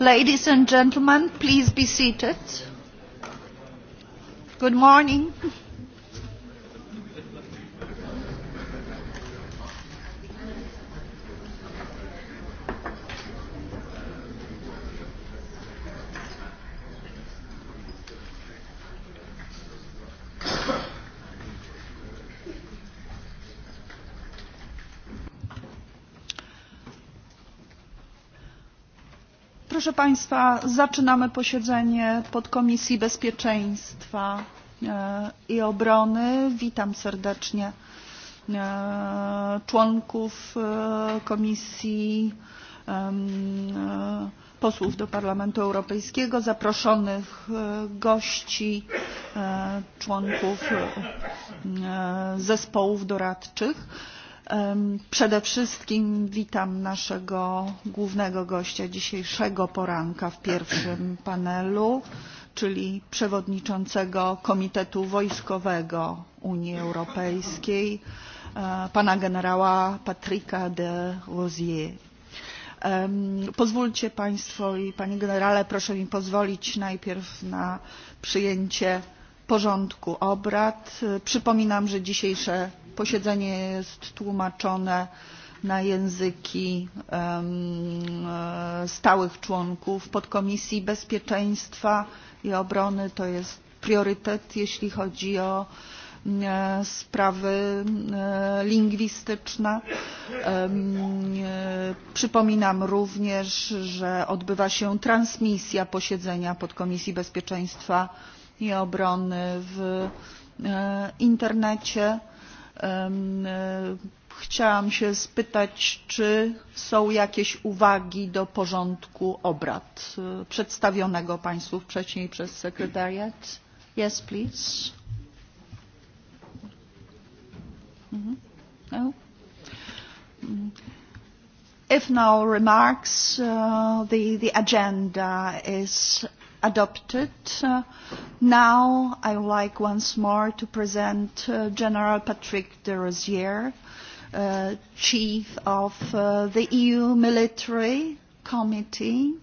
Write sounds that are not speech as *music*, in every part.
Ladies and gentlemen, please be seated. Good morning. proszę państwa zaczynamy posiedzenie podkomisji bezpieczeństwa e, i obrony witam serdecznie e, członków e, komisji posłów do parlamentu europejskiego zaproszonych gości członków zespołów doradczych. Przede wszystkim witam naszego głównego gościa dzisiejszego poranka w pierwszym panelu, czyli przewodniczącego Komitetu Wojskowego Unii Europejskiej, e, pana generała Patryka de Rosier. Pozwólcie Państwo i Panie Generale, proszę mi pozwolić najpierw na przyjęcie porządku obrad. Przypominam, że dzisiejsze posiedzenie jest tłumaczone na języki um, stałych członków podkomisji bezpieczeństwa i obrony. To jest priorytet, jeśli chodzi o e, sprawy e, lingwistyczne. Przypominam również, że odbywa się transmisja posiedzenia podkomisji bezpieczeństwa i obrony w e, internecie. E, chciałam się spytać, czy są jakieś uwagi do porządku obrad e, przedstawionego Państwu wcześniej przez sekretariat? Yes, please. Mm-hmm. No? If no remarks, uh, the, the agenda is adopted. Uh, now I would like once more to present uh, General Patrick de Rosière, uh, Chief of uh, the EU Military Committee.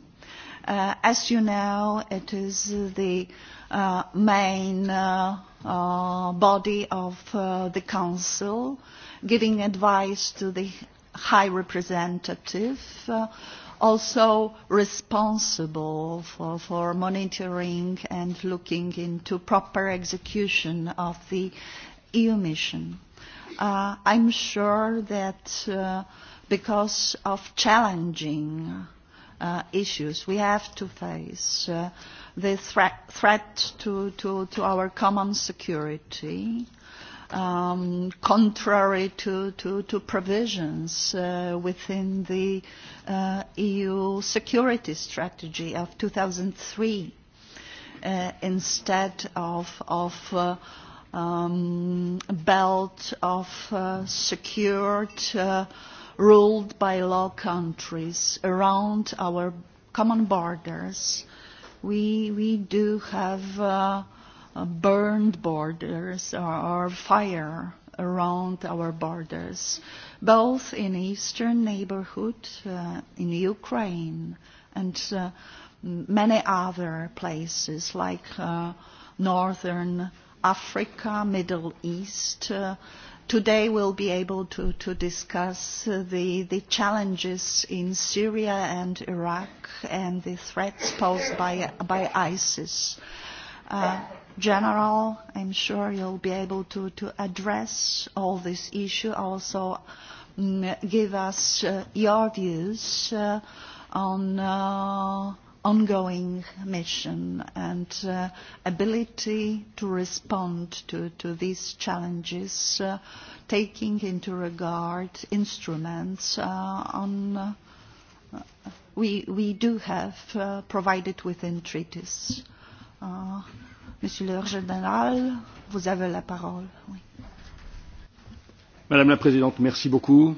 Uh, as you know, it is the uh, main uh, uh, body of uh, the Council giving advice to the High Representative uh, also responsible for, for monitoring and looking into proper execution of the EU mission. Uh, I'm sure that uh, because of challenging uh, issues we have to face, uh, the thre threat to, to, to our common security, um, contrary to, to, to provisions uh, within the uh, EU security strategy of 2003 uh, instead of, of uh, um, belt of uh, secured, uh, ruled by law countries around our common borders, we, we do have uh, uh, burned borders or, or fire around our borders, both in eastern neighborhood uh, in Ukraine and uh, many other places like uh, northern Africa, Middle East. Uh, today we'll be able to, to discuss uh, the, the challenges in Syria and Iraq and the threats posed by, by ISIS. Uh, general. I'm sure you'll be able to, to address all this issue, also mm, give us uh, your views uh, on uh, ongoing mission and uh, ability to respond to, to these challenges, uh, taking into regard instruments uh, on uh, we, we do have uh, provided within treaties. Uh, Monsieur le Général, vous avez la parole. Oui. Madame la Présidente, merci beaucoup.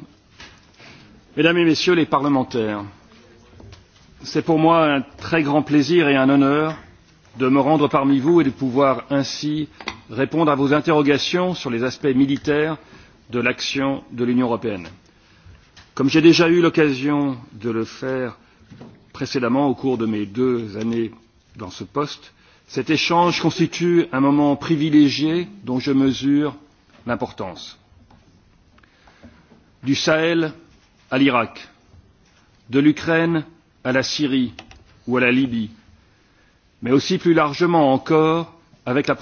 Mesdames et Messieurs les parlementaires, c'est pour moi un très grand plaisir et un honneur de me rendre parmi vous et de pouvoir ainsi répondre à vos interrogations sur les aspects militaires de l'action de l'Union européenne. Comme j'ai déjà eu l'occasion de le faire précédemment au cours de mes deux années dans ce poste, Cet échange constitue un moment privilégié dont je mesure l'importance. Du Sahel à l'Irak, de l'Ukraine à la Syrie ou à la Libye, mais aussi plus largement encore avec la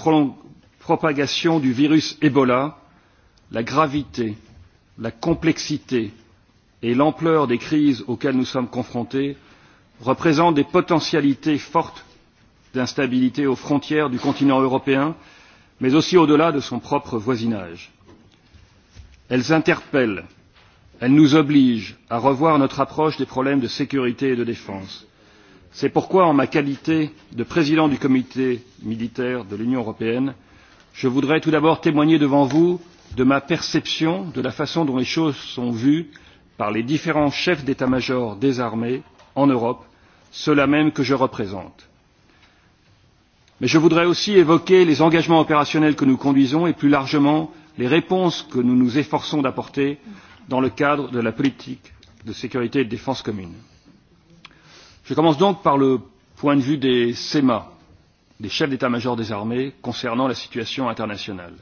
propagation du virus Ebola, la gravité, la complexité et l'ampleur des crises auxquelles nous sommes confrontés représentent des potentialités fortes d'instabilité aux frontières du continent européen, mais aussi au delà de son propre voisinage. Elles interpellent, elles nous obligent à revoir notre approche des problèmes de sécurité et de défense. C'est pourquoi, en ma qualité de président du comité militaire de l'Union européenne, je voudrais tout d'abord témoigner devant vous de ma perception de la façon dont les choses sont vues par les différents chefs d'état major des armées en Europe, ceux là même que je représente mais je voudrais aussi évoquer les engagements opérationnels que nous conduisons et plus largement les réponses que nous nous efforçons d'apporter dans le cadre de la politique de sécurité et de défense commune. je commence donc par le point de vue des cema des chefs d'état major des armées concernant la situation internationale.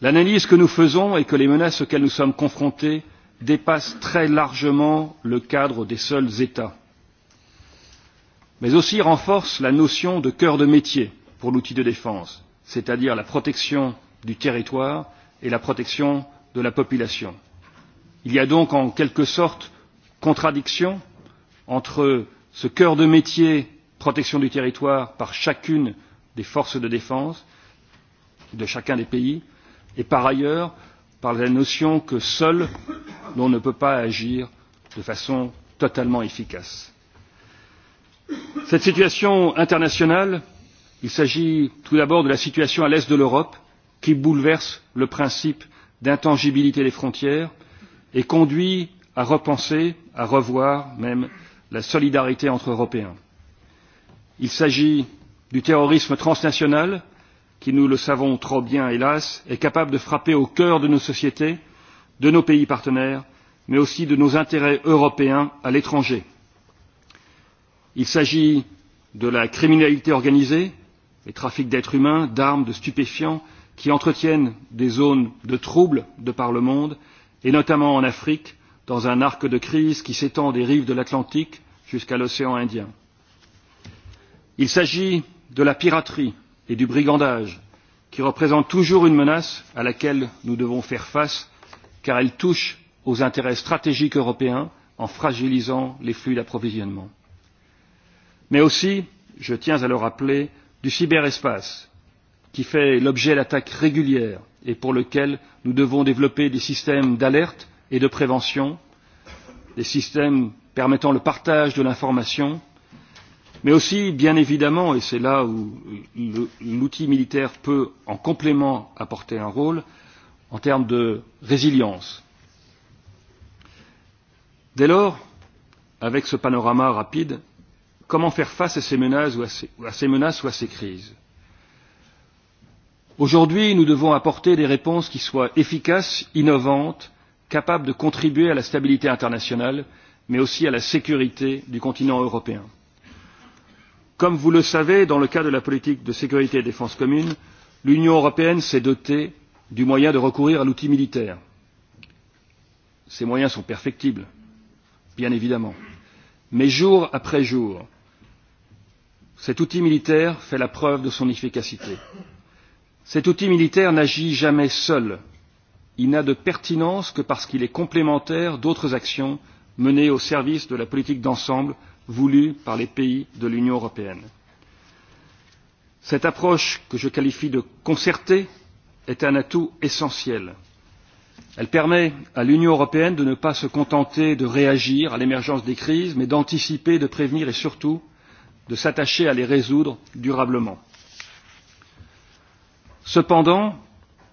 l'analyse que nous faisons et que les menaces auxquelles nous sommes confrontés dépassent très largement le cadre des seuls états mais aussi renforce la notion de cœur de métier pour l'outil de défense c'est à dire la protection du territoire et la protection de la population. il y a donc en quelque sorte contradiction entre ce cœur de métier protection du territoire par chacune des forces de défense de chacun des pays et par ailleurs par la notion que seul l'on ne peut pas agir de façon totalement efficace cette situation internationale il s'agit tout d'abord de la situation à l'est de l'europe qui bouleverse le principe d'intangibilité des frontières et conduit à repenser à revoir même la solidarité entre européens. il s'agit du terrorisme transnational qui nous le savons trop bien hélas est capable de frapper au cœur de nos sociétés de nos pays partenaires mais aussi de nos intérêts européens à l'étranger il s'agit de la criminalité organisée les trafics d'êtres humains d'armes de stupéfiants qui entretiennent des zones de trouble de par le monde et notamment en afrique dans un arc de crise qui s'étend des rives de l'atlantique jusqu'à l'océan indien. il s'agit de la piraterie et du brigandage qui représentent toujours une menace à laquelle nous devons faire face car elle touche aux intérêts stratégiques européens en fragilisant les flux d'approvisionnement mais aussi je tiens à le rappeler du cyberespace qui fait l'objet d'attaques régulières et pour lequel nous devons développer des systèmes d'alerte et de prévention des systèmes permettant le partage de l'information mais aussi bien évidemment et c'est là où l'outil militaire peut en complément apporter un rôle en termes de résilience. dès lors avec ce panorama rapide comment faire face à ces menaces ou à ces, à ces, menaces ou à ces crises. Aujourd'hui, nous devons apporter des réponses qui soient efficaces, innovantes, capables de contribuer à la stabilité internationale, mais aussi à la sécurité du continent européen. Comme vous le savez, dans le cadre de la politique de sécurité et défense commune, l'Union européenne s'est dotée du moyen de recourir à l'outil militaire. Ces moyens sont perfectibles, bien évidemment. Mais jour après jour, Cet outil militaire fait la preuve de son efficacité. Cet outil militaire n'agit jamais seul. Il n'a de pertinence que parce qu'il est complémentaire d'autres actions menées au service de la politique d'ensemble voulue par les pays de l'Union européenne. Cette approche, que je qualifie de concertée, est un atout essentiel. Elle permet à l'Union européenne de ne pas se contenter de réagir à l'émergence des crises, mais d'anticiper, de prévenir et surtout de s'attacher à les résoudre durablement. Cependant,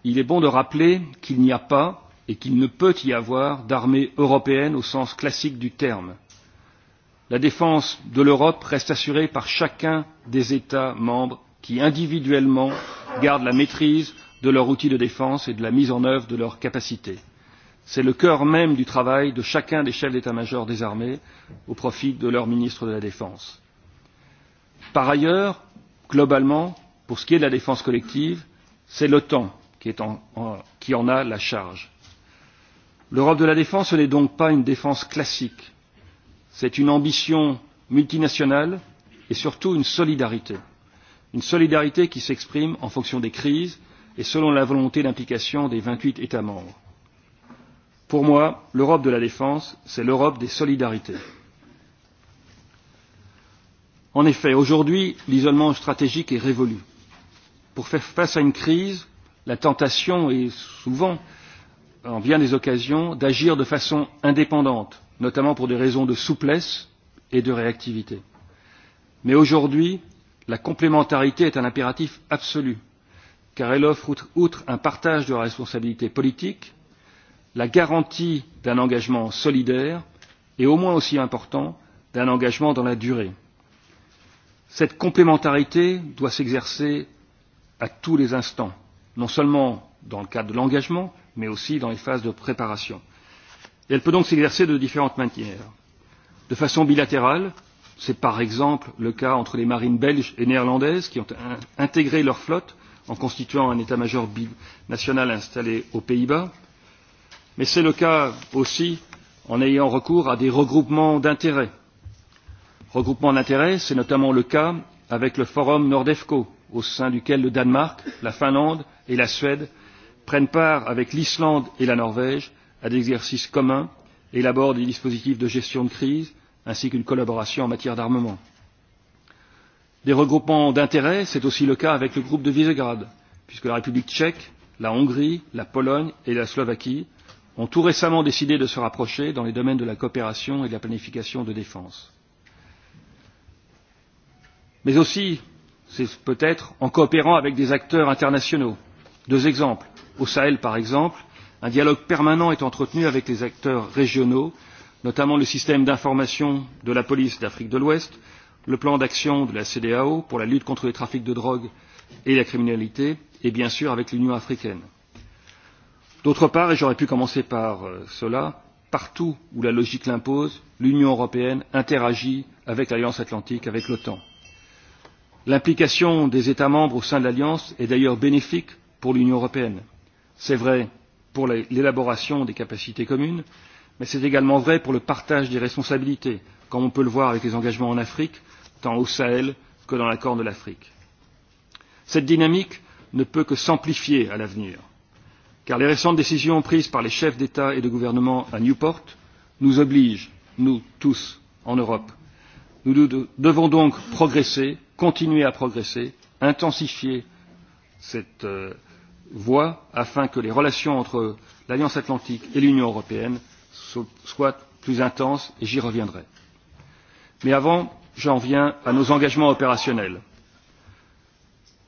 il est bon de rappeler qu'il n'y a pas et qu'il ne peut y avoir d'armée européenne au sens classique du terme. La défense de l'Europe reste assurée par chacun des États membres qui, individuellement, gardent la maîtrise de leur outil de défense et de la mise en œuvre de leurs capacités. C'est le cœur même du travail de chacun des chefs d'état-major des armées au profit de leur ministre de la Défense. Par ailleurs, globalement, pour ce qui est de la défense collective, c'est l'OTAN qui, est en, en, qui en a la charge. L'Europe de la défense n'est donc pas une défense classique. C'est une ambition multinationale et surtout une solidarité. Une solidarité qui s'exprime en fonction des crises et selon la volonté d'implication des 28 États membres. Pour moi, l'Europe de la défense, c'est l'Europe des solidarités. En effet, aujourd'hui, l'isolement stratégique est révolu. Pour faire face à une crise, la tentation est souvent, en bien des occasions, d'agir de façon indépendante, notamment pour des raisons de souplesse et de réactivité. Mais aujourd'hui, la complémentarité est un impératif absolu, car elle offre, outre un partage de la responsabilité politique, la garantie d'un engagement solidaire et, au moins aussi important, d'un engagement dans la durée Cette complémentarité doit s'exercer à tous les instants, non seulement dans le cadre de l'engagement, mais aussi dans les phases de préparation. Et elle peut donc s'exercer de différentes manières. De façon bilatérale, c'est par exemple le cas entre les marines belges et néerlandaises qui ont intégré leur flotte en constituant un état-major national installé aux Pays-Bas, mais c'est le cas aussi en ayant recours à des regroupements d'intérêts regroupement d'intérêts c'est notamment le cas avec le forum nordefco au sein duquel le danemark la finlande et la suède prennent part avec l'islande et la norvège à des exercices communs élaborent des dispositifs de gestion de crise ainsi qu'une collaboration en matière d'armement. des regroupements d'intérêts c'est aussi le cas avec le groupe de visegrad puisque la république tchèque la hongrie la pologne et la slovaquie ont tout récemment décidé de se rapprocher dans les domaines de la coopération et de la planification de défense mais aussi c'est peut être en coopérant avec des acteurs internationaux. deux exemples au sahel par exemple un dialogue permanent est entretenu avec les acteurs régionaux notamment le système d'information de la police d'afrique de l'ouest le plan d'action de la cedeao pour la lutte contre les trafics de drogue et la criminalité et bien sûr avec l'union africaine. d'autre part et j'aurais pu commencer par euh, cela partout où la logique l'impose l'union européenne interagit avec l'alliance atlantique avec l'otan l'implication des états membres au sein de l'alliance est d'ailleurs bénéfique pour l'union européenne c'est vrai pour l'élaboration des capacités communes mais c'est également vrai pour le partage des responsabilités comme on peut le voir avec les engagements en afrique tant au sahel que dans la corne de l'afrique. cette dynamique ne peut que s'amplifier à l'avenir car les récentes décisions prises par les chefs d'état et de gouvernement à newport nous obligent nous tous en europe nous devons donc progresser continuer à progresser intensifier cette euh, voie afin que les relations entre l'alliance atlantique et l'union européenne so soient plus intenses et j'y reviendrai. mais avant j'en viens à nos engagements opérationnels.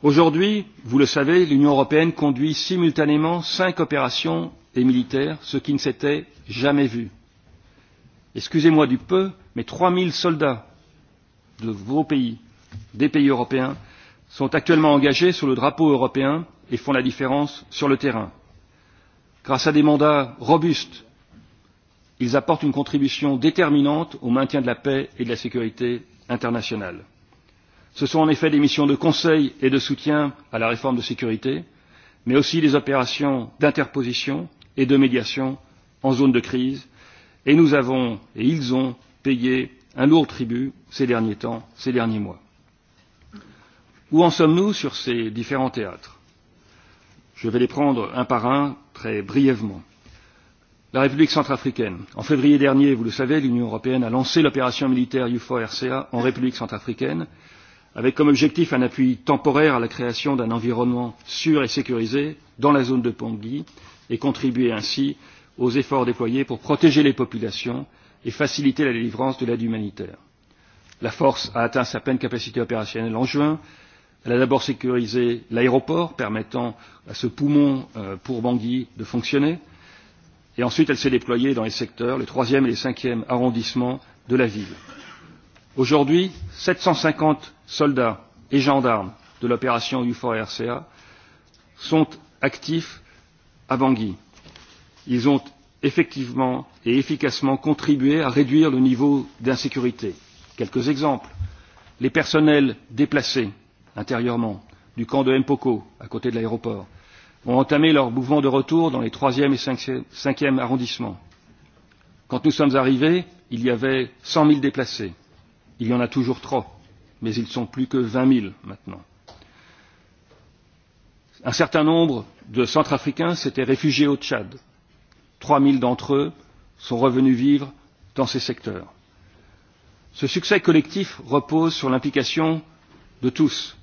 aujourd'hui vous le savez l'union européenne conduit simultanément cinq opérations et militaires ce qui ne s'était jamais vu. excusez moi du peu mais trois mille soldats de vos pays, des pays européens, sont actuellement engagés sous le drapeau européen et font la différence sur le terrain. Grâce à des mandats robustes, ils apportent une contribution déterminante au maintien de la paix et de la sécurité internationale. Ce sont en effet des missions de conseil et de soutien à la réforme de sécurité, mais aussi des opérations d'interposition et de médiation en zone de crise, et nous avons et ils ont payé un lourd tribut ces derniers temps, ces derniers mois. Où en sommes-nous sur ces différents théâtres Je vais les prendre un par un très brièvement. La République centrafricaine. En février dernier, vous le savez, l'Union européenne a lancé l'opération militaire UFORCA en République centrafricaine, avec comme objectif un appui temporaire à la création d'un environnement sûr et sécurisé dans la zone de Pongui et contribuer ainsi aux efforts déployés pour protéger les populations et faciliter la délivrance de l'aide humanitaire. La force a atteint sa pleine capacité opérationnelle en juin. Elle a d'abord sécurisé l'aéroport, permettant à ce poumon euh, pour Bangui de fonctionner. Et ensuite, elle s'est déployée dans les secteurs, les 3e et les 5e arrondissements de la ville. Aujourd'hui, 750 soldats et gendarmes de l'opération EUFOR RCA sont actifs à Bangui. Ils ont effectivement et efficacement contribuer à réduire le niveau d'insécurité. Quelques exemples les personnels déplacés intérieurement du camp de Mpoko, à côté de l'aéroport, ont entamé leur mouvement de retour dans les 3e et 5e arrondissements. Quand nous sommes arrivés, il y avait 100 000 déplacés. Il y en a toujours trop, mais ils sont plus que 20 000 maintenant. Un certain nombre de Centrafricains s'étaient réfugiés au Tchad 3 000 d'entre eux sont revenus vivre dans ces secteurs. Ce succès collectif repose sur l'implication de tous,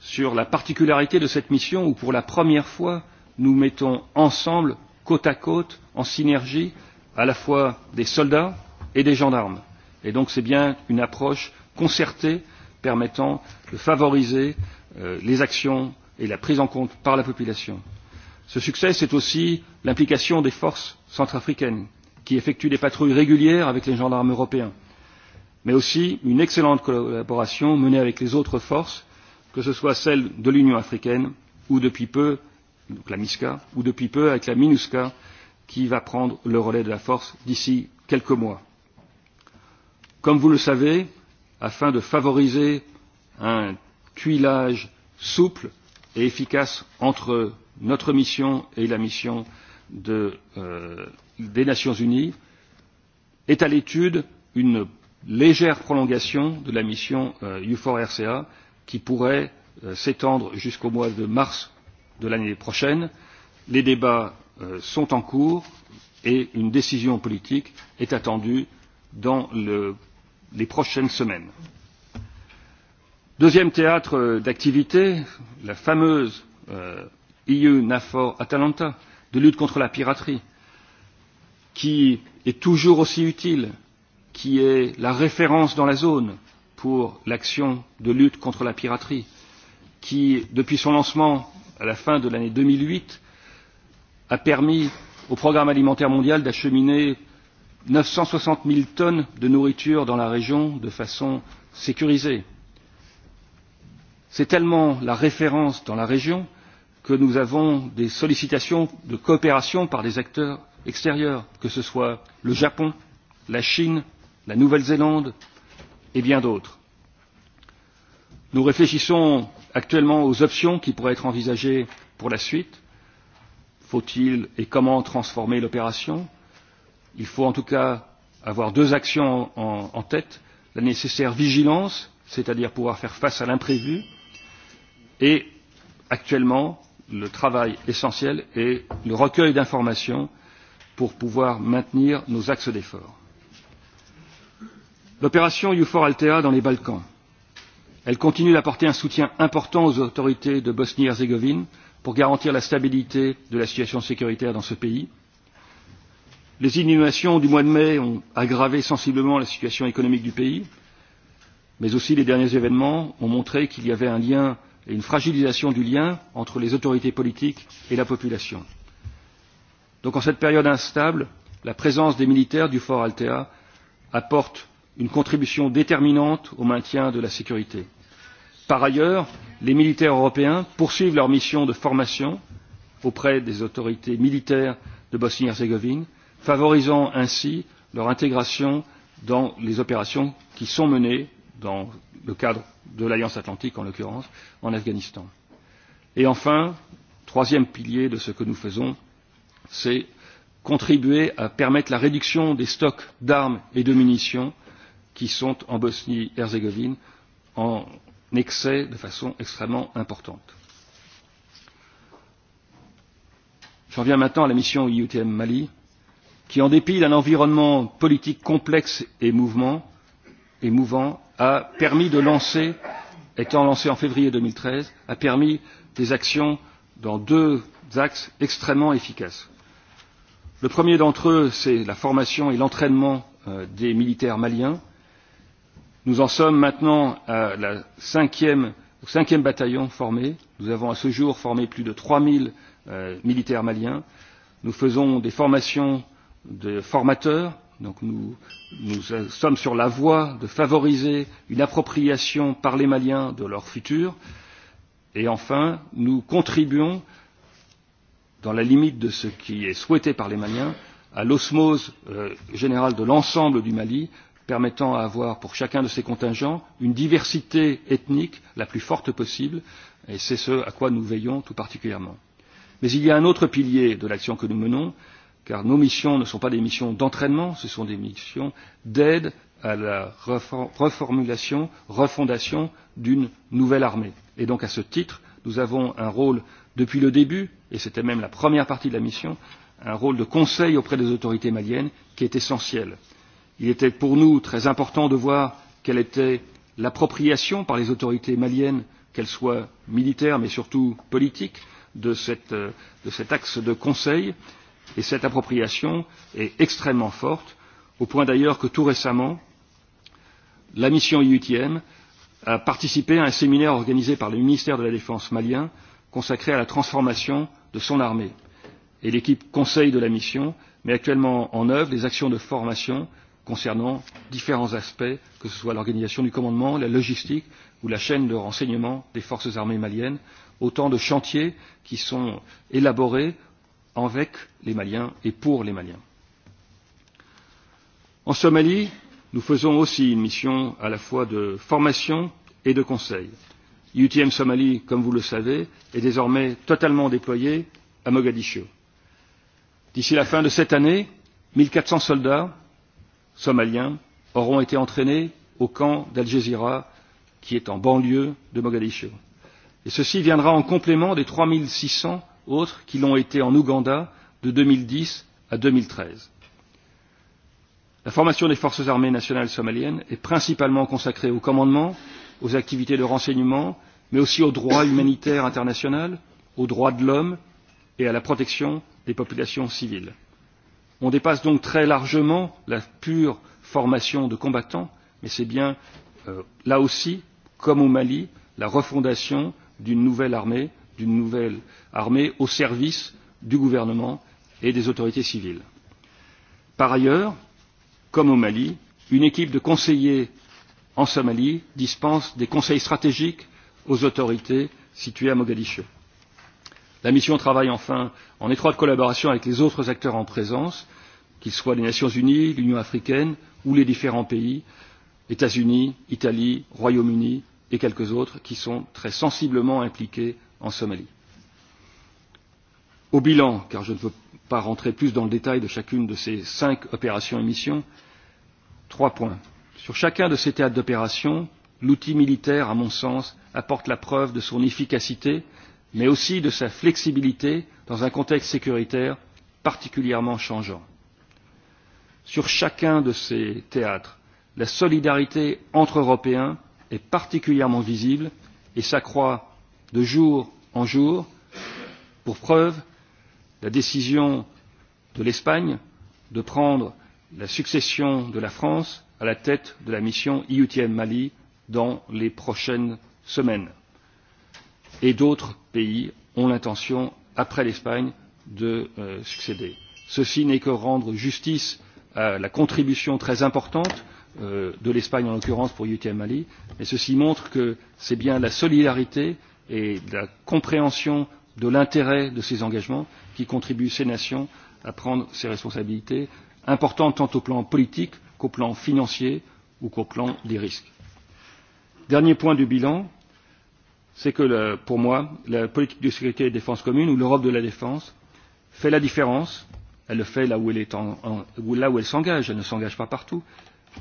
sur la particularité de cette mission où, pour la première fois, nous mettons ensemble, côte à côte, en synergie, à la fois des soldats et des gendarmes. Et donc c'est bien une approche concertée permettant de favoriser euh, les actions et la prise en compte par la population. Ce succès, c'est aussi l'implication des forces centrafricaines, qui effectuent des patrouilles régulières avec les gendarmes européens, mais aussi une excellente collaboration menée avec les autres forces, que ce soit celles de l'Union africaine ou depuis peu donc la MISCA, ou depuis peu avec la MINUSCA, qui va prendre le relais de la force d'ici quelques mois. Comme vous le savez, afin de favoriser un tuilage souple et efficace entre notre mission et la mission de, euh, des Nations Unies est à l'étude une légère prolongation de la mission euh, EUFOR RCA qui pourrait euh, s'étendre jusqu'au mois de mars de l'année prochaine. Les débats euh, sont en cours et une décision politique est attendue dans le, les prochaines semaines. Deuxième théâtre euh, d'activité, la fameuse euh, EU NAFOR Atalanta de lutte contre la piraterie, qui est toujours aussi utile, qui est la référence dans la zone pour l'action de lutte contre la piraterie, qui, depuis son lancement à la fin de l'année 2008, a permis au programme alimentaire mondial d'acheminer 960 000 tonnes de nourriture dans la région de façon sécurisée. C'est tellement la référence dans la région que nous avons des sollicitations de coopération par des acteurs extérieurs, que ce soit le Japon, la Chine, la Nouvelle-Zélande et bien d'autres. Nous réfléchissons actuellement aux options qui pourraient être envisagées pour la suite. Faut-il et comment transformer l'opération Il faut en tout cas avoir deux actions en, en tête. La nécessaire vigilance, c'est-à-dire pouvoir faire face à l'imprévu, et actuellement le travail essentiel est le recueil d'informations pour pouvoir maintenir nos axes d'effort. L'opération EUFOR Altea dans les Balkans. Elle continue d'apporter un soutien important aux autorités de Bosnie-Herzégovine pour garantir la stabilité de la situation sécuritaire dans ce pays. Les inondations du mois de mai ont aggravé sensiblement la situation économique du pays, mais aussi les derniers événements ont montré qu'il y avait un lien et une fragilisation du lien entre les autorités politiques et la population. Donc en cette période instable, la présence des militaires du fort Altea apporte une contribution déterminante au maintien de la sécurité. Par ailleurs, les militaires européens poursuivent leur mission de formation auprès des autorités militaires de Bosnie-Herzégovine, favorisant ainsi leur intégration dans les opérations qui sont menées dans le cadre de l'Alliance atlantique en l'occurrence, en Afghanistan. Et enfin, troisième pilier de ce que nous faisons, c'est contribuer à permettre la réduction des stocks d'armes et de munitions qui sont en Bosnie-Herzégovine en excès de façon extrêmement importante. J'en viens maintenant à la mission IUTM Mali, qui, en dépit d'un environnement politique complexe et mouvement, et mouvant, a permis de lancer étant lancé en février deux mille treize a permis des actions dans deux axes extrêmement efficaces. le premier d'entre eux c'est la formation et l'entraînement euh, des militaires maliens. nous en sommes maintenant au cinquième bataillon formé. nous avons à ce jour formé plus de trois zéro euh, militaires maliens. nous faisons des formations de formateurs Donc nous, nous euh, sommes sur la voie de favoriser une appropriation par les Maliens de leur futur. Et enfin, nous contribuons, dans la limite de ce qui est souhaité par les Maliens, à l'osmose euh, générale de l'ensemble du Mali, permettant à avoir pour chacun de ces contingents une diversité ethnique la plus forte possible, et c'est ce à quoi nous veillons tout particulièrement. Mais il y a un autre pilier de l'action que nous menons, euh, car nos missions ne sont pas des missions d'entraînement, ce sont des missions d'aide à la reformulation, refondation d'une nouvelle armée. Et donc, à ce titre, nous avons un rôle depuis le début, et c'était même la première partie de la mission, un rôle de conseil auprès des autorités maliennes qui est essentiel. Il était pour nous très important de voir quelle était l'appropriation par les autorités maliennes, qu'elles soient militaires mais surtout politiques, de, cette, euh, de cet axe de conseil. Euh, Et cette appropriation est extrêmement forte, au point d'ailleurs que tout récemment, la mission IUTM a participé à un séminaire organisé par le ministère de la Défense malien consacré à la transformation de son armée. Et l'équipe conseil de la mission met actuellement en œuvre des actions de formation concernant différents aspects, que ce soit l'organisation du commandement, la logistique ou la chaîne de renseignement des forces armées maliennes, autant de chantiers qui sont élaborés avec les Maliens et pour les Maliens. En Somalie, nous faisons aussi une mission à la fois de formation et de conseil. UTM Somalie, comme vous le savez, est désormais totalement déployé à Mogadiscio. D'ici la fin de cette année, 1400 soldats somaliens auront été entraînés au camp d'Al Jazeera, qui est en banlieue de Mogadiscio. Et ceci viendra en complément des 3600 autres qui l'ont été en Ouganda de 2010 à 2013. La formation des forces armées nationales somaliennes est principalement consacrée au commandement, aux activités de renseignement, mais aussi au droit humanitaire international, aux droits de l'homme et à la protection des populations civiles. On dépasse donc très largement la pure formation de combattants, mais c'est bien euh, là aussi, comme au Mali, la refondation d'une nouvelle armée d'une nouvelle armée au service du gouvernement et des autorités civiles. Par ailleurs, comme au Mali, une équipe de conseillers en Somalie dispense des conseils stratégiques aux autorités situées à Mogadiscio. La mission travaille enfin en étroite collaboration avec les autres acteurs en présence, qu'ils soient les Nations Unies, l'Union africaine ou les différents pays, États-Unis, Italie, Royaume-Uni et quelques autres, qui sont très sensiblement impliqués en Somalie. Au bilan, car je ne veux pas rentrer plus dans le détail de chacune de ces cinq opérations et missions, trois points. Sur chacun de ces théâtres d'opération, l'outil militaire, à mon sens, apporte la preuve de son efficacité, mais aussi de sa flexibilité dans un contexte sécuritaire particulièrement changeant. Sur chacun de ces théâtres, la solidarité entre Européens est particulièrement visible et s'accroît de jour en jour pour preuve la décision de l'espagne de prendre la succession de la france à la tête de la mission eutm mali dans les prochaines semaines et d'autres pays ont l'intention après l'espagne de euh, succéder. ceci n'est que rendre justice à la contribution très importante euh, de l'espagne en l'occurrence pour eutm mali mais ceci montre que c'est bien la solidarité et de la compréhension de l'intérêt de ces engagements qui contribuent ces nations à prendre ces responsabilités importantes tant au plan politique qu'au plan financier ou qu'au plan des risques. Dernier point du bilan, c'est que le, pour moi, la politique de sécurité et de défense commune ou l'Europe de la défense fait la différence. Elle le fait là où elle, est en, en, là où elle s'engage, elle ne s'engage pas partout,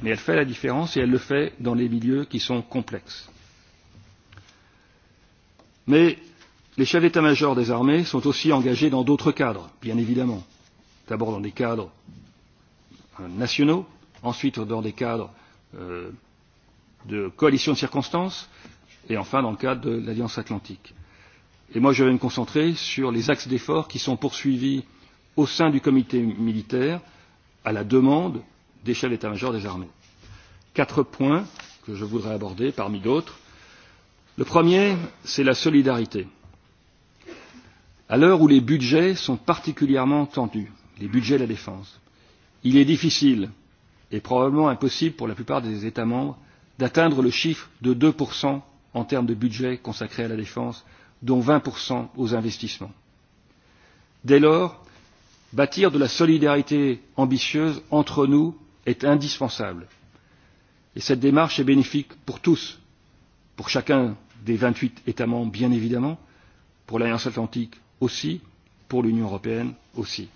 mais elle fait la différence et elle le fait dans les milieux qui sont complexes Mais les chefs d'état major des armées sont aussi engagés dans d'autres cadres, bien évidemment. D'abord dans des cadres euh, nationaux, ensuite dans des cadres euh, de coalition de circonstances, et enfin dans le cadre de l'Alliance atlantique. Et moi, je vais me concentrer sur les axes d'efforts qui sont poursuivis au sein du comité militaire à la demande des chefs d'état-major des armées. Quatre points que je voudrais aborder parmi d'autres Le premier, c'est la solidarité. À l'heure où les budgets sont particulièrement tendus, les budgets de la défense, il est difficile et probablement impossible pour la plupart des États membres d'atteindre le chiffre de 2% en termes de budget consacré à la défense, dont 20% aux investissements. Dès lors, bâtir de la solidarité ambitieuse entre nous est indispensable. Et cette démarche est bénéfique pour tous, pour chacun des 28 États membres, bien évidemment, pour l'Alliance atlantique aussi, pour l'Union européenne aussi.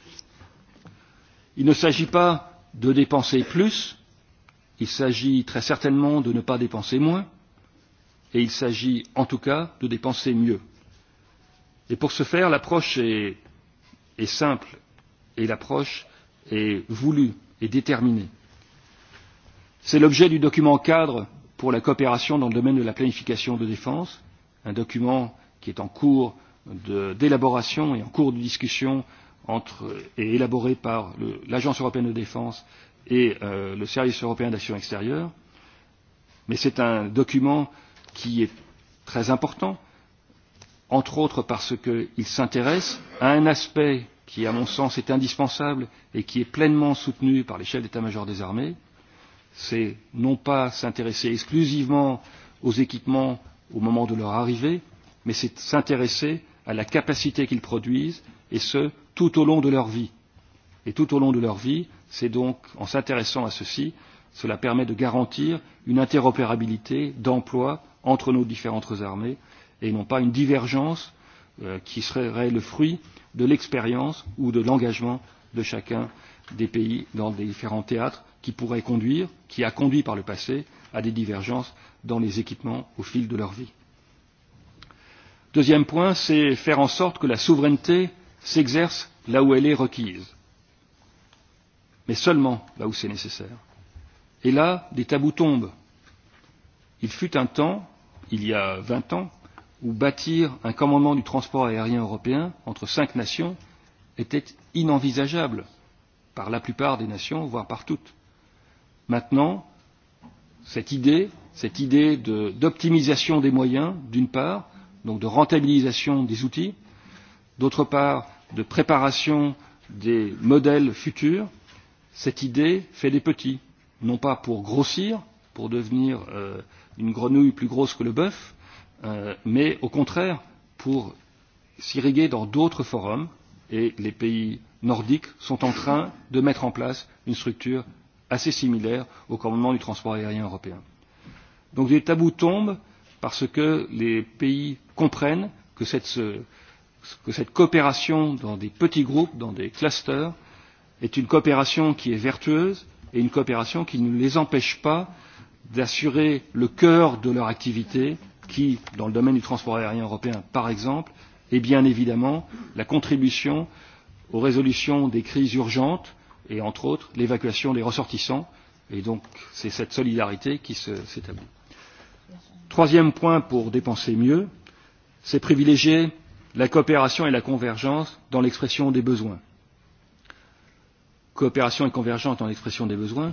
Il ne s'agit pas de dépenser plus, il s'agit très certainement de ne pas dépenser moins, et il s'agit en tout cas de dépenser mieux. Et pour ce faire, l'approche est, est simple et l'approche est voulue et déterminée. C'est l'objet du document cadre pour la coopération dans le domaine de la planification de défense, un document qui est en cours d'élaboration et en cours de discussion entre, et élaboré par l'Agence européenne de défense et euh, le Service européen d'action extérieure. Mais c'est un document qui est très important, entre autres parce qu'il s'intéresse à un aspect qui, à mon sens, est indispensable et qui est pleinement soutenu par les chefs d'état-major des armées, c'est non pas s'intéresser exclusivement aux équipements au moment de leur arrivée, mais c'est s'intéresser à la capacité qu'ils produisent, et ce, tout au long de leur vie. Et tout au long de leur vie, c'est donc en s'intéressant à ceci, cela permet de garantir une interopérabilité d'emploi entre nos différentes armées, et non pas une divergence euh, qui serait le fruit de l'expérience ou de l'engagement de chacun des pays dans les différents théâtres qui pourrait conduire, qui a conduit par le passé, à des divergences dans les équipements au fil de leur vie. Deuxième point, c'est faire en sorte que la souveraineté s'exerce là où elle est requise, mais seulement là où c'est nécessaire. Et là, des tabous tombent. Il fut un temps, il y a vingt ans, où bâtir un commandement du transport aérien européen entre cinq nations était inenvisageable par la plupart des nations, voire par toutes. Maintenant, cette idée, cette idée d'optimisation de, des moyens, d'une part, donc de rentabilisation des outils, d'autre part, de préparation des modèles futurs, cette idée fait des petits, non pas pour grossir, pour devenir euh, une grenouille plus grosse que le bœuf, euh, mais au contraire pour s'irriguer dans d'autres forums, et les pays nordiques sont en train de mettre en place une structure assez similaire au commandement du transport aérien européen. Donc les tabous tombent parce que les pays comprennent que cette, que cette coopération dans des petits groupes, dans des clusters, est une coopération qui est vertueuse et une coopération qui ne les empêche pas d'assurer le cœur de leur activité qui, dans le domaine du transport aérien européen par exemple, est bien évidemment la contribution euh, aux résolutions des crises urgentes et, entre autres, l'évacuation des ressortissants. Et donc, c'est cette solidarité qui s'établit. Troisième point pour dépenser mieux, c'est privilégier la coopération et la convergence dans l'expression des besoins. Coopération et convergence dans l'expression des besoins,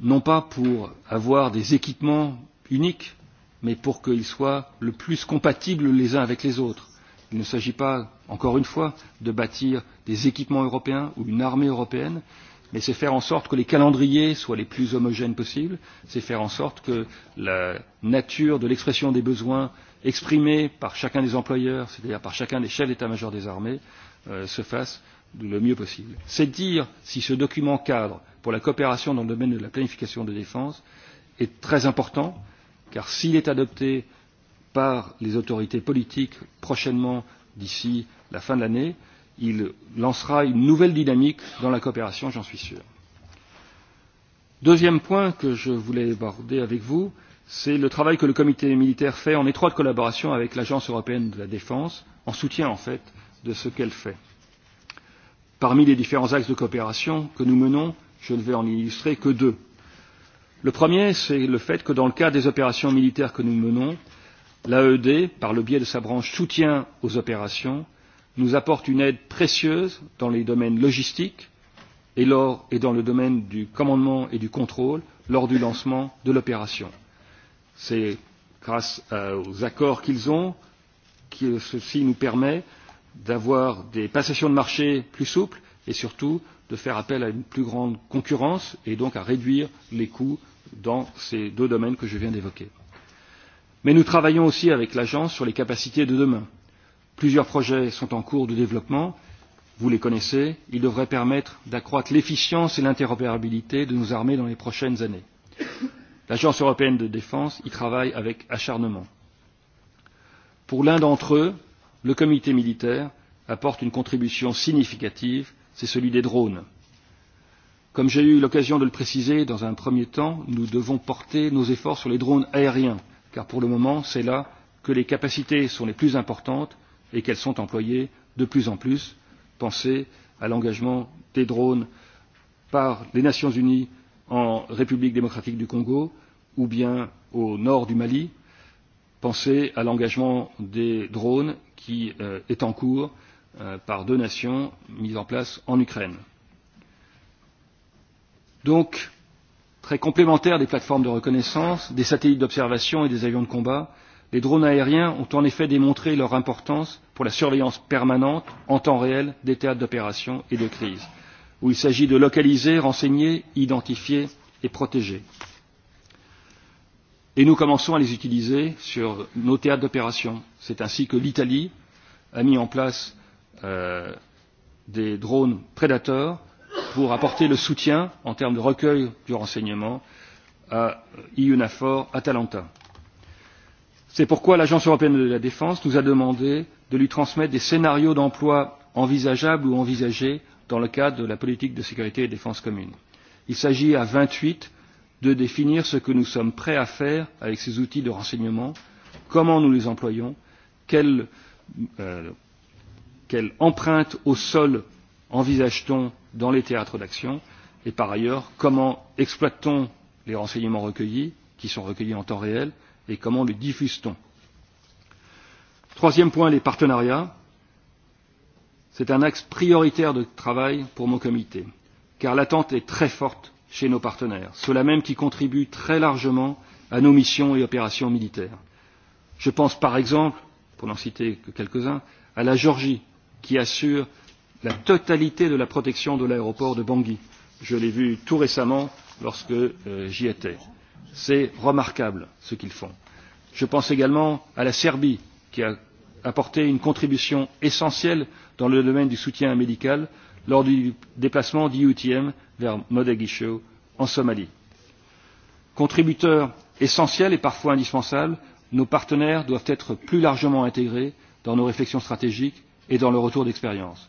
non pas pour avoir des équipements uniques, mais pour qu'ils soient le plus compatibles les uns avec les autres Il ne s'agit pas, encore une fois, de bâtir des équipements européens ou une armée européenne, mais c'est faire en sorte que les calendriers soient les plus homogènes possibles, c'est faire en sorte que la nature de l'expression des besoins exprimés par chacun des employeurs, c'est-à-dire par chacun des chefs d'état-major des armées, euh, se fasse le mieux possible. C'est dire si ce document cadre pour la coopération dans le domaine de la planification de défense est très important, car s'il est adopté euh, par les autorités politiques prochainement d'ici la fin de l'année, il lancera une nouvelle dynamique dans la coopération, j'en suis sûr. Deuxième point que je voulais aborder avec vous, c'est le travail que le comité militaire fait en étroite collaboration avec l'Agence européenne de la défense, en soutien en fait de ce qu'elle fait. Parmi les différents axes de coopération que nous menons, je ne vais en illustrer que deux. Le premier, c'est le fait que dans le cadre des opérations militaires que nous menons, l'AED, par le biais de sa branche soutien aux opérations, nous apporte une aide précieuse dans les domaines logistiques et, lors, et dans le domaine du commandement et du contrôle lors du lancement de l'opération. C'est grâce euh, aux accords qu'ils ont que ceci nous permet d'avoir des passations de marché plus souples et surtout de faire appel à une plus grande concurrence et donc à réduire les coûts dans ces deux domaines que je viens d'évoquer. Mais nous travaillons aussi avec l'agence sur les capacités de demain. Plusieurs projets sont en cours de développement, vous les connaissez, ils devraient permettre d'accroître l'efficience et l'interopérabilité de nos armées dans les prochaines années. L'Agence européenne de défense y travaille avec acharnement. Pour l'un d'entre eux, le comité militaire apporte une contribution significative, c'est celui des drones. Comme j'ai eu l'occasion de le préciser dans un premier temps, nous devons porter nos efforts sur les drones aériens car pour le moment c'est là que les capacités sont les plus importantes et qu'elles sont employées de plus en plus. Pensez à l'engagement des drones par les Nations Unies en République démocratique du Congo ou bien au nord du Mali. Pensez à l'engagement des drones qui euh, est en cours euh, par deux nations mises en place en Ukraine. Donc, euh, très complémentaires des plateformes de reconnaissance, des satellites d'observation et des avions de combat, les drones aériens ont en effet démontré leur importance pour la surveillance permanente en temps réel des théâtres d'opérations et de crises, où il s'agit de localiser, renseigner, identifier et protéger. Et nous commençons à les utiliser sur nos théâtres d'opération. C'est ainsi que l'Italie a mis en place euh, des drones prédateurs pour apporter le soutien en termes de recueil du renseignement à EUNAFOR Atalanta. C'est pourquoi l'Agence européenne de la défense nous a demandé de lui transmettre des scénarios d'emploi envisageables ou envisagés dans le cadre de la politique de sécurité et de défense commune. Il s'agit à 28 de définir ce que nous sommes prêts à faire avec ces outils de renseignement, comment nous les employons, quelle, euh, quelle empreinte au sol envisage t on dans les théâtres d'action et par ailleurs comment exploite t on les renseignements recueillis qui sont recueillis en temps réel et comment les diffuse t on? troisième point les partenariats c'est un axe prioritaire de travail pour mon comité car l'attente est très forte chez nos partenaires ceux là mêmes qui contribuent très largement à nos missions et opérations militaires. je pense par exemple pour n'en citer que quelques uns à la géorgie qui assure la totalité de la protection de l'aéroport de Bangui. Je l'ai vu tout récemment lorsque euh, j'y étais. C'est remarquable ce qu'ils font. Je pense également à la Serbie qui a apporté une contribution essentielle dans le domaine du soutien médical lors du déplacement d'IUTM vers Mogadiscio en Somalie. Contributeurs essentiels et parfois indispensables, nos partenaires doivent être plus largement intégrés dans nos réflexions stratégiques et dans le retour d'expérience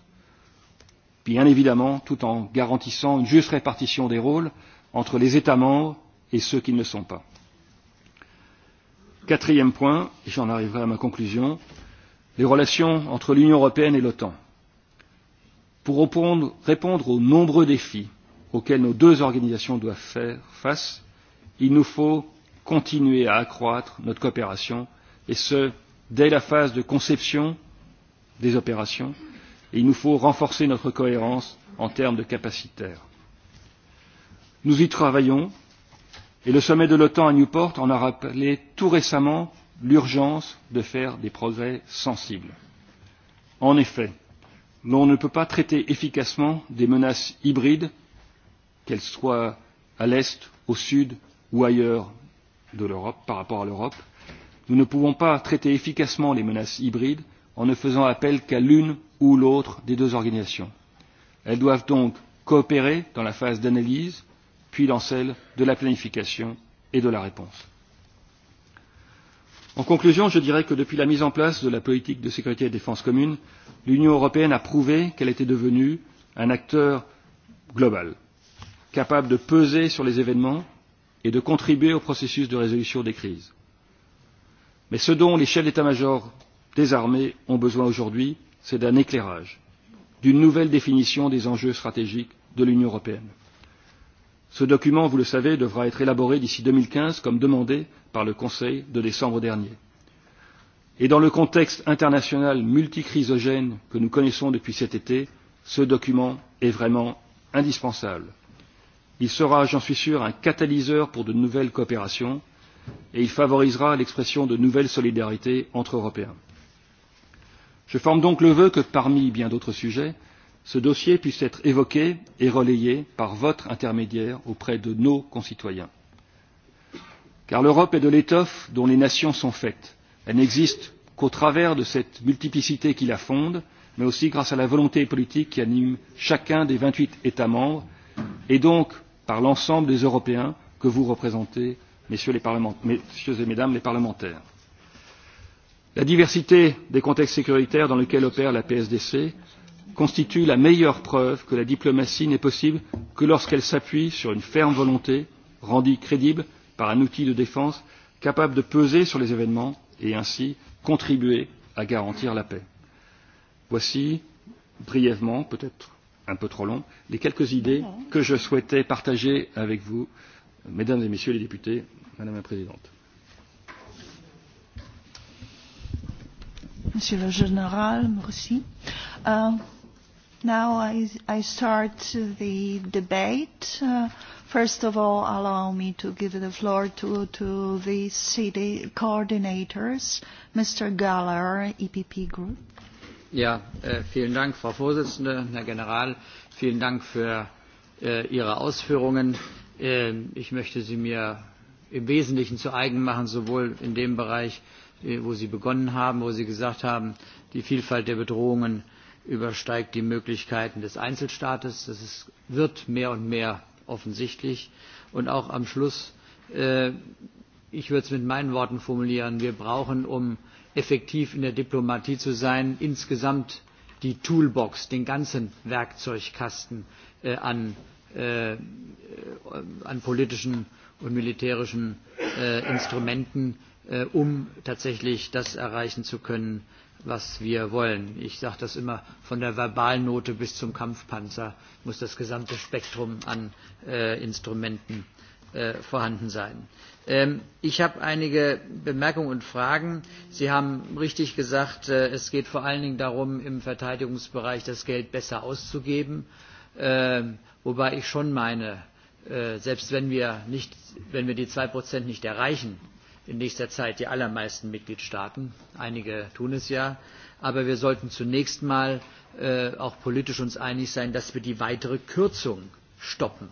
bien évidemment tout en garantissant une juste répartition des rôles entre les États membres et ceux qui ne le sont pas. Quatrième point, et j'en arriverai à ma conclusion, les relations entre l'Union européenne et l'OTAN. Pour répondre, répondre aux nombreux défis auxquels nos deux organisations doivent faire face, il nous faut continuer à accroître notre coopération, et ce, dès la phase de conception des opérations, et il nous faut renforcer notre cohérence en termes de capacitaire. Nous y travaillons et le sommet de l'OTAN à Newport en a rappelé tout récemment l'urgence de faire des progrès sensibles. En effet, l'on ne peut pas traiter efficacement des menaces hybrides, qu'elles soient à l'Est, au Sud ou ailleurs de l'Europe, par rapport à l'Europe. Nous ne pouvons pas traiter efficacement les menaces hybrides en ne faisant appel qu'à l'une ou l'autre des deux organisations. Elles doivent donc coopérer dans la phase d'analyse, puis dans celle de la planification et de la réponse. En conclusion, je dirais que depuis la mise en place de la politique de sécurité et de défense commune, l'Union européenne a prouvé qu'elle était devenue un acteur global, capable de peser sur les événements et de contribuer au processus de résolution des crises. Mais ce dont les chefs d'état major des armées ont besoin aujourd'hui, c'est d'un éclairage, d'une nouvelle définition des enjeux stratégiques de l'Union européenne. Ce document, vous le savez, devra être élaboré d'ici 2015, comme demandé par le Conseil de décembre dernier. Et dans le contexte international multicrisogène que nous connaissons depuis cet été, ce document est vraiment indispensable. Il sera, j'en suis sûr, un catalyseur pour de nouvelles coopérations et il favorisera l'expression de nouvelles solidarités entre Européens je forme donc le vœu que parmi bien d'autres sujets ce dossier puisse être évoqué et relayé par votre intermédiaire auprès de nos concitoyens car l'europe est de l'étoffe dont les nations sont faites elle n'existe qu'au travers de cette multiplicité qui la fonde mais aussi grâce à la volonté politique qui anime chacun des vingt huit états membres et donc par l'ensemble des européens que vous représentez messieurs et mesdames les parlementaires la diversité des contextes sécuritaires dans lesquels opère la psdc constitue la meilleure preuve que la diplomatie n'est possible que lorsqu'elle s'appuie sur une ferme volonté rendue crédible par un outil de défense capable de peser sur les événements et ainsi contribuer à garantir la paix. voici brièvement peut être un peu trop long les quelques idées que je souhaitais partager avec vous mesdames et messieurs les députés madame la présidente. Monsieur le Général, merci. Uh, now I, I start the debate. Uh, first of all, allow me to give the floor to, to the city coordinators, Mr. Galler, EPP Group. Ja, äh, vielen Dank, Frau Vorsitzende, Herr General. Vielen Dank für äh, Ihre Ausführungen. Äh, ich möchte sie mir im Wesentlichen zu eigen machen, sowohl in dem Bereich, äh, Äh, wo Sie begonnen haben, wo Sie gesagt haben, die Vielfalt der Bedrohungen übersteigt die Möglichkeiten des Einzelstaates. Das ist, wird mehr und mehr offensichtlich. Und auch am Schluss, äh, ich würde es mit meinen Worten formulieren, wir brauchen, um effektiv in der Diplomatie zu sein, insgesamt die Toolbox, den ganzen Werkzeugkasten äh, an, äh, an politischen und militärischen äh, Instrumenten, äh, um tatsächlich das erreichen zu können, was wir wollen. Ich sage das immer, von der Verbalnote bis zum Kampfpanzer muss das gesamte Spektrum an äh, Instrumenten äh, vorhanden sein. Ähm, ich habe einige Bemerkungen und Fragen. Sie haben richtig gesagt, äh, es geht vor allen Dingen darum, im Verteidigungsbereich das Geld besser auszugeben, äh, wobei ich schon meine, äh, selbst wenn wir, nicht, wenn wir die 2% nicht erreichen, äh, in nächster Zeit die allermeisten Mitgliedstaaten. Einige tun es ja. Aber wir sollten zunächst mal äh, auch politisch uns einig sein, dass wir die weitere Kürzung stoppen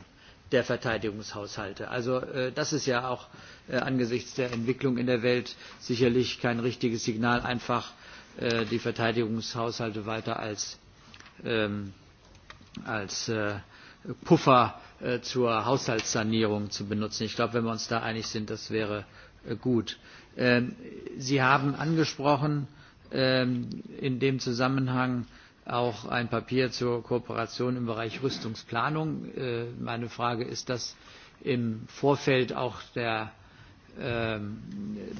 der Verteidigungshaushalte. Also äh, das ist ja auch äh, angesichts der Entwicklung in der Welt sicherlich kein richtiges Signal, einfach äh, die Verteidigungshaushalte weiter als, ähm, als äh, Puffer äh, zur Haushaltssanierung zu benutzen. Ich glaube, wenn wir uns da einig sind, das wäre äh, Äh, gut. Ähm, Sie haben angesprochen ähm, in dem Zusammenhang auch ein Papier zur Kooperation im Bereich Rüstungsplanung. Äh, meine Frage ist das im Vorfeld auch der Ähm,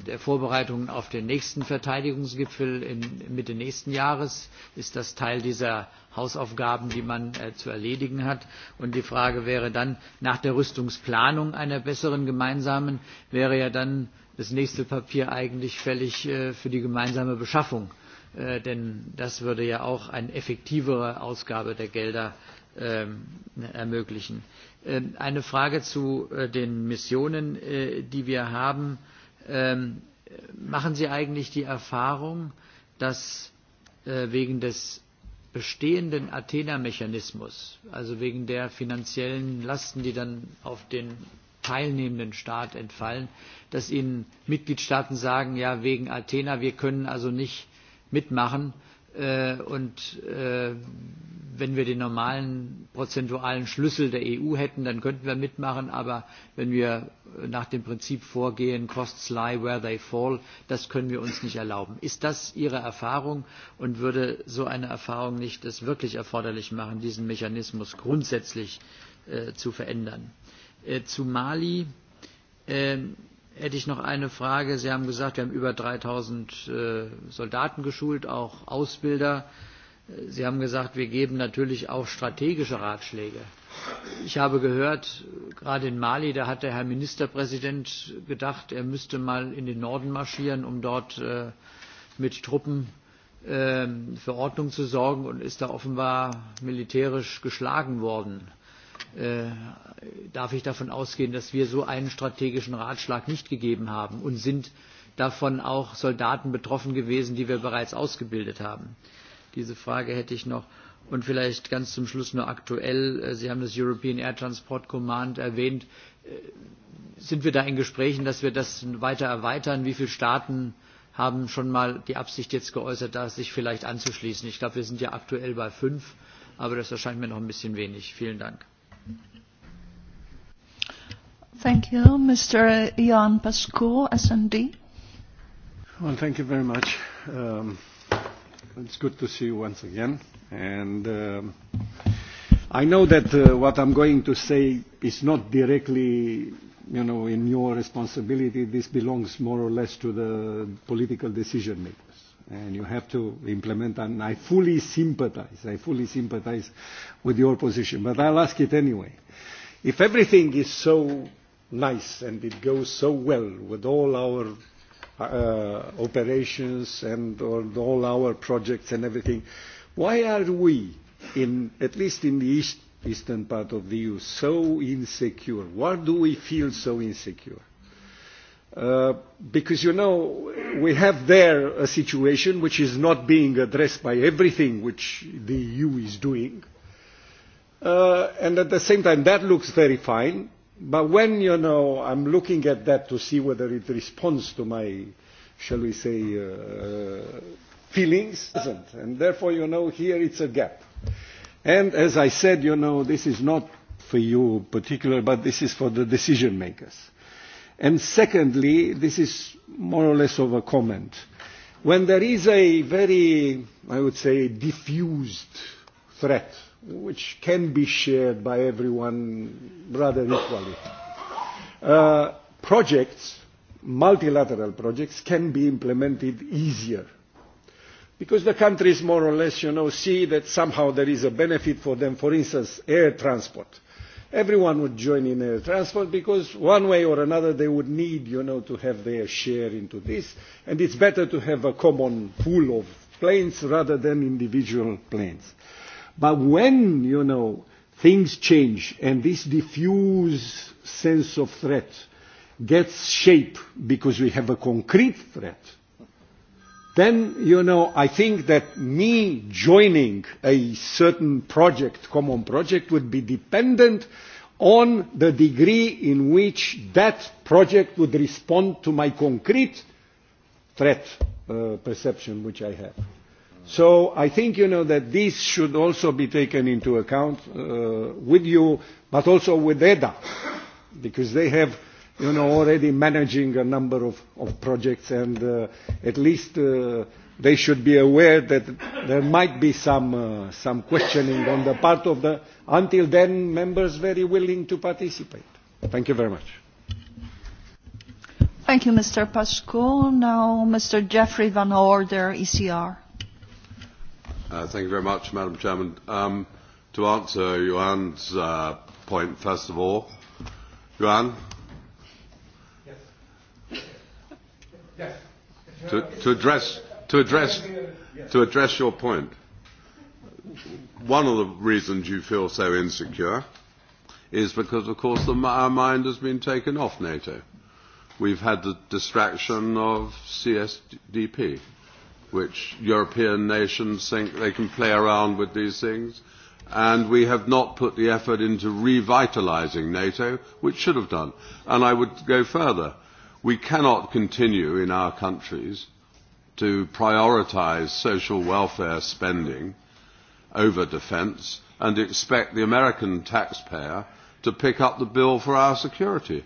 der Vorbereitungen auf den nächsten Verteidigungsgipfel in Mitte nächsten Jahres ist das Teil dieser Hausaufgaben, die man äh, zu erledigen hat. Und die Frage wäre dann nach der Rüstungsplanung einer besseren gemeinsamen wäre ja dann das nächste Papier eigentlich fällig äh, für die gemeinsame Beschaffung. Äh, denn das würde ja auch eine effektivere Ausgabe der Gelder Ähm, ermöglichen. Ähm, eine Frage zu äh, den Missionen, äh, die wir haben. Ähm, machen Sie eigentlich die Erfahrung, dass äh, wegen des bestehenden Athena-Mechanismus, also wegen der finanziellen Lasten, die dann auf den teilnehmenden Staat entfallen, dass Ihnen Mitgliedstaaten sagen, ja, wegen Athena, wir können also nicht mitmachen, äh, Äh, und äh, wenn wir den normalen prozentualen Schlüssel der EU hätten, dann könnten wir mitmachen. Aber wenn wir nach dem Prinzip vorgehen, costs lie where they fall, das können wir uns nicht erlauben. Ist das Ihre Erfahrung und würde so eine Erfahrung nicht es wirklich erforderlich machen, diesen Mechanismus grundsätzlich äh, zu verändern? Äh, zu Mali. Ähm, hätte ich noch eine Frage. Sie haben gesagt, wir haben über 3000 äh, Soldaten geschult, auch Ausbilder. Äh, Sie haben gesagt, wir geben natürlich auch strategische Ratschläge. Ich habe gehört, gerade in Mali, da hat der Herr Ministerpräsident gedacht, er müsste mal in den Norden marschieren, um dort äh, mit Truppen äh, für Ordnung zu sorgen und ist da offenbar militärisch geschlagen worden. Äh, Äh, darf ich davon ausgehen, dass wir so einen strategischen Ratschlag nicht gegeben haben und sind davon auch Soldaten betroffen gewesen, die wir bereits ausgebildet haben. Diese Frage hätte ich noch. Und vielleicht ganz zum Schluss nur aktuell, äh, Sie haben das European Air Transport Command erwähnt. Äh, sind wir da in Gesprächen, dass wir das weiter erweitern? Wie viele Staaten haben schon mal die Absicht jetzt geäußert, da sich vielleicht anzuschließen? Ich glaube, wir sind ja aktuell bei fünf, aber das erscheint mir noch ein bisschen wenig. Vielen Dank. Thank you. Mr. Jan Pascu, SND. Well, thank you very much. Um, it's good to see you once again. And um, I know that uh, what I'm going to say is not directly, you know, in your responsibility. This belongs more or less to the political decision making and you have to implement. And I fully sympathize. I fully sympathize with your position, but I'll ask it anyway. If everything is so nice and it goes so well with all our uh, operations and or all our projects and everything, why are we, in at least in the east, eastern part of the EU, so insecure? Why do we feel so insecure? Uh, because you know we have there a situation which is not being addressed by everything which the EU is doing, uh, and at the same time that looks very fine. But when you know I'm looking at that to see whether it responds to my, shall we say, uh, feelings, doesn't. And therefore, you know, here it's a gap. And as I said, you know, this is not for you particular, but this is for the decision makers. Uh, And secondly, this is more or less of a comment. When there is a very, I would say, diffused threat, which can be shared by everyone rather equally, uh, projects, multilateral projects, can be implemented easier because the countries more or less you know see that somehow there is a benefit for them for instance air transport everyone would join in air transport because one way or another they would need you know, to have their share into this and it's better to have a common pool of planes rather than individual planes. But when, you know, things change and this diffuse sense of threat gets shape because we have a concrete threat, then, you know, I think that me joining a certain project, common project, would be dependent on the degree in which that project would respond to my concrete threat uh, perception which I have. So I think, you know, that this should also be taken into account uh, with you, but also with EDA, because they have – you know, already managing a number of, of projects and uh, at least uh, they should be aware that there might be some, uh, some questioning on the part of the, until then, members very willing to participate. Thank you very much. Thank you, Mr. Pascu. Now, Mr. Jeffrey Van Order, ECR. Uh, thank you very much, Madam Chairman. Um, to answer Johan's uh, point, first of all, Johan, Yes. To, to address to address to address your point, one of the reasons you feel so insecure is because, of course, the, our mind has been taken off NATO. We've had the distraction of CSDP, which European nations think they can play around with these things, and we have not put the effort into revitalising NATO, which should have done. And I would go further We cannot continue in our countries to prioritise social welfare spending over defence and expect the American taxpayer to pick up the bill for our security.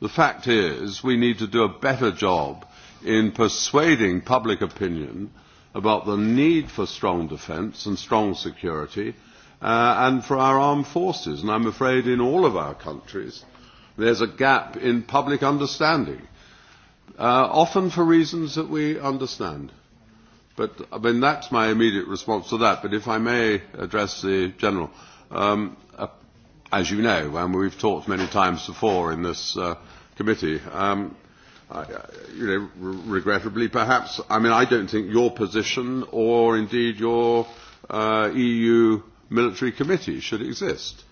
The fact is we need to do a better job in persuading public opinion about the need for strong defence and strong security uh, and for our armed forces. And I'm afraid in all of our countries There's a gap in public understanding, uh, often for reasons that we understand. But, I mean, that's my immediate response to that. But if I may address the General, um, uh, as you know, and we've talked many times before in this uh, committee, um, I, uh, you know, re- regrettably perhaps, I mean, I don't think your position or indeed your uh, EU military committee should exist.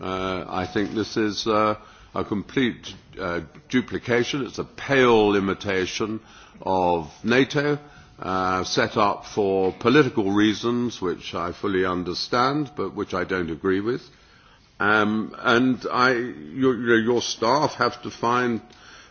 Uh, I think this is uh, a complete uh, duplication. It's a pale imitation of NATO, uh, set up for political reasons, which I fully understand, but which I don't agree with. Um, and I, your, your staff have to find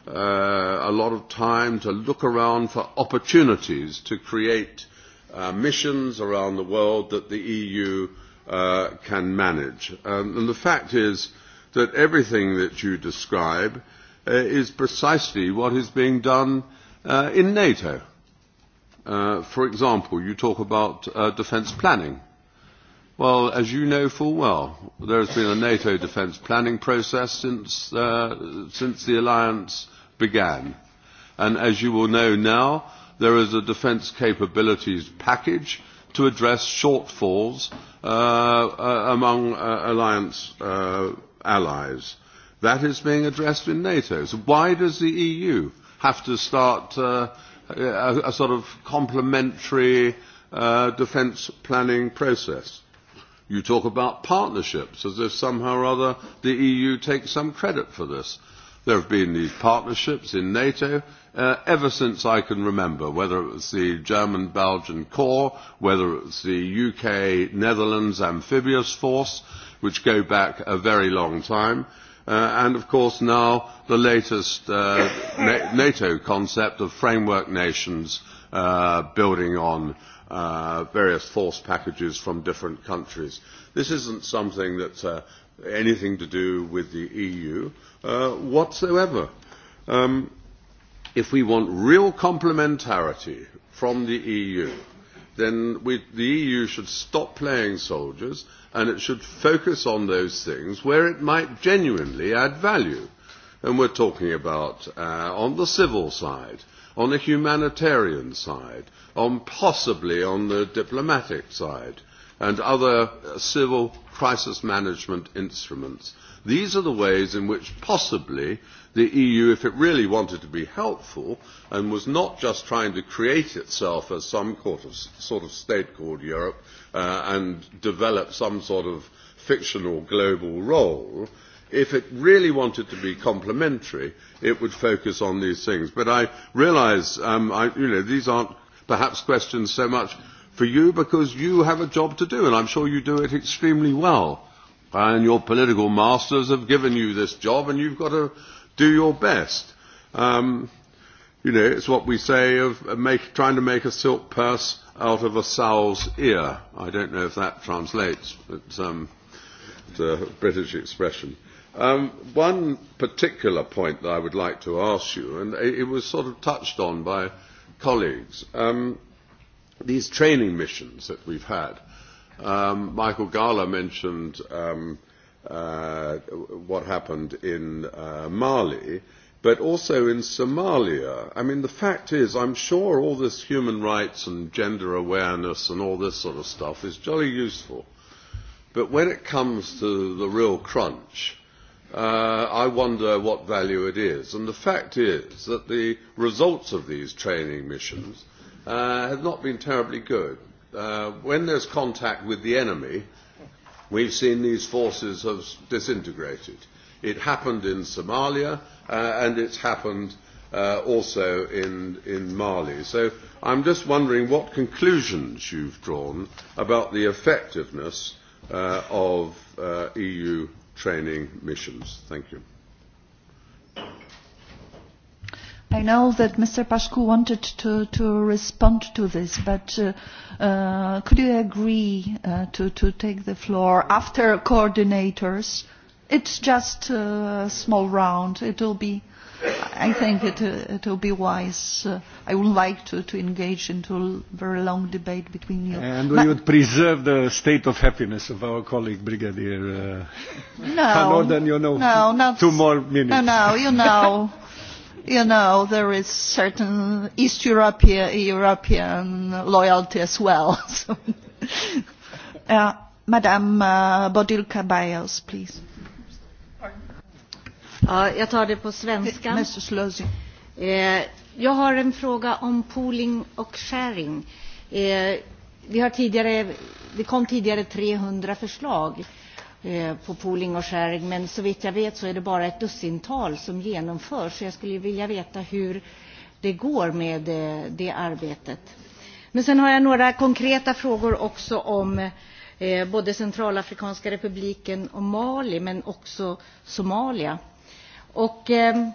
uh, a lot of time to look around for opportunities to create uh, missions around the world that the EU uh, can manage. Um, and the fact is, uh, that everything that you describe uh, is precisely what is being done uh, in NATO. Uh, for example, you talk about uh, defence planning. Well, as you know full well, there has been a NATO defence planning process since, uh, since the alliance began. And as you will know now, there is a defence capabilities package to address shortfalls uh, uh, among uh, alliance uh, allies. That is being addressed in NATO. So why does the EU have to start uh, a, a sort of complementary uh, defence planning process? You talk about partnerships as if somehow or other the EU takes some credit for this. There have been these partnerships in NATO uh, ever since I can remember, whether it was the German-Belgian Corps, whether it was the UK-Netherlands Amphibious Force, which go back a very long time. Uh, and of course now the latest uh, Na NATO concept of framework nations uh, building on uh, various force packages from different countries. This isn't something that uh, anything to do with the EU uh, whatsoever. Um, if we want real complementarity from the EU, then we, the EU should stop playing soldiers and it should focus on those things where it might genuinely add value. And we're talking about uh, on the civil side, on the humanitarian side, on possibly on the diplomatic side. Uh, and other uh, civil crisis management instruments. These are the ways in which possibly the EU, if it really wanted to be helpful and was not just trying to create itself as some sort of state called Europe uh, and develop some sort of fictional global role, if it really wanted to be complementary, it would focus on these things. But I realise, um, I, you know, these aren't perhaps questions so much for you because you have a job to do, and I'm sure you do it extremely well. And your political masters have given you this job, and you've got to do your best. Um, you know, it's what we say of make, trying to make a silk purse out of a sow's ear. I don't know if that translates, but um, it's a British expression. Um, one particular point that I would like to ask you, and it, it was sort of touched on by colleagues. Um, these training missions that we've had. Um, Michael Gala mentioned um, uh, what happened in uh, Mali, but also in Somalia. I mean, the fact is, I'm sure all this human rights and gender awareness and all this sort of stuff is jolly useful. But when it comes to the real crunch, uh, I wonder what value it is. And the fact is that the results of these training missions – uh, have not been terribly good. Uh, when there's contact with the enemy, we've seen these forces have disintegrated. It happened in Somalia uh, and it's happened uh, also in, in Mali. So I'm just wondering what conclusions you've drawn about the effectiveness uh, of uh, EU training missions. Thank you. I know that Mr. Pashku wanted to, to respond to this, but uh, uh, could you agree uh, to, to take the floor after coordinators? It's just a small round. It will be, I think it, uh, it will be wise. Uh, I would like to, to engage into a very long debate between you. And we Ma would preserve the state of happiness of our colleague Brigadier uh, no, Hanorden, you know, no, not, two more minutes. No, no, you know. *laughs* you know, there is certain East European, European loyalty as well. *laughs* so, uh, Madame uh, Bodilka Bios, please. Ja, jag tar det på svenska. Eh, eh, jag har en fråga om pooling och sharing. Eh, vi har tidigare, det kom tidigare 300 förslag. Eh, Eh, på Poling och Skärig, men så vitt jag vet så är det bara ett dussintal som genomförs. Så jag skulle vilja veta hur det går med eh, det arbetet. Men sen har jag några konkreta frågor också om eh, både Centralafrikanska republiken och Mali, men också Somalia. Och, eh,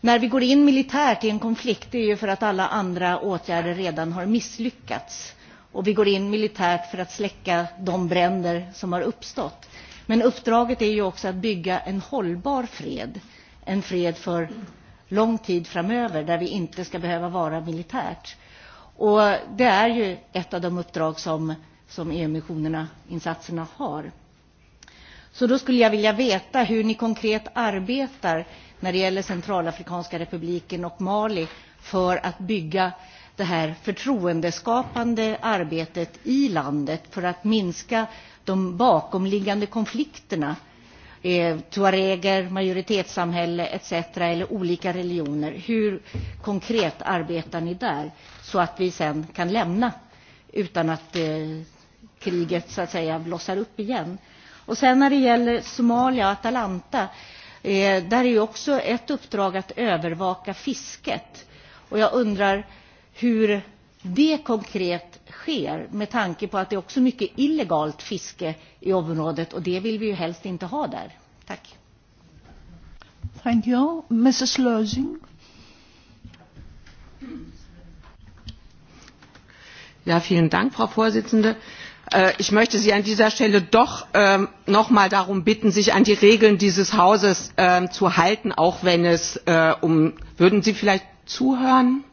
när vi går in militärt i en konflikt, det är ju för att alla andra åtgärder redan har misslyckats. Och vi går in militärt för att släcka de bränder som har uppstått. Men uppdraget är ju också att bygga en hållbar fred, en fred för lång tid framöver där vi inte ska behöva vara militärt. Och det är ju ett av de uppdrag som, som EU-missionerna, insatserna har. Så då skulle jag vilja veta hur ni konkret arbetar när det gäller Centralafrikanska republiken och Mali för att bygga det här förtroendeskapande arbetet i landet för att minska de bakomliggande konflikterna eh, tuareger, majoritetssamhälle etc. eller olika religioner. Hur konkret arbetar ni där så att vi sen kan lämna utan att eh, kriget så att säga blossar upp igen? Och sen när det gäller Somalia och Atalanta, eh, där är ju också ett uppdrag att övervaka fisket. Och jag undrar, hur det konkret sker med tanke på att det också är mycket illegalt fiske i området och det vill vi ju helst inte ha där. Tack. Thank you. Mrs Lösing. Ja, vielen Dank, Frau Vorsitzende. Äh, ich möchte Sie an dieser Stelle doch ähm, noch mal darum bitten, sich an die Regeln dieses Hauses ähm, zu halten, auch wenn es äh, um. Würden Sie vielleicht zuhören?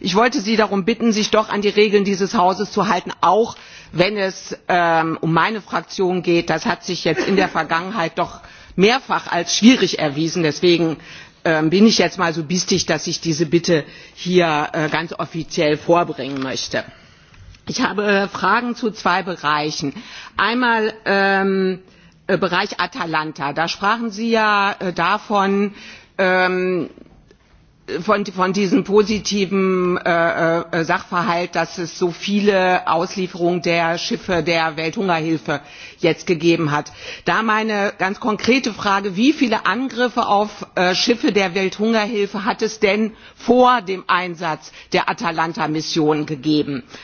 ich wollte sie darum bitten sich doch an die regeln dieses hauses zu halten auch wenn es ähm, um meine fraktion geht. das hat sich jetzt in der vergangenheit doch mehrfach als schwierig erwiesen. deswegen ähm, bin ich jetzt mal so biestig dass ich diese bitte hier äh, ganz offiziell vorbringen möchte. ich habe äh, fragen zu zwei bereichen. einmal ähm, äh, bereich atalanta da sprachen sie ja äh, davon ähm, von, von diesem positiven äh, äh, Sachverhalt, dass es so viele Auslieferungen der Schiffe der Welthungerhilfe jetzt gegeben hat. Da meine ganz konkrete Frage, wie viele Angriffe auf äh, Schiffe der Welthungerhilfe hat es denn vor dem Einsatz der Atalanta-Mission gegeben? Äh,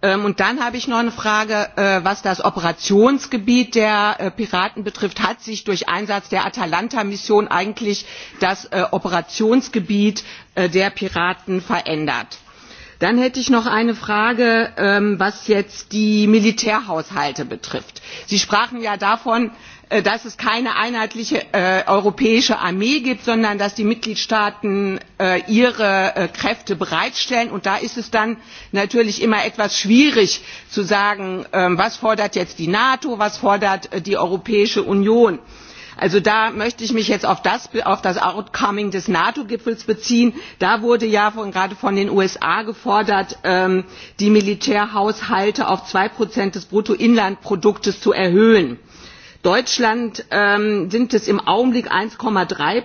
Ähm, und dann habe ich noch eine frage äh, was das operationsgebiet der äh, piraten betrifft hat sich durch einsatz der atalanta mission eigentlich das äh, operationsgebiet der piraten verändert? dann hätte ich noch eine frage ähm, was jetzt die militärhaushalte betrifft. sie sprachen ja davon Äh, dass es keine einheitliche äh, europäische armee gibt sondern dass die mitgliedstaaten äh, ihre äh, kräfte bereitstellen und da ist es dann natürlich immer etwas schwierig zu sagen ähm, was fordert jetzt die nato was fordert äh, die europäische union? also da möchte ich mich jetzt auf das, auf das outcoming des nato gipfels beziehen da wurde ja von, gerade von den usa gefordert ähm, die militärhaushalte auf zwei des bruttoinlandproduktes zu erhöhen deutschland ähm, sind es im augenblick eins drei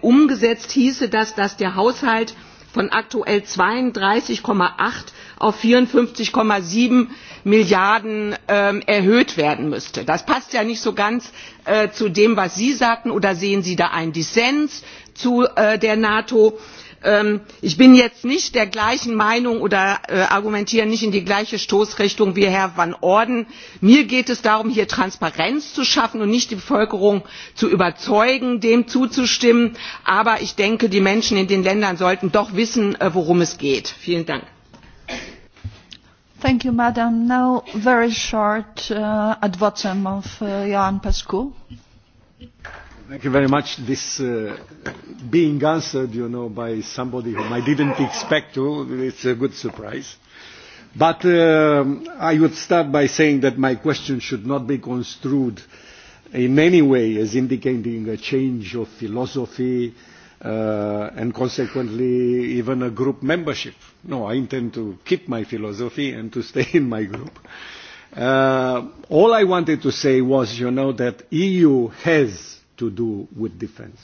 umgesetzt hieße das dass der haushalt von aktuell zweiunddreißig acht auf vierundfünfzig sieben milliarden ähm, erhöht werden müsste. das passt ja nicht so ganz äh, zu dem was sie sagten oder sehen sie da einen dissens zu äh, der nato? Ähm, ich bin jetzt nicht der gleichen meinung oder äh, argumentiere nicht in die gleiche stoßrichtung wie herr van orden. mir geht es darum hier transparenz zu schaffen und nicht die bevölkerung zu überzeugen dem zuzustimmen. aber ich denke die menschen in den ländern sollten doch wissen äh, worum es geht. vielen dank. Thank you, Madam. Now, very short uh, ad vocem of uh, Ioan Pascu. Thank you very much. This uh, being answered, you know, by somebody whom I didn't expect to, it's a good surprise. But uh, I would start by saying that my question should not be construed in any way as indicating a change of philosophy uh, and consequently even a group membership. No, I intend to keep my philosophy and to stay in my group. Uh, all I wanted to say was, you know, that EU has to do with defense.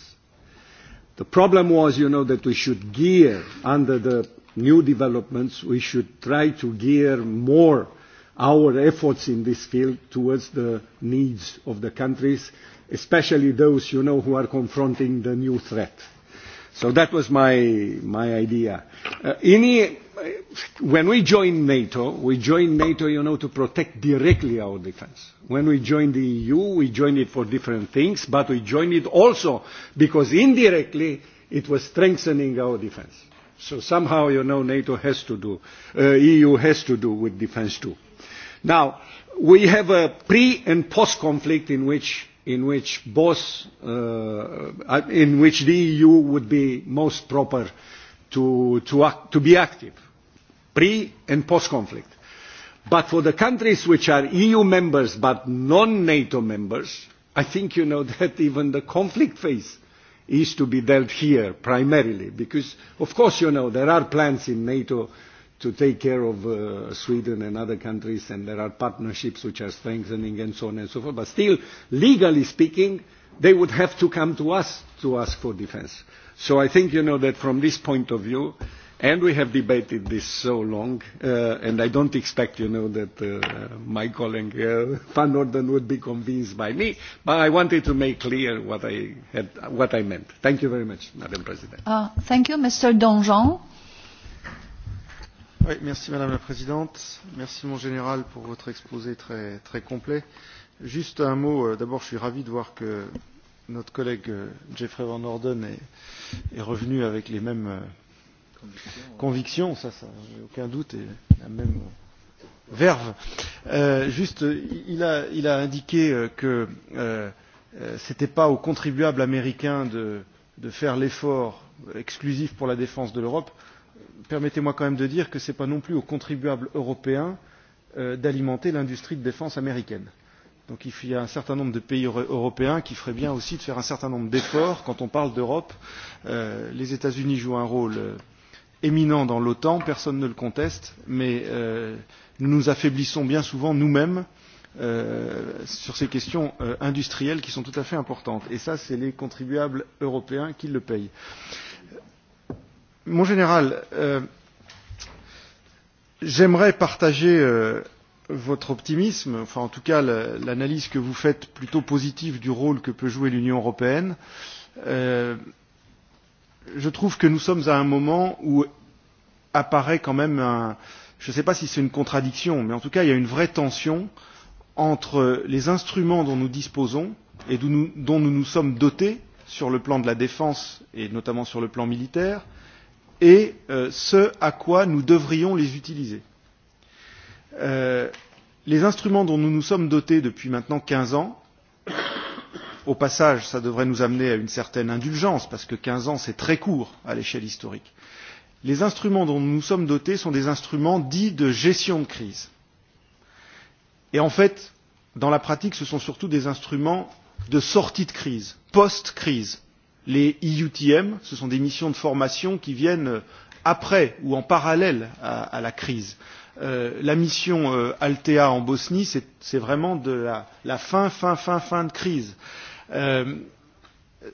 The problem was, you know, that we should gear under the new developments, we should try to gear more our efforts in this field towards the needs of the countries, especially those, you know, who are confronting the new threat. So that was my, my idea. Uh, in, when we joined NATO, we joined NATO, you know, to protect directly our defense. When we joined the EU, we joined it for different things, but we joined it also because indirectly it was strengthening our defense. So somehow, you know, NATO has to do, uh, EU has to do with defense too. Now, we have a pre and post conflict in which in which both uh, uh in which the EU would be most proper to to act, to be active pre and post conflict. But for the countries which are EU members but non NATO members, I think you know *laughs* that even the conflict phase is to be dealt here primarily because, of course, you know, there are plans in NATO to take care of uh, Sweden and other countries and there are partnerships which are strengthening and so on and so forth. But still, legally speaking, they would have to come to us to ask for defense. So I think, you know, that from this point of view, uh, and we have debated this so long, uh, and I don't expect, you know, that uh, my colleague uh, *laughs* Van Orden would be convinced by me, but I wanted to make clear what I, had, what I meant. Thank you very much, Madam President. Uh, thank you, Mr. Donjon. Oui, merci Madame la Présidente, merci mon général pour votre exposé très, très complet. Juste un mot, euh, d'abord je suis ravi de voir que notre collègue euh, Jeffrey Van Orden est, est revenu avec les mêmes euh, Conviction, ça, ça, aucun doute, et la même verve. Euh, juste, il a, il a indiqué euh, que euh, euh ce n'était pas aux contribuables américains de, de faire l'effort exclusif pour la défense de l'Europe. Permettez moi quand même de dire que ce n'est pas non plus aux contribuables européens euh, d'alimenter l'industrie de défense américaine. Donc il y a un certain nombre de pays européens qui feraient bien aussi de faire un certain nombre d'efforts quand on parle d'Europe. Euh, les États-Unis jouent un rôle euh, éminent dans l'otan personne ne le conteste mais euh, nous nous affaiblissons bien souvent nous mêmes euh, sur ces questions euh, industrielles qui sont tout à fait importantes et ça c'est les contribuables européens qui le payent. Mon général, euh, j'aimerais partager euh, votre optimisme, enfin en tout cas l'analyse que vous faites plutôt positive du rôle que peut jouer l'Union européenne. Euh, je trouve que nous sommes à un moment où apparaît quand même un, je ne sais pas si c'est une contradiction, mais en tout cas il y a une vraie tension entre les instruments dont nous disposons et dont nous, dont nous nous sommes dotés sur le plan de la défense et notamment sur le plan militaire et euh, ce à quoi nous devrions les utiliser. Euh, les instruments dont nous nous sommes dotés depuis maintenant 15 ans Au passage, ça devrait nous amener à une certaine indulgence, parce que 15 ans, c'est très court à l'échelle historique. Les instruments dont nous sommes dotés sont des instruments dits de gestion de crise. Et en fait, dans la pratique, ce sont surtout des instruments de sortie de crise, post-crise. Les IUTM, e ce sont des missions de formation qui viennent après ou en parallèle à, à la crise. Euh, la mission euh, Altea en Bosnie, c'est vraiment de la, la fin, fin, fin, fin de crise. Euh, Euh,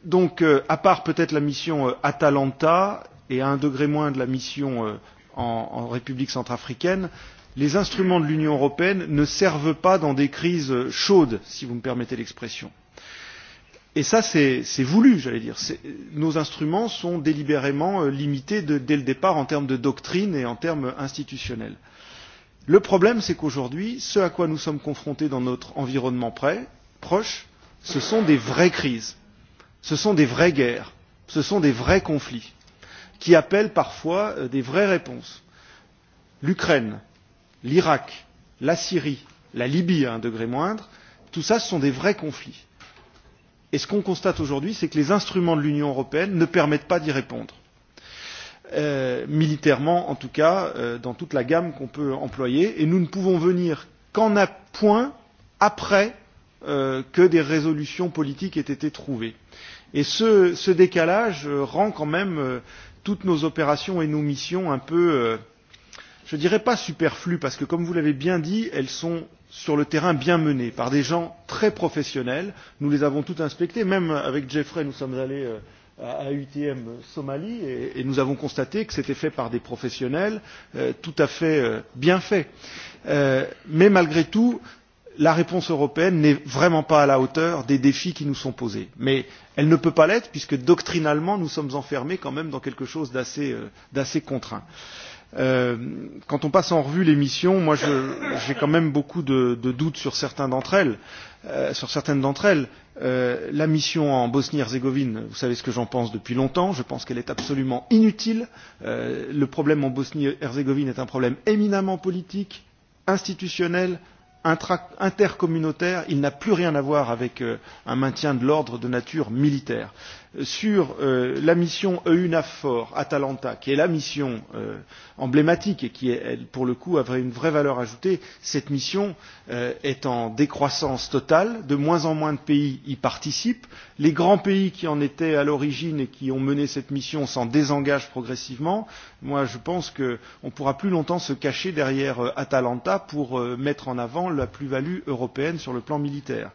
donc, euh, à part peut-être la mission euh, Atalanta et à un degré moins de la mission euh, en, en République centrafricaine, les instruments de l'Union européenne ne servent pas dans des crises euh, chaudes, si vous me permettez l'expression. Et ça, c'est voulu, j'allais dire. Nos instruments sont délibérément euh, limités de, dès le départ en termes de doctrine et en termes institutionnels. Le problème, c'est qu'aujourd'hui, ce à quoi nous sommes confrontés dans notre environnement près, proche, ce sont des vraies crises, ce sont des vraies guerres, ce sont des vrais conflits qui appellent parfois euh, des vraies réponses. L'Ukraine, l'Irak, la Syrie, la Libye à un degré moindre, tout ça ce sont des vrais conflits. Et ce qu'on constate aujourd'hui, c'est que les instruments de l'Union européenne ne permettent pas d'y répondre. Euh, militairement, en tout cas, euh, dans toute la gamme qu'on peut employer, et nous ne pouvons venir qu'en point après euh, que des résolutions politiques aient été trouvées. Et ce, ce décalage euh, rend quand même euh, toutes nos opérations et nos missions un peu, euh, je dirais pas superflues, parce que comme vous l'avez bien dit, elles sont sur le terrain bien menées par des gens très professionnels. Nous les avons toutes inspectées, même avec Jeffrey, nous sommes allés. Euh, à UTM Somalie et, et nous avons constaté que c'était fait par des professionnels euh, tout à fait euh, bien faits. Euh, mais malgré tout, la réponse européenne n'est vraiment pas à la hauteur des défis qui nous sont posés mais elle ne peut pas l'être puisque doctrinalement nous sommes enfermés quand même dans quelque chose d'assez euh, contraint. Euh, quand on passe en revue les missions, moi j'ai quand même beaucoup de, de doutes sur certains d'entre elles. Euh, sur certaines d'entre elles, euh, la mission en Bosnie-Herzégovine, vous savez ce que j'en pense depuis longtemps, je pense qu'elle est absolument inutile. Euh, le problème en Bosnie-Herzégovine est un problème éminemment politique, institutionnel, euh, intercommunautaire il n'a plus rien à voir avec euh, un maintien de l'ordre de nature militaire sur euh, la mission EUNAFOR Atalanta, qui est la mission euh, emblématique et qui, est, elle, pour le coup, avait une vraie valeur ajoutée, cette mission euh, est en décroissance totale. De moins en moins de pays y participent. Les grands pays qui en étaient à l'origine et qui ont mené cette mission s'en désengagent progressivement. Moi, je pense qu'on ne pourra plus longtemps se cacher derrière euh, Atalanta pour euh, mettre en avant la plus-value européenne sur le plan militaire.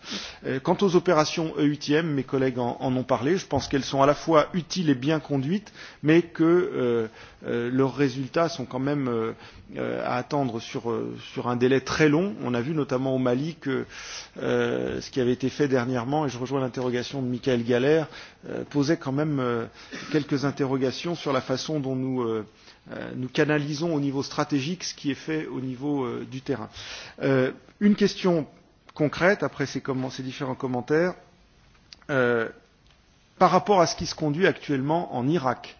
Euh, quant aux opérations EUTM, mes collègues en, en ont parlé. Je pense qu'elles sont à la fois utiles et bien conduites, mais que euh, euh, leurs résultats sont quand même euh, euh, à attendre sur, euh, sur un délai très long. On a vu notamment au Mali que euh, ce qui avait été fait dernièrement, et je rejoins l'interrogation de Michael Galère, euh, posait quand même euh, quelques interrogations sur la façon dont nous euh, euh nous canalisons au niveau stratégique ce qui est fait au niveau euh, du terrain. Euh, une question concrète après ces, comment, ces différents commentaires. Euh, par rapport à ce qui se conduit actuellement en Irak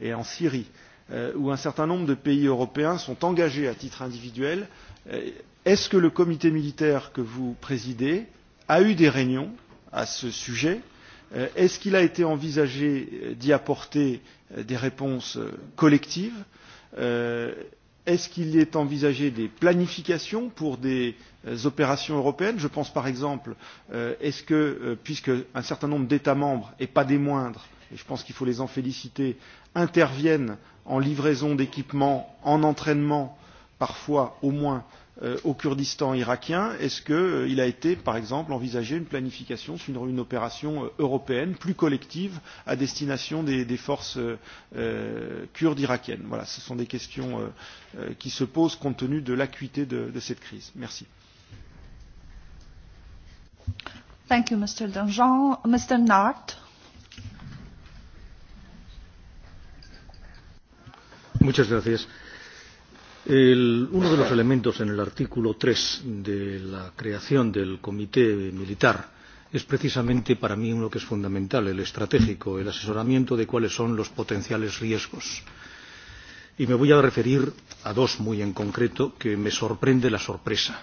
et en Syrie, euh, où un certain nombre de pays européens sont engagés à titre individuel. Euh, Est-ce que le comité militaire que vous présidez a eu des réunions à ce sujet euh, Est-ce qu'il a été envisagé d'y apporter euh, des réponses euh, collectives euh, Est-ce qu'il est envisagé des planifications pour des euh, opérations européennes Je pense par exemple, euh, est-ce que, euh, puisque un certain nombre d'États membres, et pas des moindres, et je pense qu'il faut les en féliciter, interviennent en livraison d'équipements, en entraînement, parfois au moins euh, au Kurdistan irakien, est-ce qu'il euh, a été, par exemple, envisagé une planification sur une opération euh, européenne plus collective à destination des, des forces euh, euh kurdes irakiennes Voilà, ce sont des questions euh, euh, qui se posent compte tenu de l'acuité de, de cette crise. Merci. Thank you, Mr. Danjean. Mr. Nart. Muchas gracias. El, uno de los elementos en el artículo 3 de la creación del Comité Militar es precisamente para mí uno que es fundamental, el estratégico, el asesoramiento de cuáles son los potenciales riesgos. Y me voy a referir a dos muy en concreto que me sorprende la sorpresa.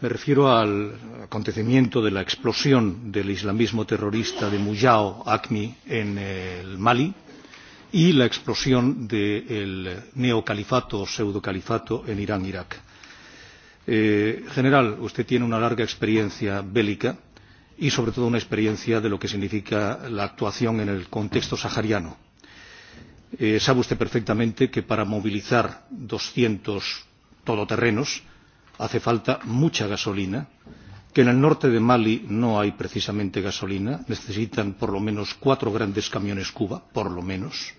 Me refiero al acontecimiento de la explosión del islamismo terrorista de Muyao Acmi en eh, el Mali, y la explosión del de neocalifato o pseudocalifato en irán irak. Eh, general usted tiene una larga experiencia bélica y sobre todo una experiencia de lo que significa la actuación en el contexto sahariano. Eh, sabe usted perfectamente que para movilizar doscientos todoterrenos hace falta mucha gasolina que en el norte de mali no hay precisamente gasolina necesitan por lo menos cuatro grandes camiones cuba por lo menos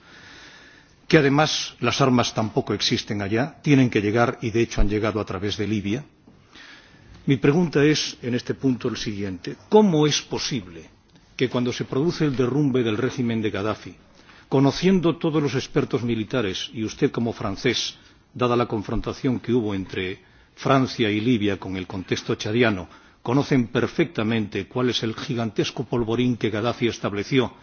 que además las armas tampoco existen allá tienen que llegar y de hecho han llegado a través de libia. mi pregunta es en este punto la siguiente cómo es posible que cuando se produce el derrumbe del régimen de gadafi conociendo todos los expertos militares y usted como francés dada la confrontación que hubo entre francia y libia con el contexto chadiano conocen perfectamente cuál es el gigantesco polvorín que gadafi estableció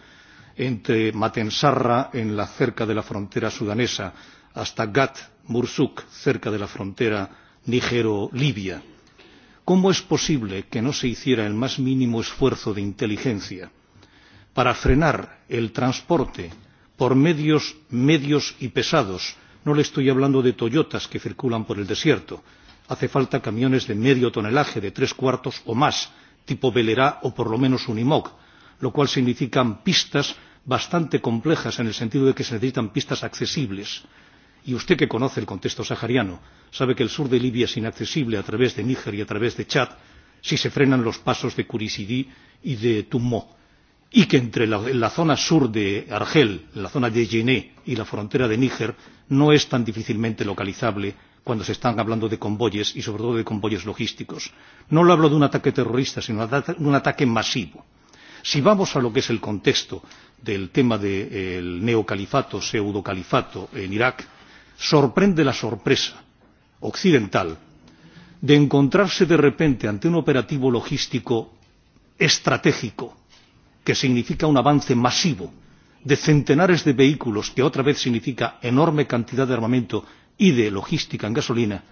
entre Matensarra, en la, cerca de la frontera sudanesa, hasta Gat Mursuk, cerca de la frontera nigero-libia. ¿Cómo es posible que no se hiciera el más mínimo esfuerzo de inteligencia para frenar el transporte por medios medios y pesados? No le estoy hablando de Toyotas que circulan por el desierto. Hace falta camiones de medio tonelaje, de tres cuartos o más, tipo Belerá o por lo menos Unimog lo cual significa pistas bastante complejas en el sentido de que se necesitan pistas accesibles y usted que conoce el contexto sahariano sabe que el sur de libia es inaccesible a través de níger y a través de chad si se frenan los pasos de kurizirí y de toumo y que entre la, la zona sur de argel la zona de yené y la frontera de níger no es tan difícilmente localizable cuando se está hablando de convoyes y sobre todo de convoyes logísticos. no le hablo de un ataque terrorista sino de un ataque masivo si vamos a lo que es el contexto del tema del neocalifato pseudocalifato en irak sorprende la sorpresa occidental de encontrarse de repente ante un operativo logístico estratégico que significa un avance masivo de centenares de vehículos que otra vez significa enorme cantidad de armamento y de logística en gasolina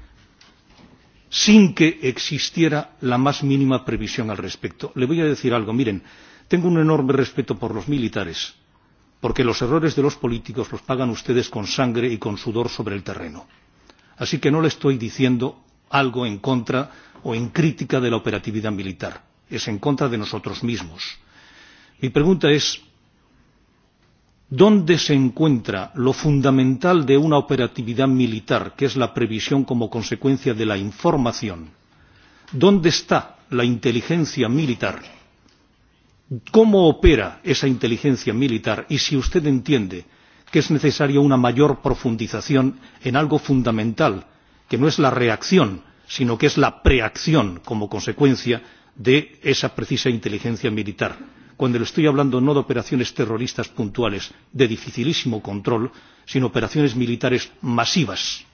sin que existiera la más mínima previsión al respecto. le voy a decir algo miren tengo un enorme respeto por los militares porque los errores de los políticos los pagan ustedes con sangre y con sudor sobre el terreno así que no le estoy diciendo algo en contra o en crítica de la operatividad militar es en contra de nosotros mismos. mi pregunta es dónde se encuentra lo fundamental de una operatividad militar que es la previsión como consecuencia de la información? dónde está la inteligencia militar? cómo opera esa inteligencia militar y si usted entiende que es necesaria una mayor profundización en algo fundamental que no es la reacción sino que es la preacción como consecuencia de esa precisa inteligencia militar cuando le estoy hablando no de operaciones terroristas puntuales de dificilísimo control sino de operaciones militares masivas.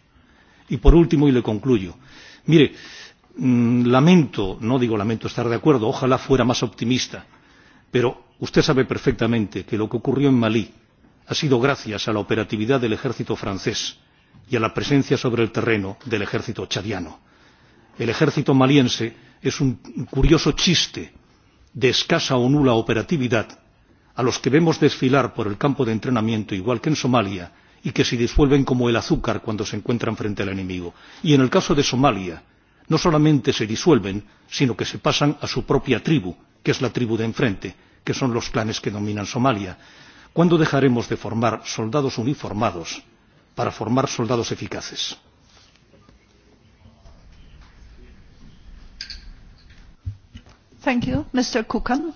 y por último y le concluyo mire mm, lamento no digo lamento estar de acuerdo ojalá fuera más optimista pero usted sabe perfectamente que lo que ocurrió en malí ha sido gracias a la operatividad del ejército francés y a la presencia sobre el terreno del ejército chadiano. el ejército maliense es un curioso chiste de escasa o nula operatividad a los que vemos desfilar por el campo de entrenamiento igual que en somalia y que se disuelven como el azúcar cuando se encuentran frente al enemigo. y en el caso de somalia no solamente se disuelven sino que se pasan a su propia tribu que es la tribu de enfrente que son los clanes que dominan somalia? cuándo dejaremos de formar soldados uniformados para formar soldados eficaces? Thank you. Mr. Kukan.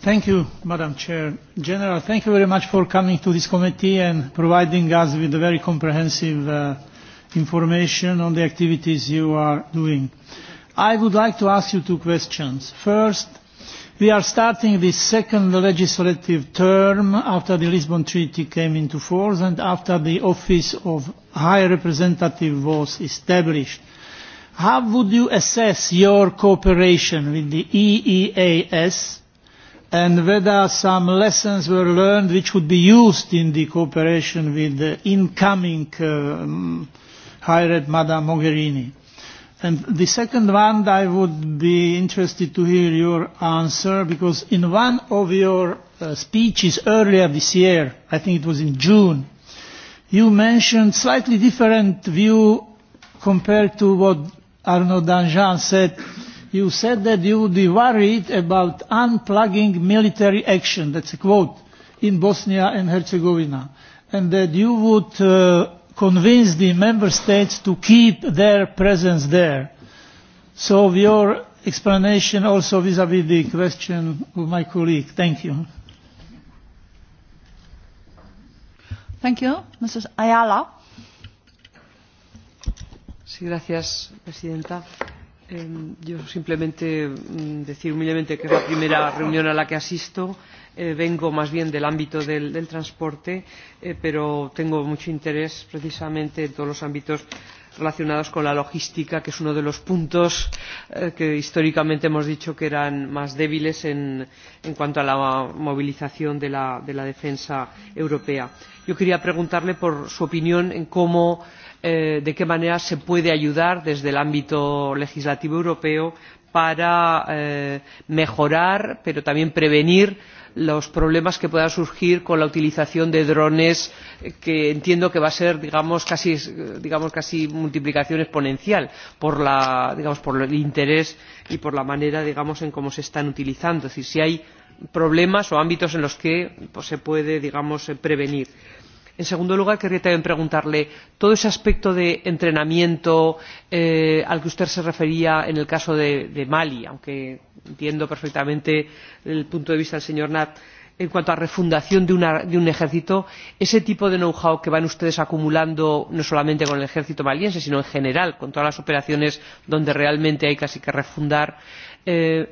Thank you, Madam Chair. General, thank you very much for coming to this committee and providing us with very comprehensive uh, information on the activities you are doing. Uh, I would like to ask you two questions. First, we are starting the second legislative term after the Lisbon Treaty came into force and after the Office of High Representative was established. How would you assess your cooperation with the EEAS and whether some lessons were learned which would be used in the cooperation with the incoming um, High Rep Madame Mogherini? And the second one, I would be interested to hear your answer because in one of your uh, speeches earlier this year, I think it was in June, you mentioned slightly different view compared to what Arnaud Danjean said. You said that you would be worried about unplugging military action, that's a quote, in Bosnia and Herzegovina, and that you would uh, convince the member states to keep their presence there. So your explanation also vis-à-vis -vis the question of my colleague. Thank you. Thank you. Mrs. Ayala. Sí, gracias, presidenta. Eh, yo simplemente mm, decir humildemente que es la primera reunión a la que asisto. Eh, eh, vengo más bien del ámbito del, del transporte, eh, pero tengo mucho interés precisamente en todos los ámbitos relacionados con la logística, que es uno de los puntos eh, que históricamente hemos dicho que eran más débiles en, en cuanto a la movilización de la, de la defensa europea. Yo quería preguntarle por su opinión en cómo, eh, de qué manera se puede ayudar desde el ámbito legislativo europeo para eh, mejorar, pero también prevenir los problemas que puedan surgir con la utilización de drones eh, que entiendo que va a ser digamos casi, eh, digamos, casi multiplicación exponencial por, la, digamos, por el interés y por la manera digamos, en cómo se están utilizando. Es decir, si hay problemas o ámbitos en los que pues, se puede digamos, eh, prevenir. En segundo lugar, querría también preguntarle todo ese aspecto de entrenamiento eh, al que usted se refería en el caso de, de Mali, aunque entiendo perfectamente el punto de vista del señor nart en cuanto a refundación de, una, de un ejército ese tipo de know how que van ustedes acumulando no solamente con el ejército maliense sino en general con todas las operaciones donde realmente hay casi que refundar eh,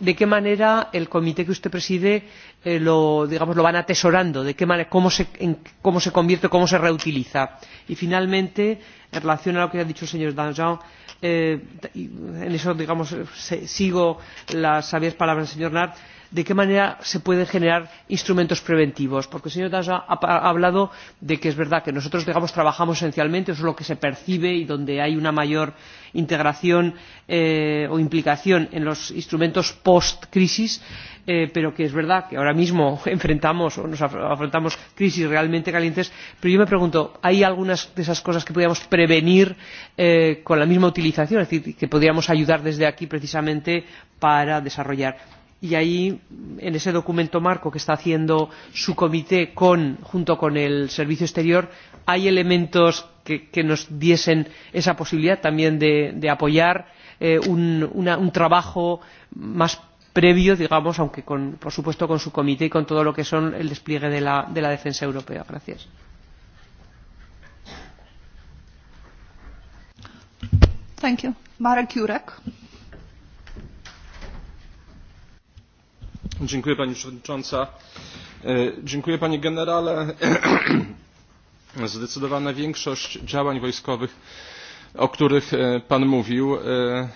de qué manera el comité que usted preside eh, lo, digamos, lo van atesorando de qué manera, cómo, se, en, cómo se convierte cómo se reutiliza. y finalmente en relación con lo que ha dicho el señor danjean eh, en eso digamos, se, sigo las sabias palabras del señor nart de qué manera se pueden generar instrumentos preventivos porque el señor danjean ha hablado de que es verdad que nosotros digamos trabajamos esencialmente eso es lo que se percibe y donde hay una mayor integración eh, o implicación en los instrumentos post crisis eh, pero que es verdad que ahora mismo *laughs* enfrentamos o nos afrontamos crisis realmente calientes pero yo me pregunto hay algunas de esas cosas que podríamos prevenir eh, con la misma utilización es decir que podríamos ayudar desde aquí precisamente para desarrollar y ahí en ese documento marco que está haciendo su comité con, junto con el servicio exterior hay elementos que, que nos diesen esa posibilidad también de, de apoyar eh, un, una, un trabajo más previo digamos aunque con, por supuesto con su comité y con todo lo que es el despliegue de la, de la defensa europea. Gracias. Thank you. Marek Jurek. Dziękuję Pani Przewodnicząca. E, dziękuję Panie Generale. *clears throat* Zdecydowana większość działań wojskowych, o których e, Pan mówił, e,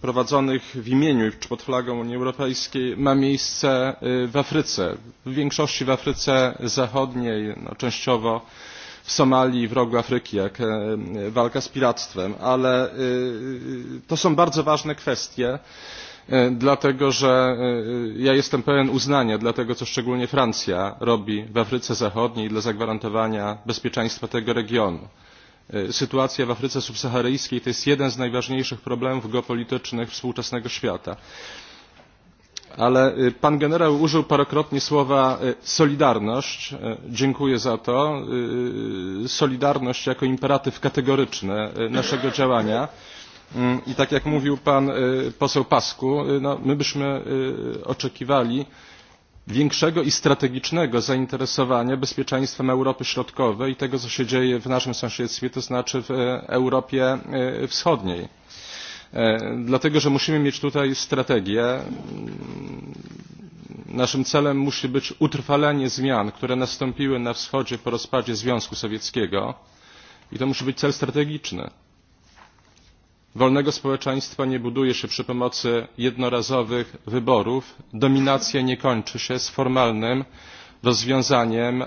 prowadzonych w imieniu i pod flagą Unii Europejskiej ma miejsce w Afryce. W większości w Afryce Zachodniej, no, częściowo w Somalii, w rogu Afryki, jak walka z piractwem, ale to są bardzo ważne kwestie E, dlatego że e, ja jestem pełen uznania dla tego co szczególnie francja robi w afryce zachodniej dla zagwarantowania bezpieczeństwa tego regionu. E, sytuacja w afryce subsaharyjskiej to jest jeden z najważniejszych problemów geopolitycznych współczesnego świata ale pan generał użył parokrotnie słowa solidarność dziękuję za to solidarność jako imperatyw kategoryczny naszego działania. Mm, i tak jak mówił pan poseł pascu no, my byśmy oczekiwali większego i strategicznego zainteresowania bezpieczeństwem Europy Środkowej i tego, co się dzieje w naszym sąsiedztwie, to znaczy w Europie Wschodniej. E, dlatego, że musimy mieć tutaj strategię. Mm, naszym celem musi być utrwalenie zmian, które nastąpiły na wschodzie po rozpadzie Związku Sowieckiego i to musi być cel strategiczny wolnego społeczeństwa nie buduje się przy pomocy jednorazowych wyborów dominacja nie kończy się z formalnym rozwiązaniem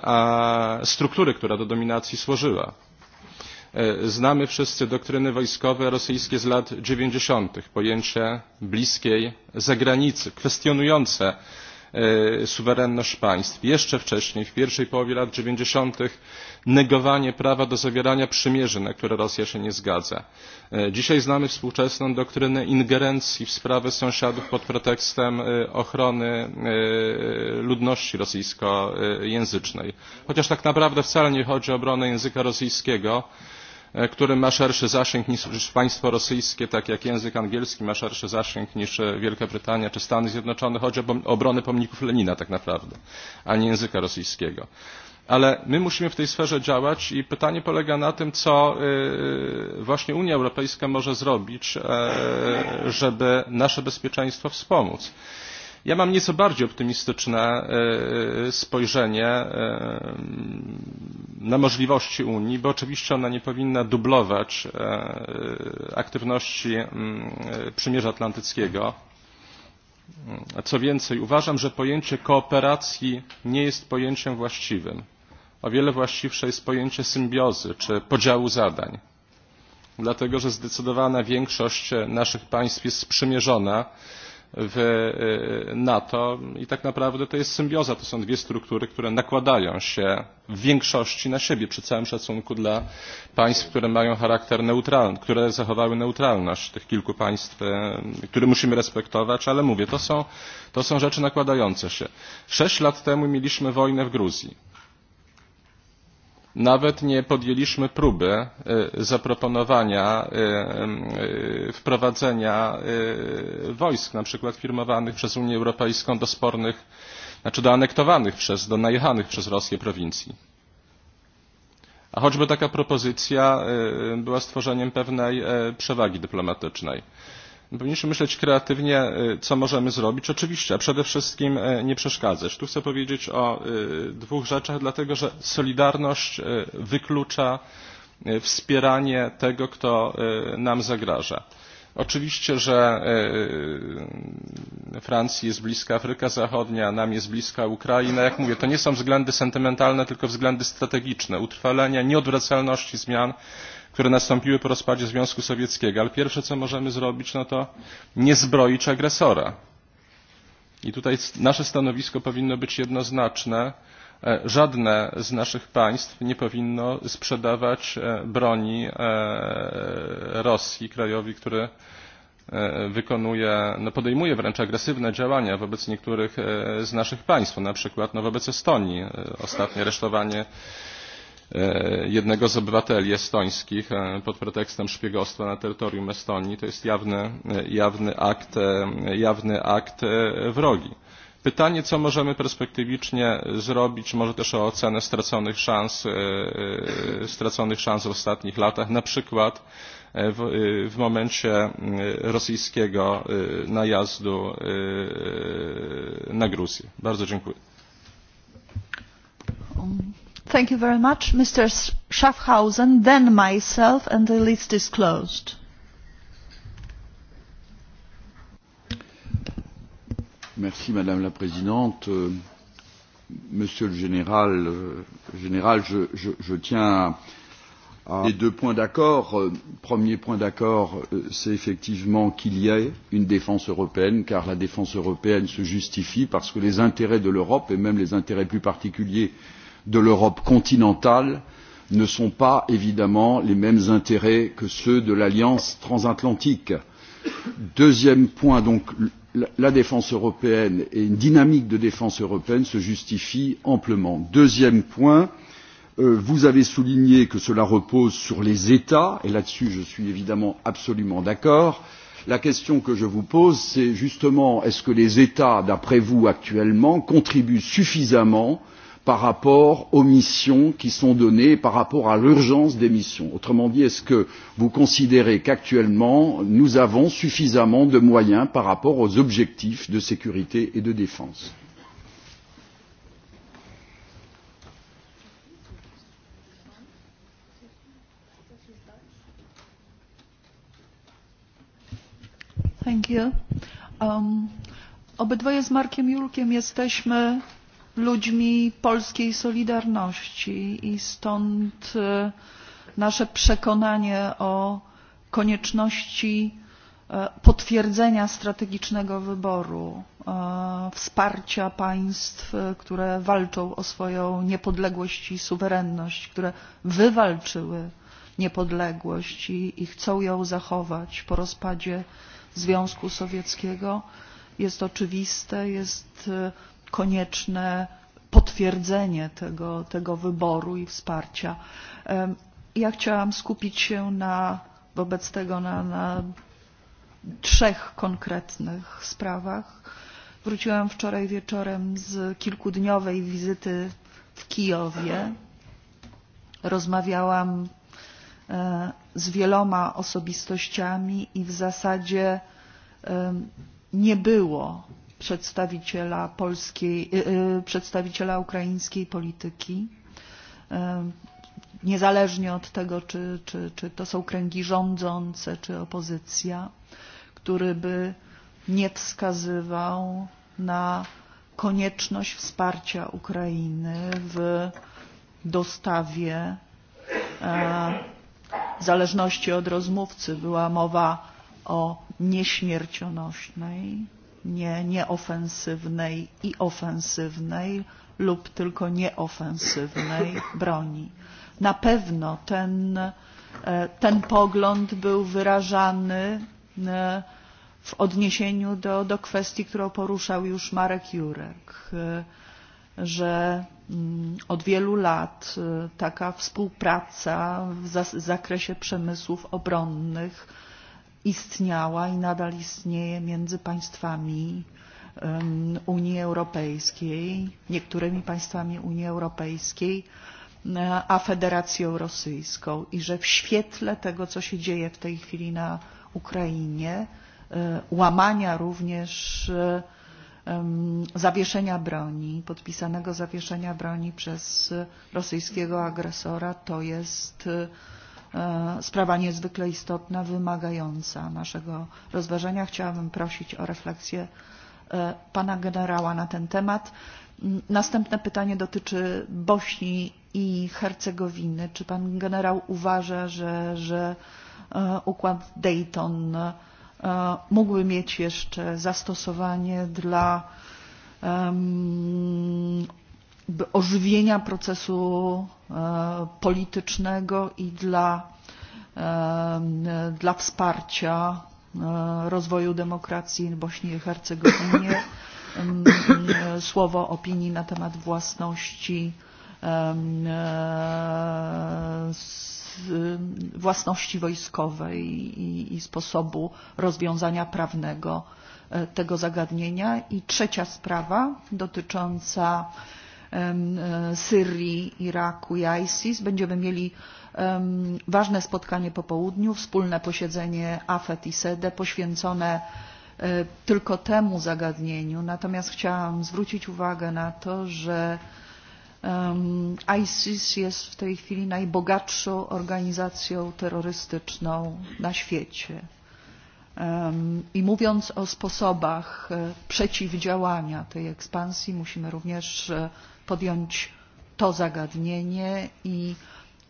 struktury która do dominacji służyła. E, znamy wszyscy doktryny wojskowe rosyjskie z lat dziewięćdzisiątych pojęcie bliskiej zagranicy kwestionujące E, suwerenność państw jeszcze wcześniej w pierwszej połowie lat dziewięćdziesiątych negowanie prawa do zawierania przymierzy na które rosja się nie zgadza. E, dzisiaj znamy współczesną doktrynę ingerencji w sprawy sąsiadów pod pretekstem e, ochrony ludności rosyjskojęzycznej chociaż tak naprawdę wcale nie chodzi o obronę języka rosyjskiego ale E, który ma szerszy zasięg niż państwo rosyjskie, tak jak język angielski ma szerszy zasięg niż e, Wielka Brytania czy Stany Zjednoczone. Chodzi o obronę pomników Lenina tak naprawdę, a nie języka rosyjskiego ale my musimy w tej sferze działać i pytanie polega na tym co e, właśnie unia europejska może zrobić żeby nasze bezpieczeństwo wspomóc. Ja mam nieco bardziej optymistyczne e, e, spojrzenie e, na możliwości Unii, bo oczywiście ona nie powinna dublować aktywności mm, Przymierza Atlantyckiego. Mm, co więcej, uważam, że pojęcie kooperacji nie jest pojęciem właściwym. O wiele właściwsze jest pojęcie symbiozy czy podziału zadań. Dlatego, że zdecydowana większość naszych państw jest sprzymierzona w NATO i tak naprawdę to jest symbioza, to są dwie struktury, które nakładają się w większości na siebie, przy całym szacunku dla państw, które mają charakter neutralny, które zachowały neutralność tych kilku państw, które musimy respektować, ale mówię, to są, to są rzeczy nakładające się. Sześć lat temu mieliśmy wojnę w Gruzji nawet nie podjęliśmy próby e, zaproponowania e, e, wprowadzenia wojsk na przykład firmowanych przez unię europejską do spornych znaczy do anektowanych przez do najechanych przez rosję prowincji. a choćby taka propozycja była stworzeniem pewnej przewagi dyplomatycznej Powinniśmy myśleć kreatywnie, co możemy zrobić. Oczywiście, a przede wszystkim nie przeszkadzać. Tu chcę powiedzieć o dwóch rzeczach, dlatego że solidarność wyklucza wspieranie tego, kto nam zagraża. Oczywiście, że Francji jest bliska Afryka Zachodnia, nam jest bliska Ukraina. Jak mówię, to nie są względy sentymentalne, tylko względy strategiczne, utrwalenia, nieodwracalności zmian które nastąpiły po rozpadzie Związku Sowieckiego. Ale pierwsze, co możemy zrobić, no to nie zbroić agresora. I tutaj nasze stanowisko powinno być jednoznaczne. E, żadne z naszych państw nie powinno sprzedawać e, broni e, Rosji, krajowi, który wykonuje, no podejmuje wręcz agresywne działania wobec niektórych z naszych państw, na przykład no wobec Estonii, ostatnie aresztowanie E, jednego z obywateli estońskich e, pod pretekstem szpiegostwa na terytorium Estonii. To jest jawny, e, jawny, akt, jawny akt wrogi. Pytanie, co możemy perspektywicznie zrobić, może też o ocenę straconych szans, straconych szans w ostatnich latach, na przykład w, w momencie rosyjskiego najazdu na Gruzję. Bardzo dziękuję. Um. Thank you very much, Mr. Schaffhausen, then myself, and the list is closed. Merci, Madame la Présidente. Euh, Monsieur le Général, euh, général je, je, je tiens à les deux points d'accord. Euh, premier point d'accord, c'est effectivement qu'il y ait une défense européenne, car la défense européenne se justifie parce que les intérêts de l'Europe, et même les intérêts plus particuliers euh, de l'Europe continentale ne sont pas évidemment les mêmes intérêts que ceux de l'alliance transatlantique. Deuxième point, donc la défense européenne et une dynamique de défense européenne se justifient amplement. Deuxième point, euh, vous avez souligné que cela repose sur les États, et là-dessus je suis évidemment absolument d'accord. La question que je vous pose, c'est justement est-ce que les États, d'après vous actuellement, contribuent suffisamment euh, par rapport aux missions qui sont données et par rapport à l'urgence des missions. Autrement dit, est-ce que vous considérez qu'actuellement nous avons suffisamment de moyens par rapport aux objectifs de sécurité et de défense Thank you. Um, obydwoje z Markiem Jurkiem jesteśmy ludźmi polskiej solidarności i stąd e, nasze przekonanie o konieczności e, potwierdzenia strategicznego wyboru e, wsparcia państw, które walczą o swoją niepodległość i suwerenność, które wywalczyły niepodległość i, i chcą ją zachować po rozpadzie Związku Sowieckiego jest oczywiste, jest konieczne potwierdzenie tego, tego wyboru i wsparcia. Ja chciałam skupić się na, wobec tego na, na trzech konkretnych sprawach. Wróciłam wczoraj wieczorem z kilkudniowej wizyty w Kijowie. Rozmawiałam e, z wieloma osobistościami i w zasadzie nie było przedstawiciela polskiej, przedstawiciela ukraińskiej polityki, e, niezależnie od tego, czy, czy, czy to są kręgi rządzące, czy opozycja, który by nie wskazywał na konieczność wsparcia Ukrainy w dostawie e, w zależności od rozmówcy była mowa o nieśmiercionośnej nie, nieofensywnej i ofensywnej lub tylko nieofensywnej broni. Na pewno ten, e, ten pogląd był wyrażany e, w odniesieniu do, do kwestii, którą poruszał już Marek Jurek, e, że mm, od wielu lat taka współpraca w zakresie przemysłów obronnych istniała i nadal istnieje między państwami Unii Europejskiej, niektórymi państwami Unii Europejskiej, a Federacją Rosyjską i że w świetle tego, co się dzieje w tej chwili na Ukrainie, łamania również zawieszenia broni, podpisanego zawieszenia broni przez rosyjskiego agresora, to jest E, sprawa niezwykle istotna, wymagająca naszego rozważenia. Chciałabym prosić o refleksję e, pana generała na ten temat. Następne pytanie dotyczy Bośni i Hercegowiny. Czy pan generał uważa, że, że e, układ Dayton mógłby mieć jeszcze zastosowanie dla um, ożywienia procesu E, politycznego i dla, e, dla wsparcia e, rozwoju demokracji w Bośni i Hercegowinie. Mm, słowo opinii na temat własności własności wojskowej i, i sposobu rozwiązania prawnego tego zagadnienia. I trzecia sprawa dotycząca E, Syrii, Iraku i ISIS. Będziemy mieli ważne spotkanie po południu, wspólne posiedzenie AFET i SEDE poświęcone e, tylko temu zagadnieniu. Natomiast chciałam zwrócić uwagę na to, że ISIS jest w tej chwili najbogatszą organizacją terrorystyczną na świecie. I mówiąc o sposobach e, przeciwdziałania tej ekspansji, musimy również podjąć to zagadnienie i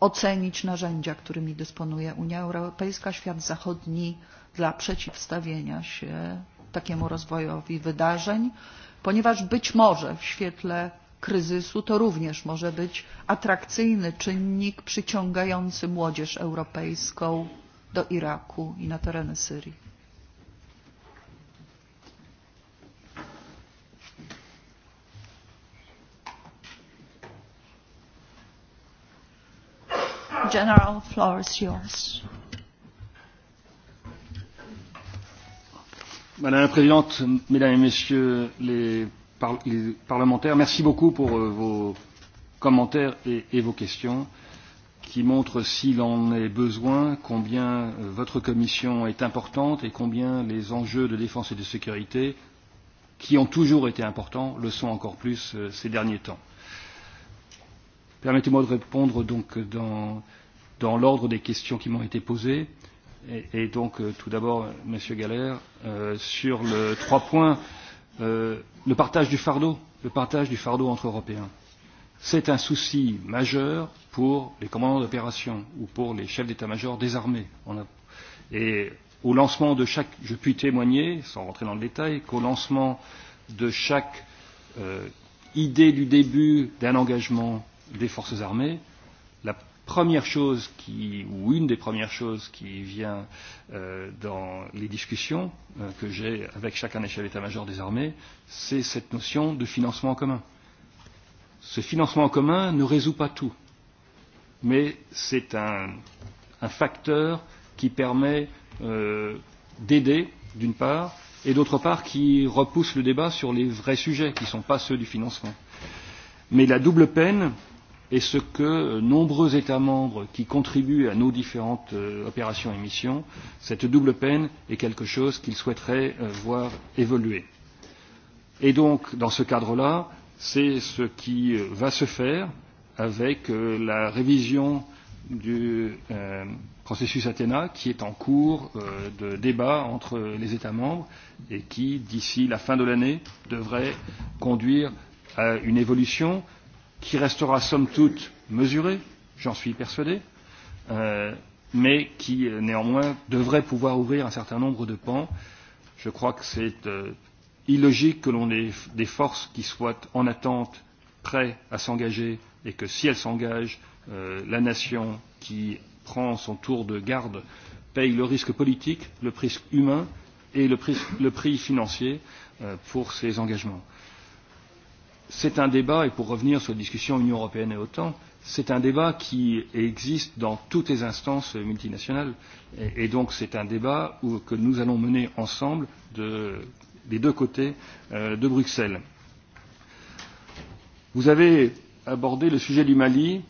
ocenić narzędzia, którymi dysponuje Unia Europejska, świat zachodni dla przeciwstawienia się takiemu rozwojowi wydarzeń, ponieważ być może w świetle kryzysu to również może być atrakcyjny czynnik przyciągający młodzież europejską do Iraku i na tereny Syrii. General, floor is yours. Madame la Présidente, Mesdames et Messieurs les, par les parlementaires, merci beaucoup pour euh, vos commentaires et, et vos questions qui montrent, s'il en est besoin, combien euh, votre commission est importante et combien les enjeux de défense et de sécurité, qui ont toujours été importants, le sont encore plus euh, ces derniers temps. Euh, Permettez-moi de répondre donc dans, dans l'ordre des questions qui m'ont été posées. Et, et donc, euh, tout d'abord, Monsieur Galère, euh, sur le trois points, euh, le partage du fardeau, le partage du fardeau entre Européens. C'est un souci majeur pour les commandants d'opération ou pour les chefs d'état-major des armées. On a, et au lancement de chaque, je puis témoigner, sans rentrer dans le détail, qu'au lancement de chaque euh, idée du début d'un engagement des forces armées, la première chose qui, ou une des premières choses qui vient euh, dans les discussions euh, que j'ai avec chacun des chefs d'état-major des armées, c'est cette notion de financement en commun. Ce financement en commun ne résout pas tout, mais c'est un, un facteur qui permet euh, d'aider, d'une part, et d'autre part qui repousse le débat sur les vrais sujets qui ne sont pas ceux du financement. Mais la double peine euh, et ce que nombreux États membres qui contribuent à nos différentes euh, opérations et missions, cette double peine est quelque chose qu'ils souhaiteraient euh, voir évoluer. Et donc, dans ce cadre-là, c'est ce qui euh, va se faire avec euh, la révision du euh, processus Athéna qui est en cours euh, de débat entre les États membres et qui, d'ici la fin de l'année, devrait conduire à une évolution euh, qui restera somme toute mesuré, j'en suis persuadé, euh, mais qui euh, néanmoins devrait pouvoir ouvrir un certain nombre de pans. Je crois que c'est euh, illogique que l'on ait des forces qui soient en attente, prêtes à s'engager, et que si elles s'engagent, euh, la nation qui prend son tour de garde paye le risque politique, le risque humain et le prix, le prix financier euh, pour ses engagements c'est un débat, et pour revenir sur la discussion Union européenne et OTAN, c'est un débat qui existe dans toutes les instances multinationales. Et, et donc, c'est un débat où, que nous allons mener ensemble de, des deux côtés euh, de Bruxelles. Vous avez abordé le sujet du Mali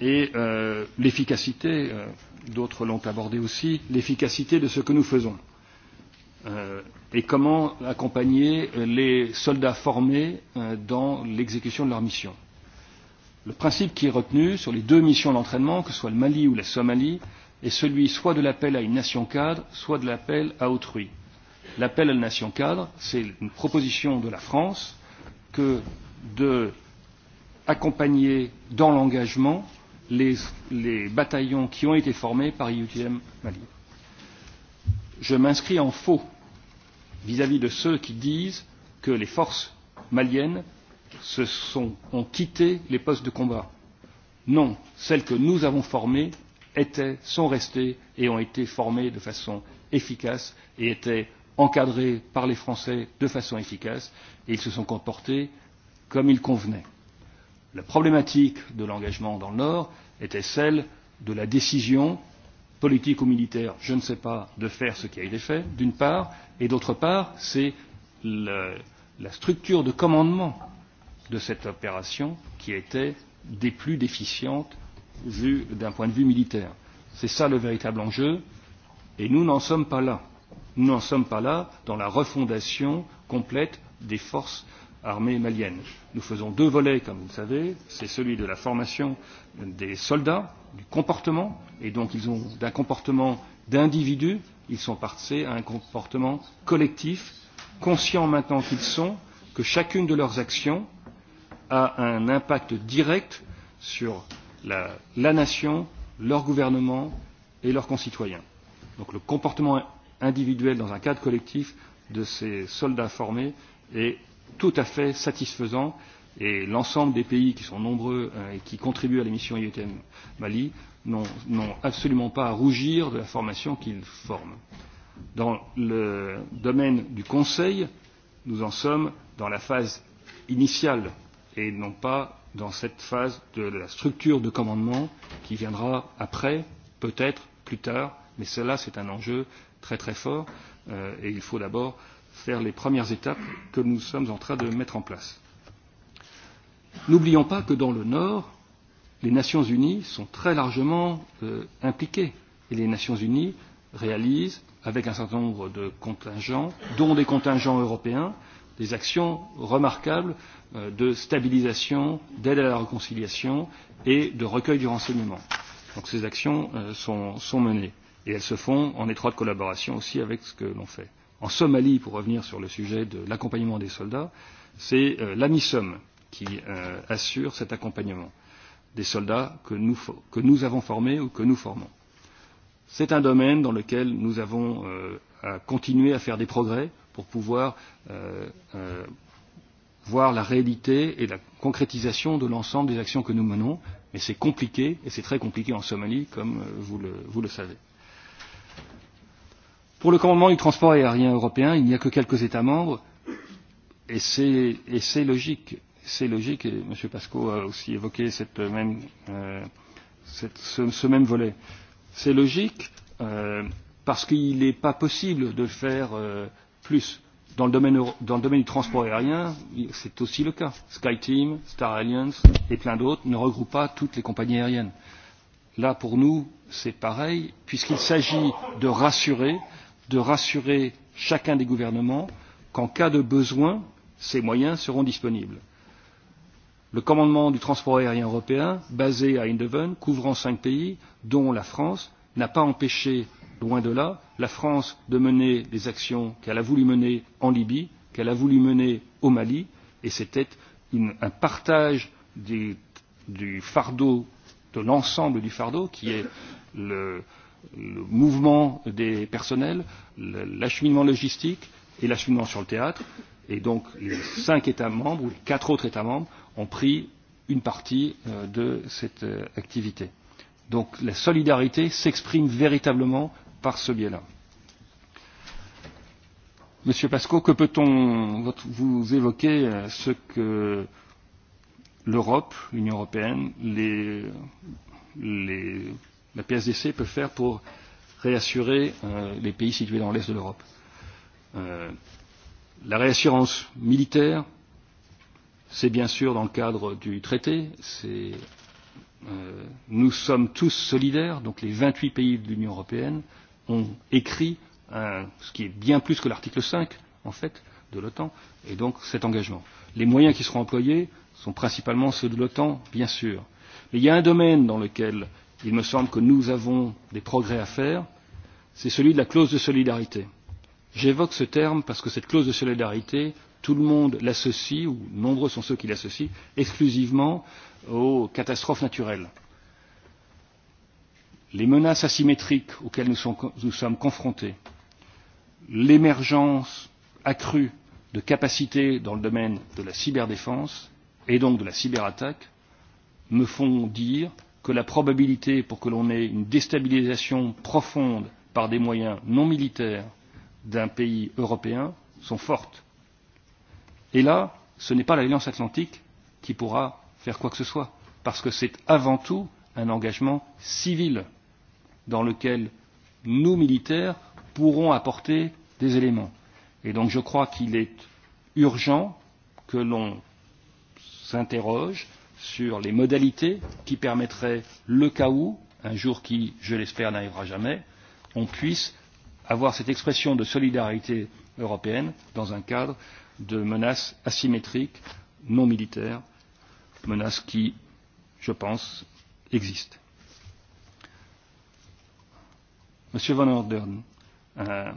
et euh, l'efficacité, euh, d'autres l'ont abordé aussi, l'efficacité de ce que nous faisons. Euh, et comment accompagner les soldats formés euh, dans l'exécution de leur mission. Le principe qui est retenu sur les deux missions d'entraînement, que ce soit le Mali ou la Somalie, est celui soit de l'appel à une nation cadre, soit de l'appel à autrui. L'appel à une nation cadre, c'est une proposition de la France que d'accompagner dans l'engagement les, les bataillons qui ont été formés par IUTM Mali. Je m'inscris en faux vis-à-vis -vis de ceux qui disent que les forces maliennes se sont, ont quitté les postes de combat. Non, celles que nous avons formées étaient, sont restées et ont été formées de façon efficace et étaient encadrées par les Français de façon efficace et ils se sont comportés comme il convenait. La problématique de l'engagement dans le Nord était celle de la décision politique ou militaire, je ne sais pas, de faire ce qui a été fait, d'une part, et d'autre part, c'est la structure de commandement de cette opération qui était des plus déficientes vu d'un point de vue militaire. C'est ça le véritable enjeu, et nous n'en sommes pas là. Nous n'en sommes pas là dans la refondation complète des forces armée malienne. Nous faisons deux volets, comme vous le savez. C'est celui de la formation des soldats du comportement, et donc ils ont d'un comportement d'individu, ils sont passés à un comportement collectif, conscients maintenant qu'ils sont que chacune de leurs actions a un impact direct sur la, la nation, leur gouvernement et leurs concitoyens. Donc le comportement individuel dans un cadre collectif de ces soldats formés est tout à fait satisfaisant Et l'ensemble des pays qui sont nombreux euh, et qui contribuent à la mission IUTM Mali n'ont absolument pas à rougir de la formation qu'ils forment. Dans le domaine du Conseil, nous en sommes dans la phase initiale et non pas dans cette phase de la structure de commandement qui viendra après, peut-être plus tard, mais cela c'est un enjeu très très fort euh, et il faut d'abord faire les premières étapes que nous sommes en train de mettre en place. N'oublions pas que dans le Nord, les Nations Unies sont très largement euh, impliquées et les Nations Unies réalisent, avec un certain nombre de contingents, dont des contingents européens, des actions remarquables euh, de stabilisation, d'aide à la réconciliation et de recueil du renseignement. Donc ces actions euh, sont, sont menées et elles se font en étroite collaboration aussi avec ce que l'on fait. En Somalie, pour revenir sur le sujet de l'accompagnement des soldats, c'est euh, la MISOM qui euh, assure cet accompagnement des soldats que nous, que nous avons formés ou que nous formons. C'est un domaine dans lequel nous avons euh, à continuer à faire des progrès pour pouvoir euh, euh, voir la réalité et la concrétisation de l'ensemble des actions que nous menons, mais c'est compliqué et c'est très compliqué en Somalie, comme euh, vous, le, vous le savez. Pour le commandement du transport aérien européen, il n'y a que quelques États membres, et c'est logique c'est logique, et M. Pasco a aussi évoqué cette même, euh, cette, ce, ce même volet. C'est logique euh, parce qu'il n'est pas possible de faire euh, plus. Dans le, domaine, dans le domaine du transport aérien, c'est aussi le cas. SkyTeam, Star Alliance et plein d'autres ne regroupent pas toutes les compagnies aériennes. Là, pour nous, c'est pareil, puisqu'il s'agit de rassurer, de rassurer chacun des gouvernements qu'en cas de besoin, ces moyens seront disponibles le commandement du transport aérien européen basé à eindhoven couvrant cinq pays dont la france n'a pas empêché loin de là la france de mener les actions qu'elle a voulu mener en libye qu'elle a voulu mener au mali et c'était un partage du, du fardeau de l'ensemble du fardeau qui est le, le mouvement des personnels l'acheminement logistique et l'acheminement sur le théâtre Et donc, les cinq États membres ou les quatre autres États membres ont pris une partie euh, de cette euh, activité. Donc, la solidarité s'exprime véritablement par ce biais-là. Monsieur Pasco, que peut-on vous évoquer euh, ce que l'Europe, l'Union européenne, les, les, la PSDC peut faire pour réassurer euh, les pays situés dans l'est de l'Europe euh, La réassurance militaire, c'est bien sûr dans le cadre du traité, c'est euh, nous sommes tous solidaires, donc les 28 pays de l'Union européenne ont écrit un, ce qui est bien plus que l'article 5, en fait, de l'OTAN, et donc cet engagement. Les moyens qui seront employés sont principalement ceux de l'OTAN, bien sûr. Mais il y a un domaine dans lequel il me semble que nous avons des progrès à faire, c'est celui de la clause de solidarité J'évoque ce terme parce que cette clause de solidarité, tout le monde l'associe, ou nombreux sont ceux qui l'associent, exclusivement aux catastrophes naturelles. Les menaces asymétriques auxquelles nous, sont, nous sommes confrontés, l'émergence accrue de capacités dans le domaine de la cyberdéfense et donc de la cyberattaque me font dire que la probabilité pour que l'on ait une déstabilisation profonde par des moyens non militaires d'un pays européen sont fortes. Et là, ce n'est pas l'Alliance atlantique qui pourra faire quoi que ce soit, parce que c'est avant tout un engagement civil dans lequel nos militaires pourront apporter des éléments. Et donc je crois qu'il est urgent que l'on s'interroge sur les modalités qui permettraient, le cas où, un jour qui, je l'espère, n'arrivera jamais, on puisse avoir cette expression de solidarité européenne dans un cadre de menaces asymétriques non militaires menaces qui je pense existent. Monsieur Van Orden, uh,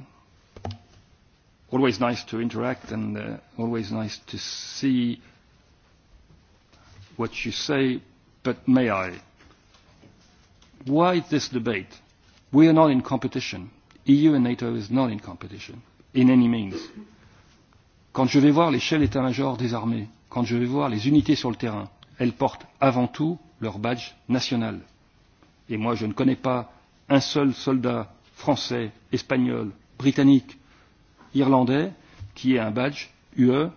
always nice to interact and uh, always nice to see what you say, but may I? Why this debate? We are not in competition EU and NATO is not in competition, in any means. Quand je vais voir les chefs d'état-major des armées, quand je vais voir les unités sur le terrain, elles portent avant tout leur badge national. Et moi, je ne connais pas un seul soldat français, espagnol, britannique, irlandais qui ait un badge UE,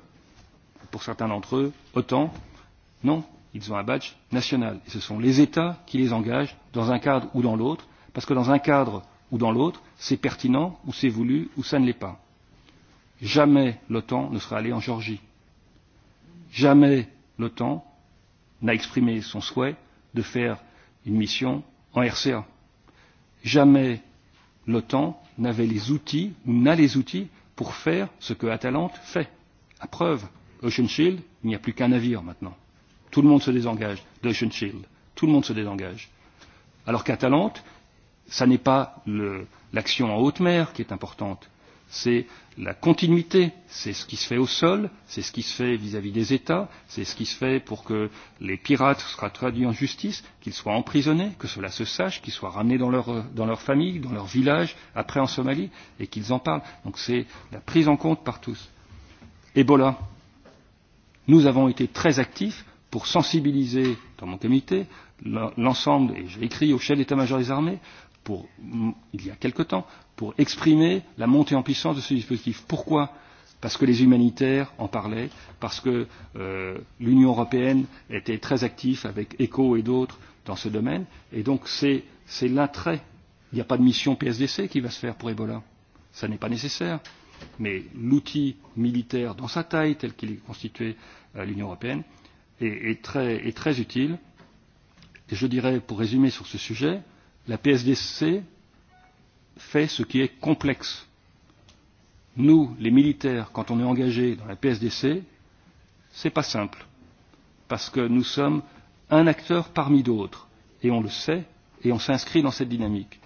pour certains d'entre eux, OTAN. Non, ils ont un badge national. Et ce sont les États qui les engagent dans un cadre ou dans l'autre, parce que dans un cadre ou dans l'autre, c'est pertinent ou c'est voulu ou ça ne l'est pas. Jamais l'OTAN ne sera allé en Géorgie. Jamais l'OTAN n'a exprimé son souhait de faire une mission en RCA. Jamais l'OTAN n'avait les outils ou n'a les outils pour faire ce que Atalante fait. À preuve, Ocean Shield, il n'y a plus qu'un navire maintenant. Tout le monde se désengage d'Ocean Shield. Tout le monde se désengage. Alors qu'Atalante, Ce n'est pas l'action en haute mer qui est importante, c'est la continuité, c'est ce qui se fait au sol, c'est ce qui se fait vis-à-vis -vis des États, c'est ce qui se fait pour que les pirates soient traduits en justice, qu'ils soient emprisonnés, que cela se sache, qu'ils soient ramenés dans leur, dans leur famille, dans leur village, après en Somalie, et qu'ils en parlent. Donc c'est la prise en compte par tous. Ebola. Nous avons été très actifs pour sensibiliser, dans mon comité, l'ensemble, et j'ai écrit au chef d'état-major des armées, pour, il y a quelque temps pour exprimer la montée en puissance de ce dispositif. Pourquoi Parce que les humanitaires en parlaient, parce que euh, l'Union européenne était très active avec ECHO et d'autres dans ce domaine, et donc c'est l'attrait. Il n'y a pas de mission PSDC qui va se faire pour Ebola. Ça n'est pas nécessaire. Mais l'outil militaire dans sa taille, tel qu'il est constitué à l'Union européenne, est, est, très, est très utile. Et je dirais, pour résumer sur ce sujet, euh, La PSDC fait ce qui est complexe. Nous, les militaires, quand on est engagés dans la PSDC, c'est pas simple. Parce que nous sommes un acteur parmi d'autres. Et on le sait, et on s'inscrit dans cette dynamique.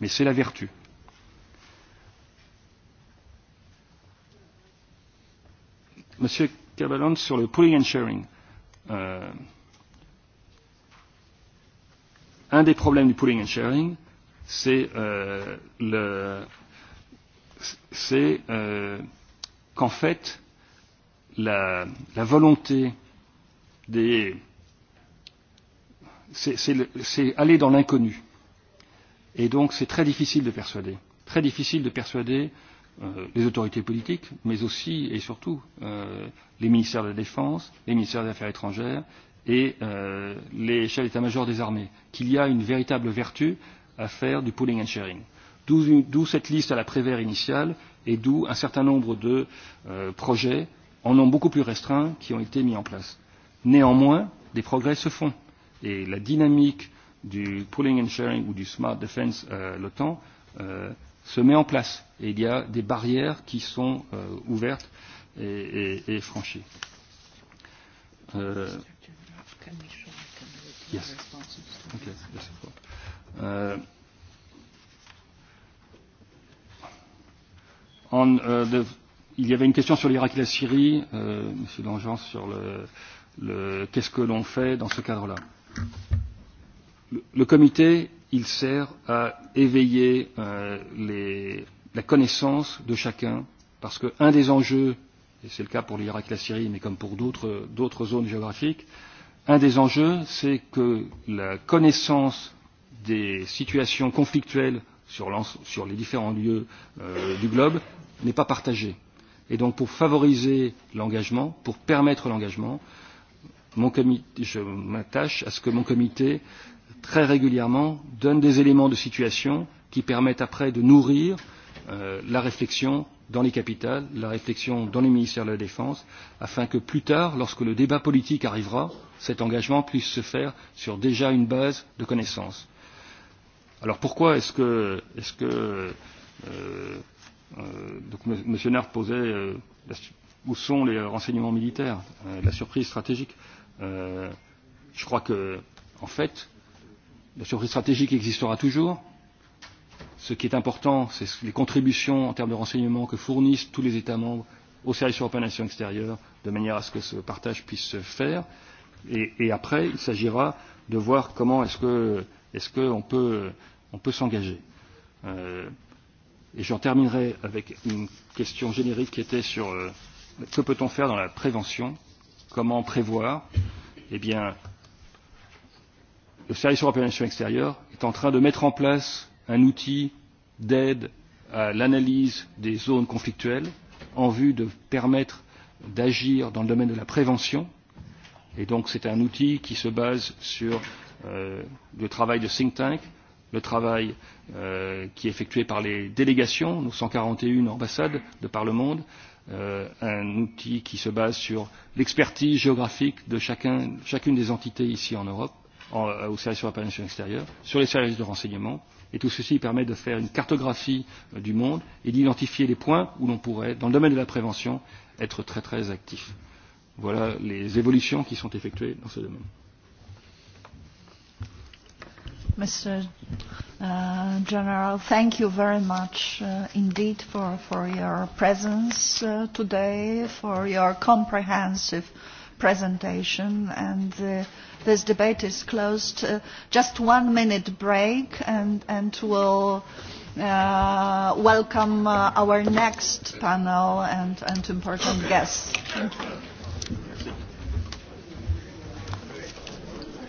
Mais c'est la vertu. Monsieur Cabalon, sur le pooling and sharing. Euh, Un des problèmes du pooling and sharing, c'est euh, le c'est euh, qu'en fait, la, la volonté des. C'est aller dans l'inconnu. Et donc, c'est très difficile de persuader. Très difficile de persuader euh, les autorités politiques, mais aussi et surtout euh, les ministères de la Défense, les ministères des Affaires étrangères et euh, les chefs d'état-major des armées qu'il y a une véritable vertu à faire du pooling and sharing. D'où cette liste à la Prévert initiale et d'où un certain nombre de euh, projets en nombre beaucoup plus restreint qui ont été mis en place. Néanmoins, des progrès se font et la dynamique du pooling and sharing ou du smart defense euh, l'OTAN euh, se met en place et il y a des barrières qui sont euh, ouvertes et, et, et franchies. Euh, Can we try? Can we yes. responses to okay. Yes, of course. Uh, on uh, the, il y avait une question sur l'Irak et la Syrie, euh, Monsieur Dangean, sur le, le qu'est-ce que l'on fait dans ce cadre-là. Le, le comité, il sert à éveiller euh, les, la connaissance de chacun, parce qu'un des enjeux, et c'est le cas pour l'Irak et la Syrie, mais comme pour d'autres zones géographiques, euh, un des enjeux, c'est que la connaissance des situations conflictuelles sur, sur les différents lieux euh, du globe n'est pas partagée. Et donc, pour favoriser l'engagement, pour permettre l'engagement, mon comité, je m'attache à ce que mon comité, très régulièrement, donne des éléments de situation qui permettent après de nourrir euh, la réflexion dans les capitales, la réflexion dans les ministères de la Défense, afin que plus tard, lorsque le débat politique arrivera, euh, cet engagement puisse se faire sur déjà une base de connaissances. Alors pourquoi est-ce que, est -ce que euh, euh, donc M. Nard posait euh, la, où sont les renseignements militaires, euh, la surprise stratégique euh, Je crois que, en fait, la surprise stratégique existera toujours. Ce qui est important, c'est les contributions en termes de renseignements que fournissent tous les États membres au service européen d'action extérieure, de manière à ce que ce partage puisse se faire. Euh, Et, et après, il s'agira de voir comment est-ce que est-ce qu'on peut on peut s'engager. Euh, et j'en terminerai avec une question générique qui était sur euh, que peut-on faire dans la prévention, comment prévoir. Eh bien, le service européen de l'action extérieure est en train de mettre en place un outil d'aide à l'analyse des zones conflictuelles en vue de permettre d'agir dans le domaine de la prévention Et donc c'est un outil qui se base sur euh, le travail de think tank, le travail euh, qui est effectué par les délégations, nos 141 ambassades de par le monde, euh, un outil qui se base sur l'expertise géographique de chacun, chacune des entités ici en Europe, en, euh, au service européen de l'action extérieure, sur les services de renseignement, et tout ceci permet de faire une cartographie euh, du monde et d'identifier les points où l'on pourrait, dans le domaine de la prévention, être très très actif. Euh, voilà les évolutions qui sont effectuées dans ce domaine. Mr. Uh, General, thank you very much uh, indeed for, for your presence uh, today, for your comprehensive presentation. And uh, this debate is closed. Uh, just one minute break, and, and we'll uh, welcome uh, our next panel and, and important guests. Thank you.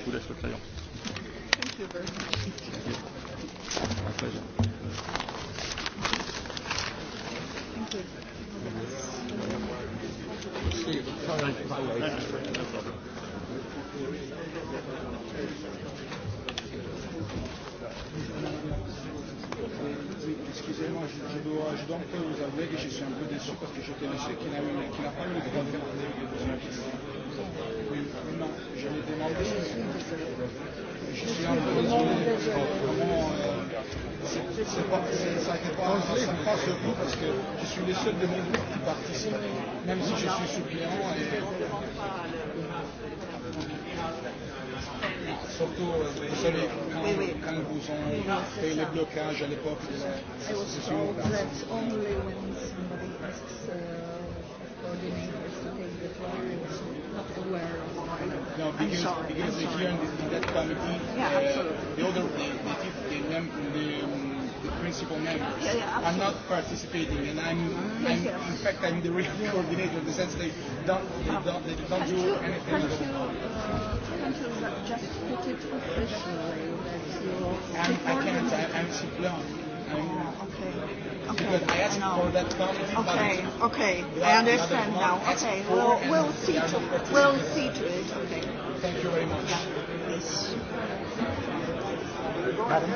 vous laisse le crayon. Thank you very much. My pleasure. Thank you. Steve, sorry, my way. No problem. Excusez-moi, je, je, dois, je dois un peu vous avouer que je suis un peu déçu parce que j'étais le seul qui n'a pas eu le droit de faire la délégation. Je l'ai demandé, mais je suis un peu désolé. Vraiment, c'est pas, ça n'a pas, ça pas surpris parce que je suis le seul de mon groupe qui participe, même si je suis suppléant. Et... Surtout, désolé, quand, oui, oui. quand vous ont fait les blocages à l'époque de la session. Only when somebody asks uh, for the neighbors to take the floor and so on not aware of. No, because, I'm sorry. because I'm sorry. here in, this, in that committee, yeah, uh, absolutely. the other the the, the, mem- the, um, the principal members yeah, yeah, absolutely. are not participating, and I'm, yes, I'm yes. in fact I'm the real yeah. *laughs* coordinator in the sense they don't they oh. don't they don't can't do you, anything. Can't you, uh, can't you uh, just put it officially that you? I'm, I can't. I, I'm supplant. I'm, oh, okay. Okay. I asked no. for that comment. Okay, but okay. I understand now. Okay, we'll, we'll see to it. We'll see to it. Okay. Thank you very much. Yeah. Please. Madam?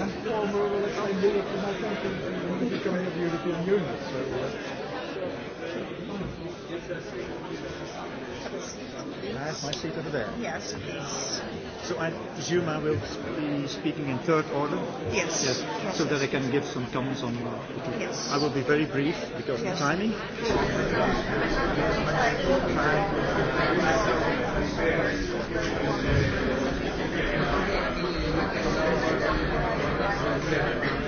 And former Prime Minister of my country will be coming of the European Union. So, uh, Can I have my seat over there? Yes, please. So I presume I will be speaking in third order? Yes. Yes. yes. So that I can give some comments on. Okay. Yes. I will be very brief because yes. of timing. Thank you.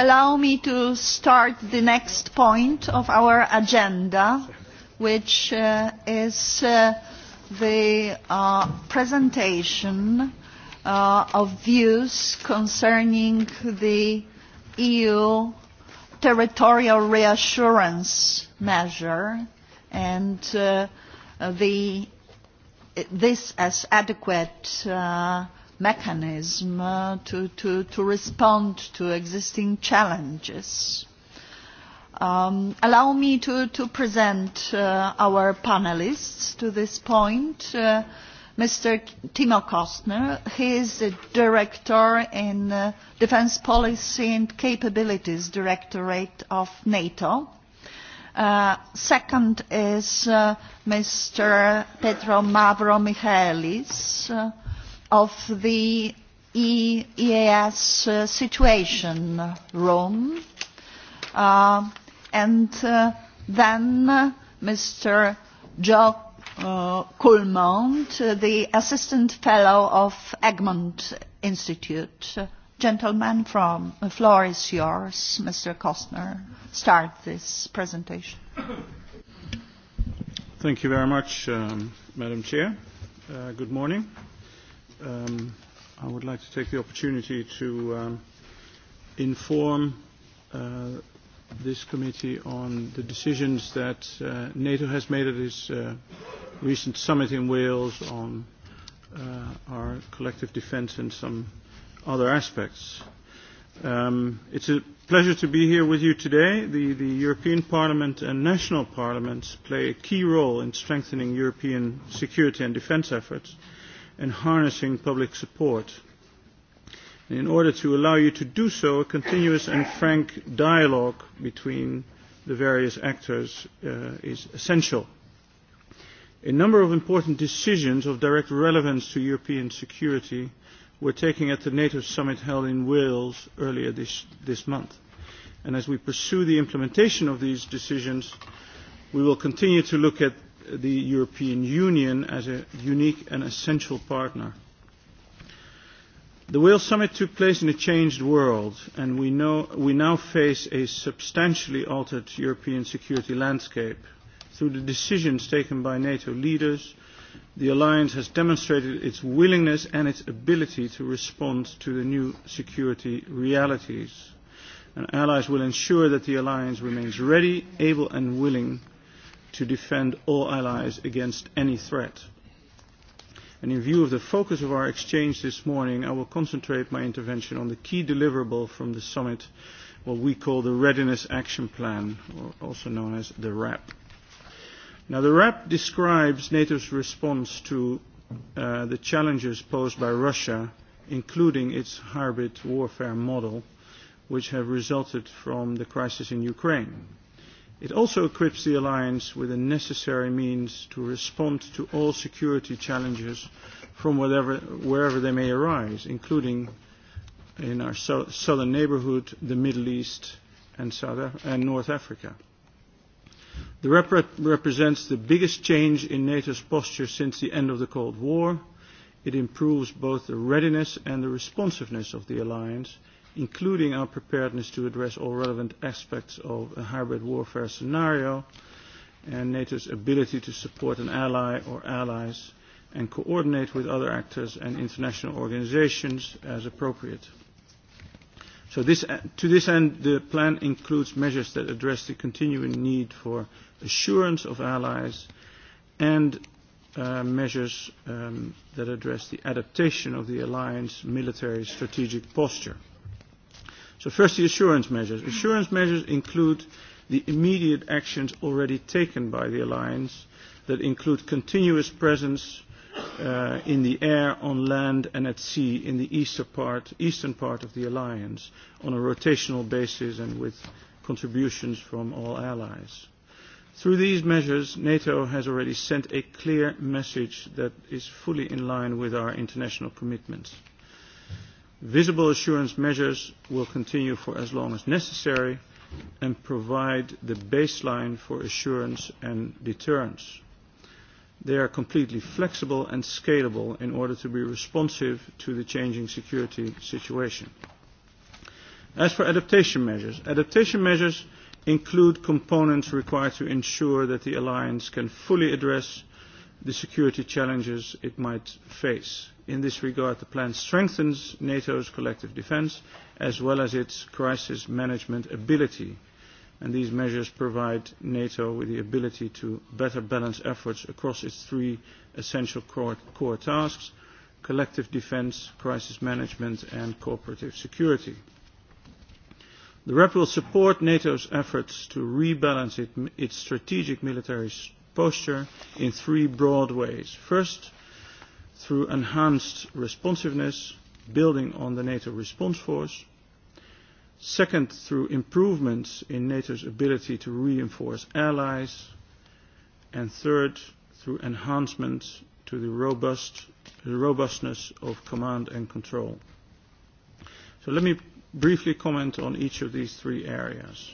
allow me to start the next point of our agenda, which uh, is uh, the uh, presentation uh, of views concerning the EU territorial reassurance measure and uh, the, this as adequate uh, mechanism uh, to, to, to respond to existing challenges. Um, allow me to, to present uh, our panelists to this point. Uh, Mr. Timo Kostner, he is the Director in uh, Defense Policy and Capabilities Directorate of NATO. Uh, second is uh, Mr. Petro Mavro Michaelis, uh, of the e EAS uh, situation room. Uh, and uh, then uh, Mr. Joe uh, Coulmont, uh, the Assistant Fellow of Egmont Institute. Uh, gentleman from the floor is yours, Mr. Kostner. Start this presentation. Thank you very much, um, Madam Chair. Uh, good morning. Uh, um, I would like to take the opportunity to um, inform uh, this committee on the decisions that uh, NATO has made at its uh, recent summit in Wales on uh, our collective defence and some other aspects. Um, it's a pleasure to be here with you today. The, the European Parliament and national parliaments play a key role in strengthening European security and defence efforts. Uh, and harnessing public support. And in order to allow you to do so, a continuous and frank dialogue between the various actors uh, is essential. A number of important decisions of direct relevance to European security were taken at the NATO summit held in Wales earlier this, this month. And as we pursue the implementation of these decisions, we will continue to look at the European Union as a unique and essential partner. The Wales Summit took place in a changed world, and we, know, we now face a substantially altered European security landscape. Through the decisions taken by NATO leaders, the alliance has demonstrated its willingness and its ability to respond to the new security realities. And allies will ensure that the alliance remains ready, able and willing to defend all allies against any threat. And in view of the focus of our exchange this morning, I will concentrate my intervention on the key deliverable from the summit, what we call the Readiness Action Plan, or also known as the RAP. Now, the RAP describes NATO's response to uh, the challenges posed by Russia, including its hybrid warfare model, which have resulted from the crisis in Ukraine. It also equips the alliance with the necessary means to respond to all security challenges from whatever, wherever they may arise, including in our so- southern neighborhood, the Middle East, and, South Af- and North Africa. The rep- represents the biggest change in NATO's posture since the end of the Cold War. It improves both the readiness and the responsiveness of the alliance – including our preparedness to address all relevant aspects of a hybrid warfare scenario, and NATO's ability to support an ally or allies and coordinate with other actors and international organizations as appropriate. So this, uh, to this end, the plan includes measures that address the continuing need for assurance of allies and uh, measures um, that address the adaptation of the alliance military strategic posture. Uh, So first the assurance measures. Assurance measures include the immediate actions already taken by the alliance that include continuous presence uh, in the air, on land and at sea in the eastern part, eastern part of the alliance on a rotational basis and with contributions from all allies. Through these measures, NATO has already sent a clear message that is fully in line with our international commitments. Uh, Visible assurance measures will continue for as long as necessary and provide the baseline for assurance and deterrence. They are completely flexible and scalable in order to be responsive to the changing security situation. As for adaptation measures, adaptation measures include components required to ensure that the alliance can fully address the security challenges it might face. In this regard, the plan strengthens NATO's collective defence as well as its crisis management ability. And these measures provide NATO with the ability to better balance efforts across its three essential core, core tasks collective defence, crisis management, and cooperative security. The REP will support NATO's efforts to rebalance it, its strategic military exposure in three broad ways. First, through enhanced responsiveness, building on the NATO response force. Second, through improvements in NATO's ability to reinforce allies. And third, through enhancements to the, robust, the robustness of command and control. So let me briefly comment on each of these three areas.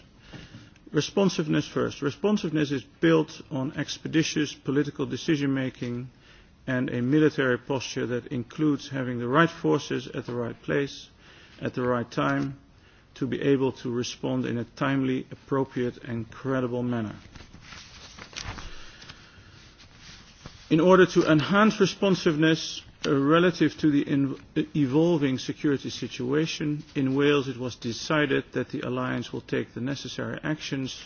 Responsiveness first. Responsiveness is built on expeditious political decision making and a military posture that includes having the right forces at the right place, at the right time, to be able to respond in a timely, appropriate and credible manner. In order to enhance responsiveness, Uh, relative to the in, uh, evolving security situation in Wales, it was decided that the alliance will take the necessary actions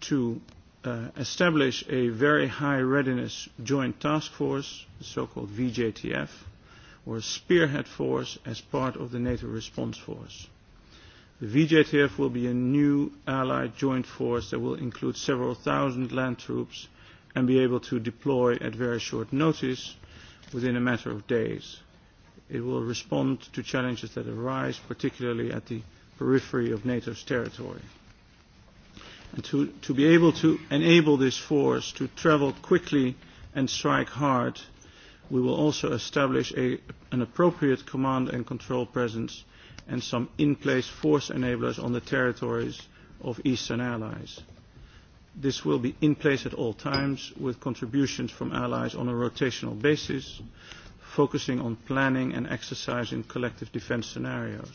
to uh, establish a very high readiness joint task force, the so-called VJTF, or spearhead force as part of the NATO response force. The VJTF will be a new allied joint force that will include several thousand land troops and be able to deploy at very short notice within a matter of days. It will respond to challenges that arise, particularly at the periphery of NATO's territory. And to, to be able to enable this force to travel quickly and strike hard, we will also establish a, an appropriate command and control presence and some in-place force enablers on the territories of Eastern allies. This will be in place at all times with contributions from allies on a rotational basis, focusing on planning and exercising collective defense scenarios.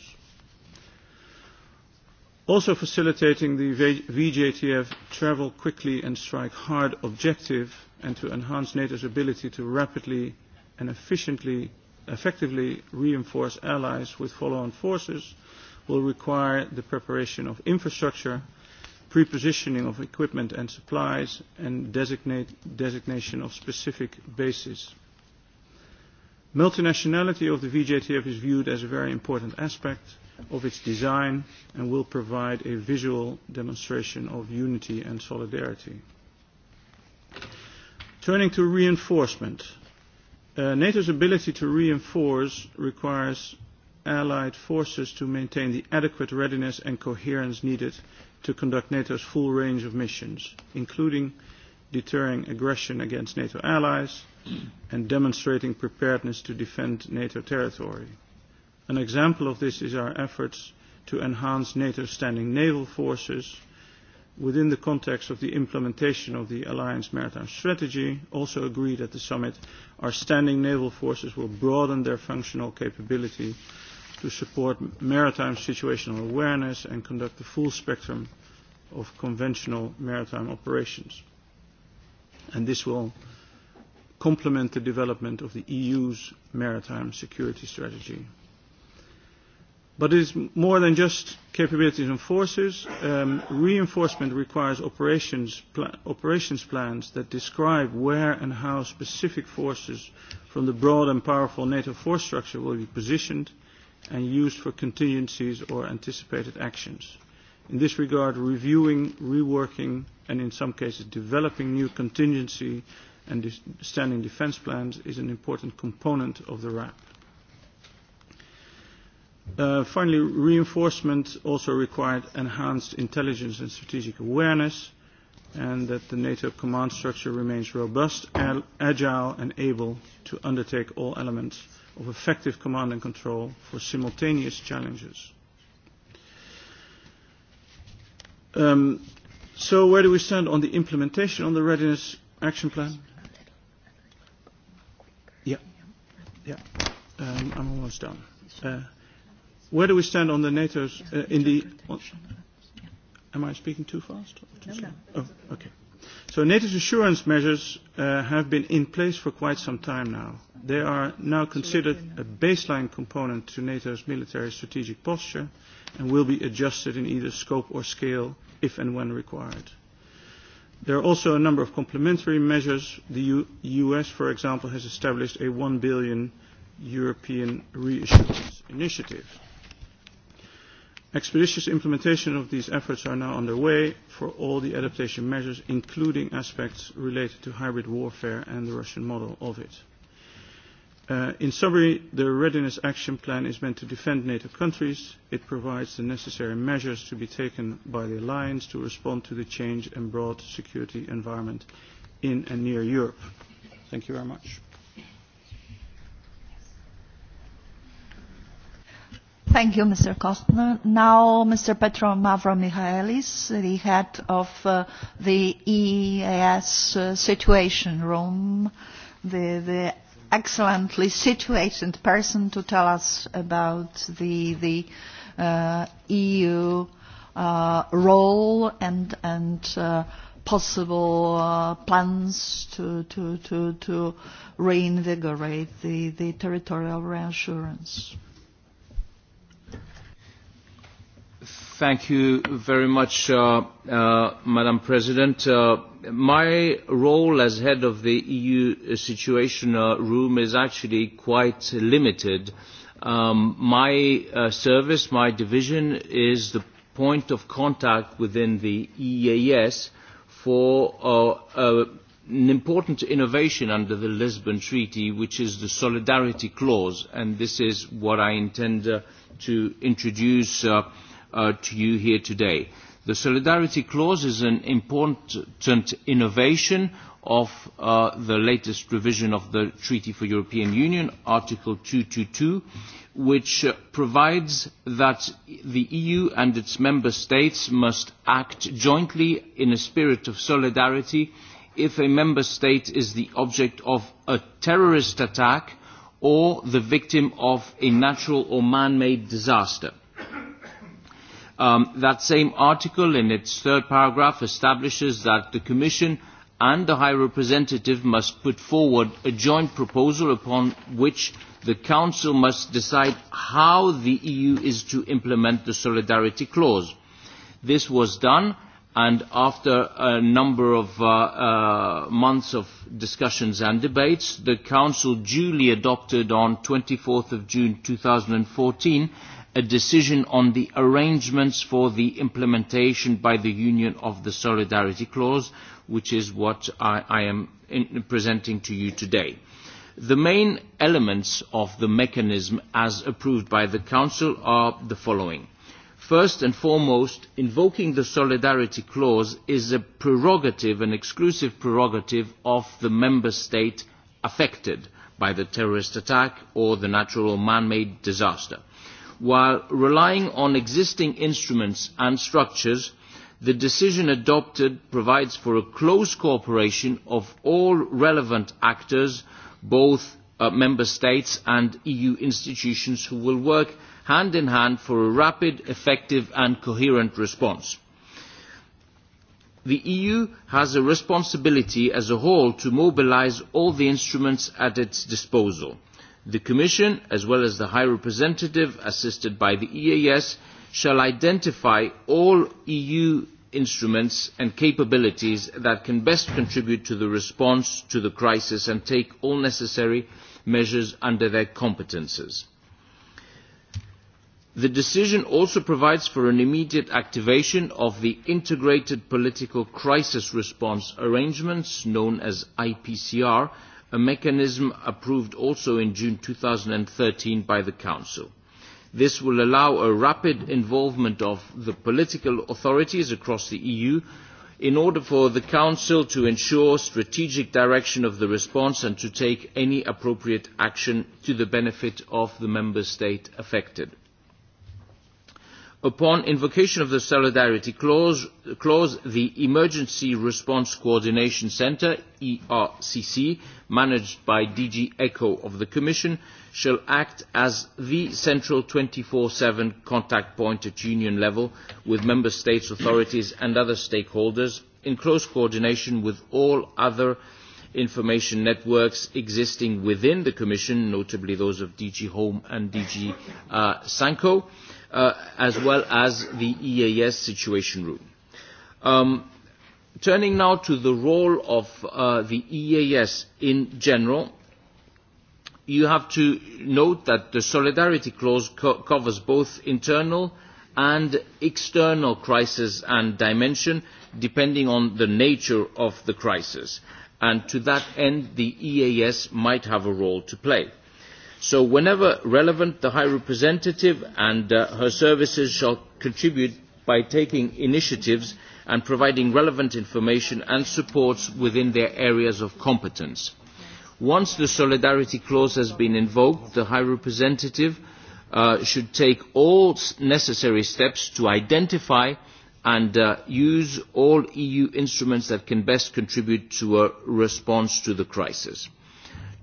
Also facilitating the VJTF travel quickly and strike hard objective and to enhance NATO's ability to rapidly and efficiently, effectively reinforce allies with follow-on forces will require the preparation of infrastructure – prepositioning of equipment and supplies, and designate, designation of specific bases. Multinationality of the VJTF is viewed as a very important aspect of its design and will provide a visual demonstration of unity and solidarity. Turning to reinforcement. Uh, NATO's ability to reinforce requires Allied forces to maintain the adequate readiness and coherence needed to conduct NATO's full range of missions, including deterring aggression against NATO allies and demonstrating preparedness to defend NATO territory. An example of this is our efforts to enhance NATO's standing naval forces within the context of the implementation of the Alliance Maritime Strategy, also agreed at the summit, our standing naval forces will broaden their functional capability to support maritime situational awareness and conduct the full spectrum of conventional maritime operations. And this will complement the development of the EU's maritime security strategy. But it is more than just capabilities and forces. Um, reinforcement requires operations, pl- operations plans that describe where and how specific forces from the broad and powerful NATO force structure will be positioned and used for contingencies or anticipated actions. In this regard, reviewing, reworking, and in some cases developing new contingency and standing defence plans is an important component of the RAP. Uh, finally, reinforcement also required enhanced intelligence and strategic awareness, and that the NATO command structure remains robust, agile, and able to undertake all elements of effective command and control for simultaneous challenges. Um, so where do we stand on the implementation on the readiness action plan? Yeah, yeah, um, I'm almost done. Uh, where do we stand on the NATO's uh, in the? On, am I speaking too fast? Too no, no. Oh, okay. So native assurance measures uh, have been in place for quite some time now. They are now considered a baseline component to NATO's military strategic posture and will be adjusted in either scope or scale if and when required. There are also a number of complementary measures. The U- US, for example, has established a 1 billion European reassurance initiative. Expeditious implementation of these efforts are now underway for all the adaptation measures, including aspects related to hybrid warfare and the Russian model of it. Uh, in summary, the Readiness Action Plan is meant to defend NATO countries. It provides the necessary measures to be taken by the alliance to respond to the change and broad security environment in and near Europe. Thank you very much. Thank you, Mr. Kochner. Now, Mr. Petro Mavromichaelis, the head of uh, the EAS uh, Situation Room, the, the excellently situated person to tell us about the, the uh, EU uh, role and, and uh, possible uh, plans to, to, to, to reinvigorate the, the territorial reassurance. Mm-hmm. Thank you very much, uh, uh, Madam President. Uh, my role as head of the EU Situation uh, Room is actually quite limited. Um, my uh, service, my division, is the point of contact within the EAS for uh, uh, an important innovation under the Lisbon Treaty, which is the Solidarity Clause, and this is what I intend uh, to introduce uh, uh, to you here today. The solidarity clause is an important innovation of uh, the latest revision of the Treaty for European Union, Article 222, which uh, provides that the EU and its member states must act jointly in a spirit of solidarity if a member state is the object of a terrorist attack or the victim of a natural or man-made disaster Um, that same article in its third paragraph establishes that the Commission and the High Representative must put forward a joint proposal upon which the Council must decide how the EU is to implement the Solidarity Clause. This was done and after a number of uh, uh, months of discussions and debates, the Council duly adopted on 24th of June 2014 a decision on the arrangements for the implementation by the Union of the Solidarity Clause, which is what I, I am in, presenting to you today. The main elements of the mechanism as approved by the Council are the following. First and foremost, invoking the Solidarity Clause is a prerogative, an exclusive prerogative of the Member State affected by the terrorist attack or the natural or man-made disaster while relying on existing instruments and structures, the decision adopted provides for a close cooperation of all relevant actors, both uh, member states and EU institutions who will work hand in hand for a rapid, effective and coherent response. The EU has a responsibility as a whole to mobilise all the instruments at its disposal The Commission, as well as the High Representative, assisted by the EAS, shall identify all EU instruments and capabilities that can best contribute to the response to the crisis and take all necessary measures under their competences. The decision also provides for an immediate activation of the Integrated Political Crisis Response Arrangements, known as IPCR, a mechanism approved also in June 2013 by the Council. This will allow a rapid involvement of the political authorities across the EU in order for the Council to ensure strategic direction of the response and to take any appropriate action to the benefit of the Member State affected upon invocation of the solidarity clause, clause the emergency response coordination centre ercc managed by dg echo of the commission shall act as the central twenty four seven contact point at union level with member states authorities and other stakeholders in close coordination with all other information networks existing within the commission notably those of dg home and dg uh, sanco uh, as well as the EAS Situation Room. Um, turning now to the role of uh, the EAS in general, you have to note that the solidarity clause co covers both internal and external crisis and dimension, depending on the nature of the crisis. And to that end, the EAS might have a role to play So whenever relevant, the High Representative and uh, her services shall contribute by taking initiatives and providing relevant information and supports within their areas of competence. Once the solidarity clause has been invoked, the High Representative uh, should take all necessary steps to identify and uh, use all EU instruments that can best contribute to a response to the crisis.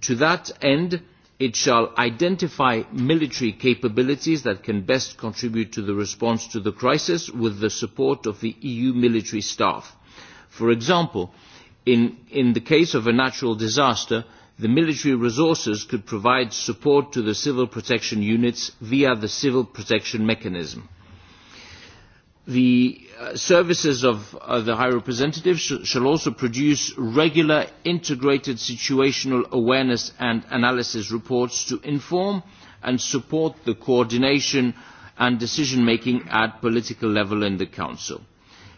To that end, uh, it shall identify military capabilities that can best contribute to the response to the crisis with the support of the eu military staff. for example in, in the case of a natural disaster the military resources could provide support to the civil protection units via the civil protection mechanism The uh, services of uh, the High Representative sh shall also produce regular integrated situational awareness and analysis reports to inform and support the coordination and decision-making at political level in the Council.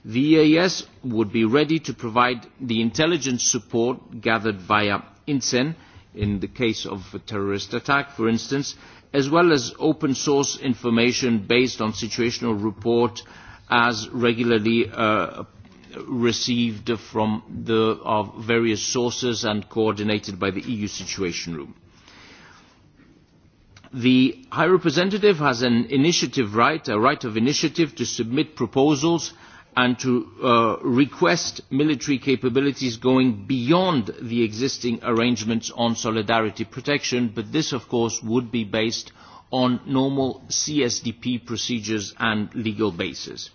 The EAS would be ready to provide the intelligence support gathered via INSEN in the case of a terrorist attack, for instance, as well as open source information based on situational report uh, as regularly uh, received from the, of various sources and coordinated by the EU Situation Room. The High Representative has an initiative right, a right of initiative to submit proposals and to uh, request military capabilities going beyond the existing arrangements on solidarity protection, but this, of course, would be based on normal CSDP procedures and legal basis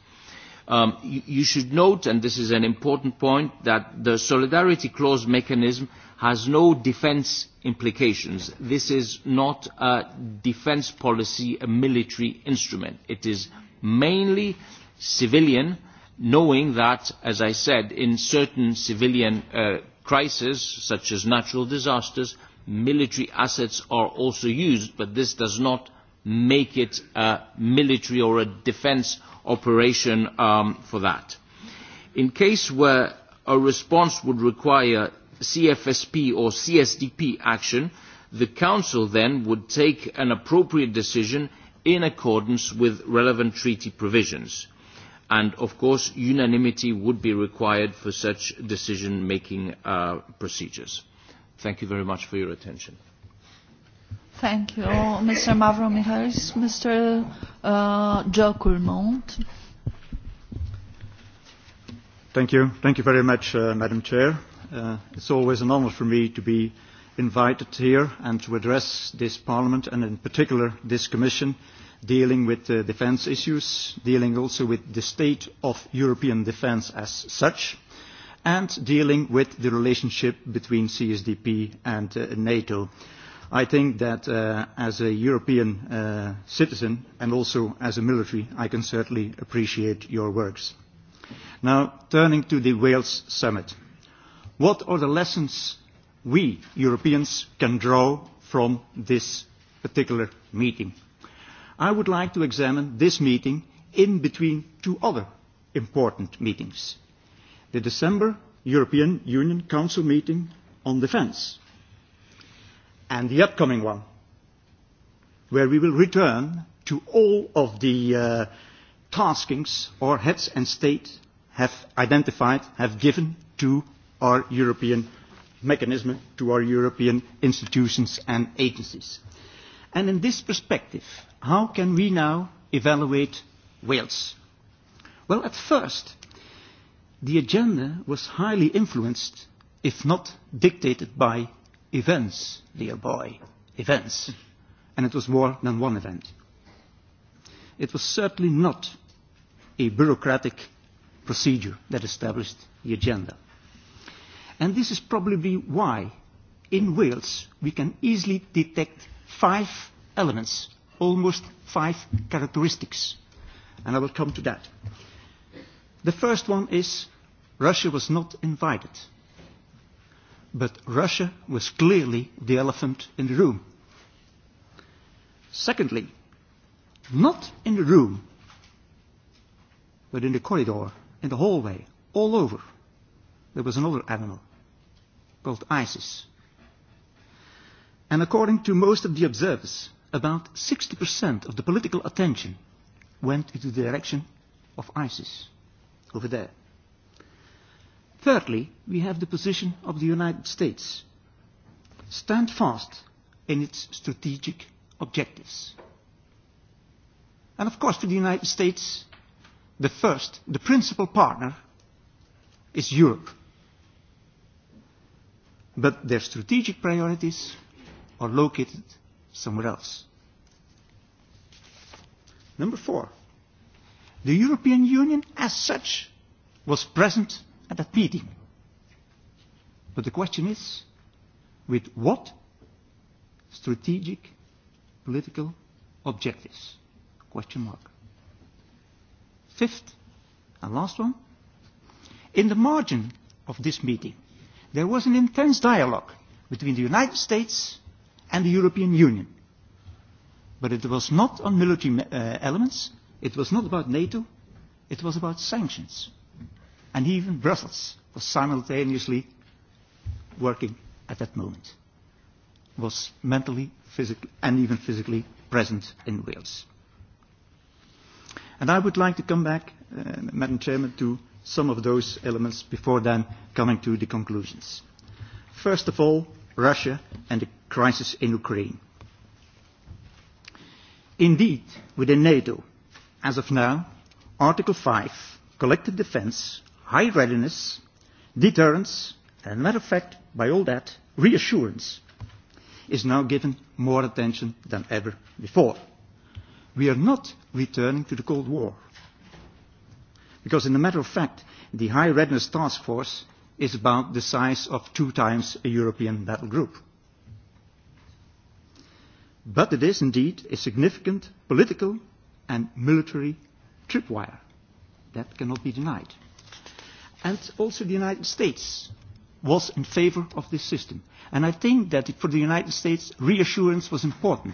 Um, you, you should note, and this is an important point, that the solidarity clause mechanism has no defence implications. This is not a defence policy, a military instrument. It is mainly civilian, knowing that, as I said, in certain civilian uh, crises, such as natural disasters, military assets are also used, but this does not make it a military or a defense operation um, for that. In case where a response would require CFSP or CSDP action, the Council then would take an appropriate decision in accordance with relevant treaty provisions. And of course, unanimity would be required for such decision-making uh, procedures. Thank you very much for your attention. Thank you, Mr. Mavro Mihalis. Mr. Uh, Joe Coulmont. Thank you. Thank you very much, uh, Madam Chair. Uh, it's always an honour for me to be invited here and to address this Parliament and in particular this Commission dealing with uh, defence issues, dealing also with the state of European defence as such, and dealing with the relationship between CSDP and uh, NATO. Uh, I think that uh, as a European uh, citizen and also as a military, I can certainly appreciate your works. Now, turning to the Wales summit. What are the lessons we Europeans can draw from this particular meeting? I would like to examine this meeting in between two other important meetings. The December European Union Council meeting on defence and the upcoming one, where we will return to all of the uh, taskings our heads and state have identified, have given to our European mechanism, to our European institutions and agencies. And in this perspective, how can we now evaluate Wales? Well, at first, the agenda was highly influenced, if not dictated by events, dear boy, events. And it was more than one event. It was certainly not a bureaucratic procedure that established the agenda. And this is probably why in Wales we can easily detect five elements, almost five characteristics. And I will come to that. The first one is Russia was not invited but Russia was clearly the elephant in the room. Secondly, not in the room, but in the corridor, in the hallway, all over, there was another animal called ISIS. And according to most of the observers, about 60% of the political attention went into the direction of ISIS over there. Thirdly, we have the position of the United States. Stand fast in its strategic objectives. And of course, to the United States, the first, the principal partner is Europe. But their strategic priorities are located somewhere else. Number four, the European Union as such was present at that meeting. But the question is, with what strategic political objectives? Question mark. Fifth and last one. In the margin of this meeting, there was an intense dialogue between the United States and the European Union. But it was not on military uh, elements, it was not about NATO, it was about sanctions and even Brussels was simultaneously working at that moment, was mentally, physically, and even physically present in Wales. And I would like to come back, uh, Madam Chairman, to some of those elements before then coming to the conclusions. First of all, Russia and the crisis in Ukraine. Indeed, within NATO, as of now, Article 5, collective defence, high readiness, deterrence, and matter of fact, by all that, reassurance is now given more attention than ever before. We are not returning to the Cold War. Because in a matter of fact, the High Readiness Task Force is about the size of two times a European battle group. But it is indeed a significant political and military tripwire. That cannot be denied and also the United States was in favor of this system. And I think that for the United States, reassurance was important.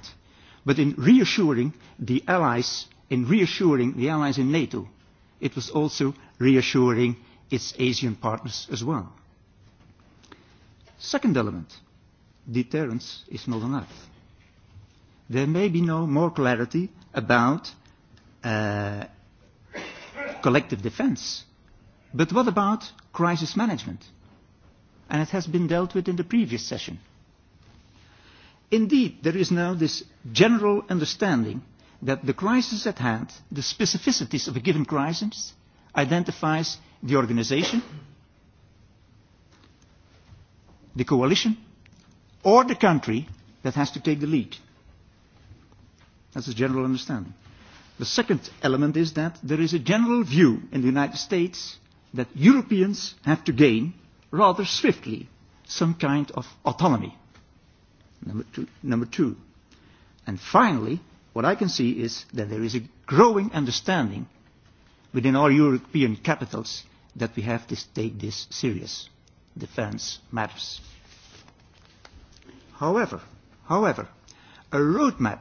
But in reassuring the allies, in reassuring the allies in NATO, it was also reassuring its Asian partners as well. Second element, deterrence is not enough. There may be no more clarity about uh, collective defense But what about crisis management? And it has been dealt with in the previous session. Indeed, there is now this general understanding that the crisis at hand, the specificities of a given crisis, identifies the organization, the coalition, or the country that has to take the lead. That's a general understanding. The second element is that there is a general view in the United States that Europeans have to gain rather swiftly some kind of autonomy. Number two, number two. And finally, what I can see is that there is a growing understanding within our European capitals that we have to take this serious. Defense matters. However, however, a roadmap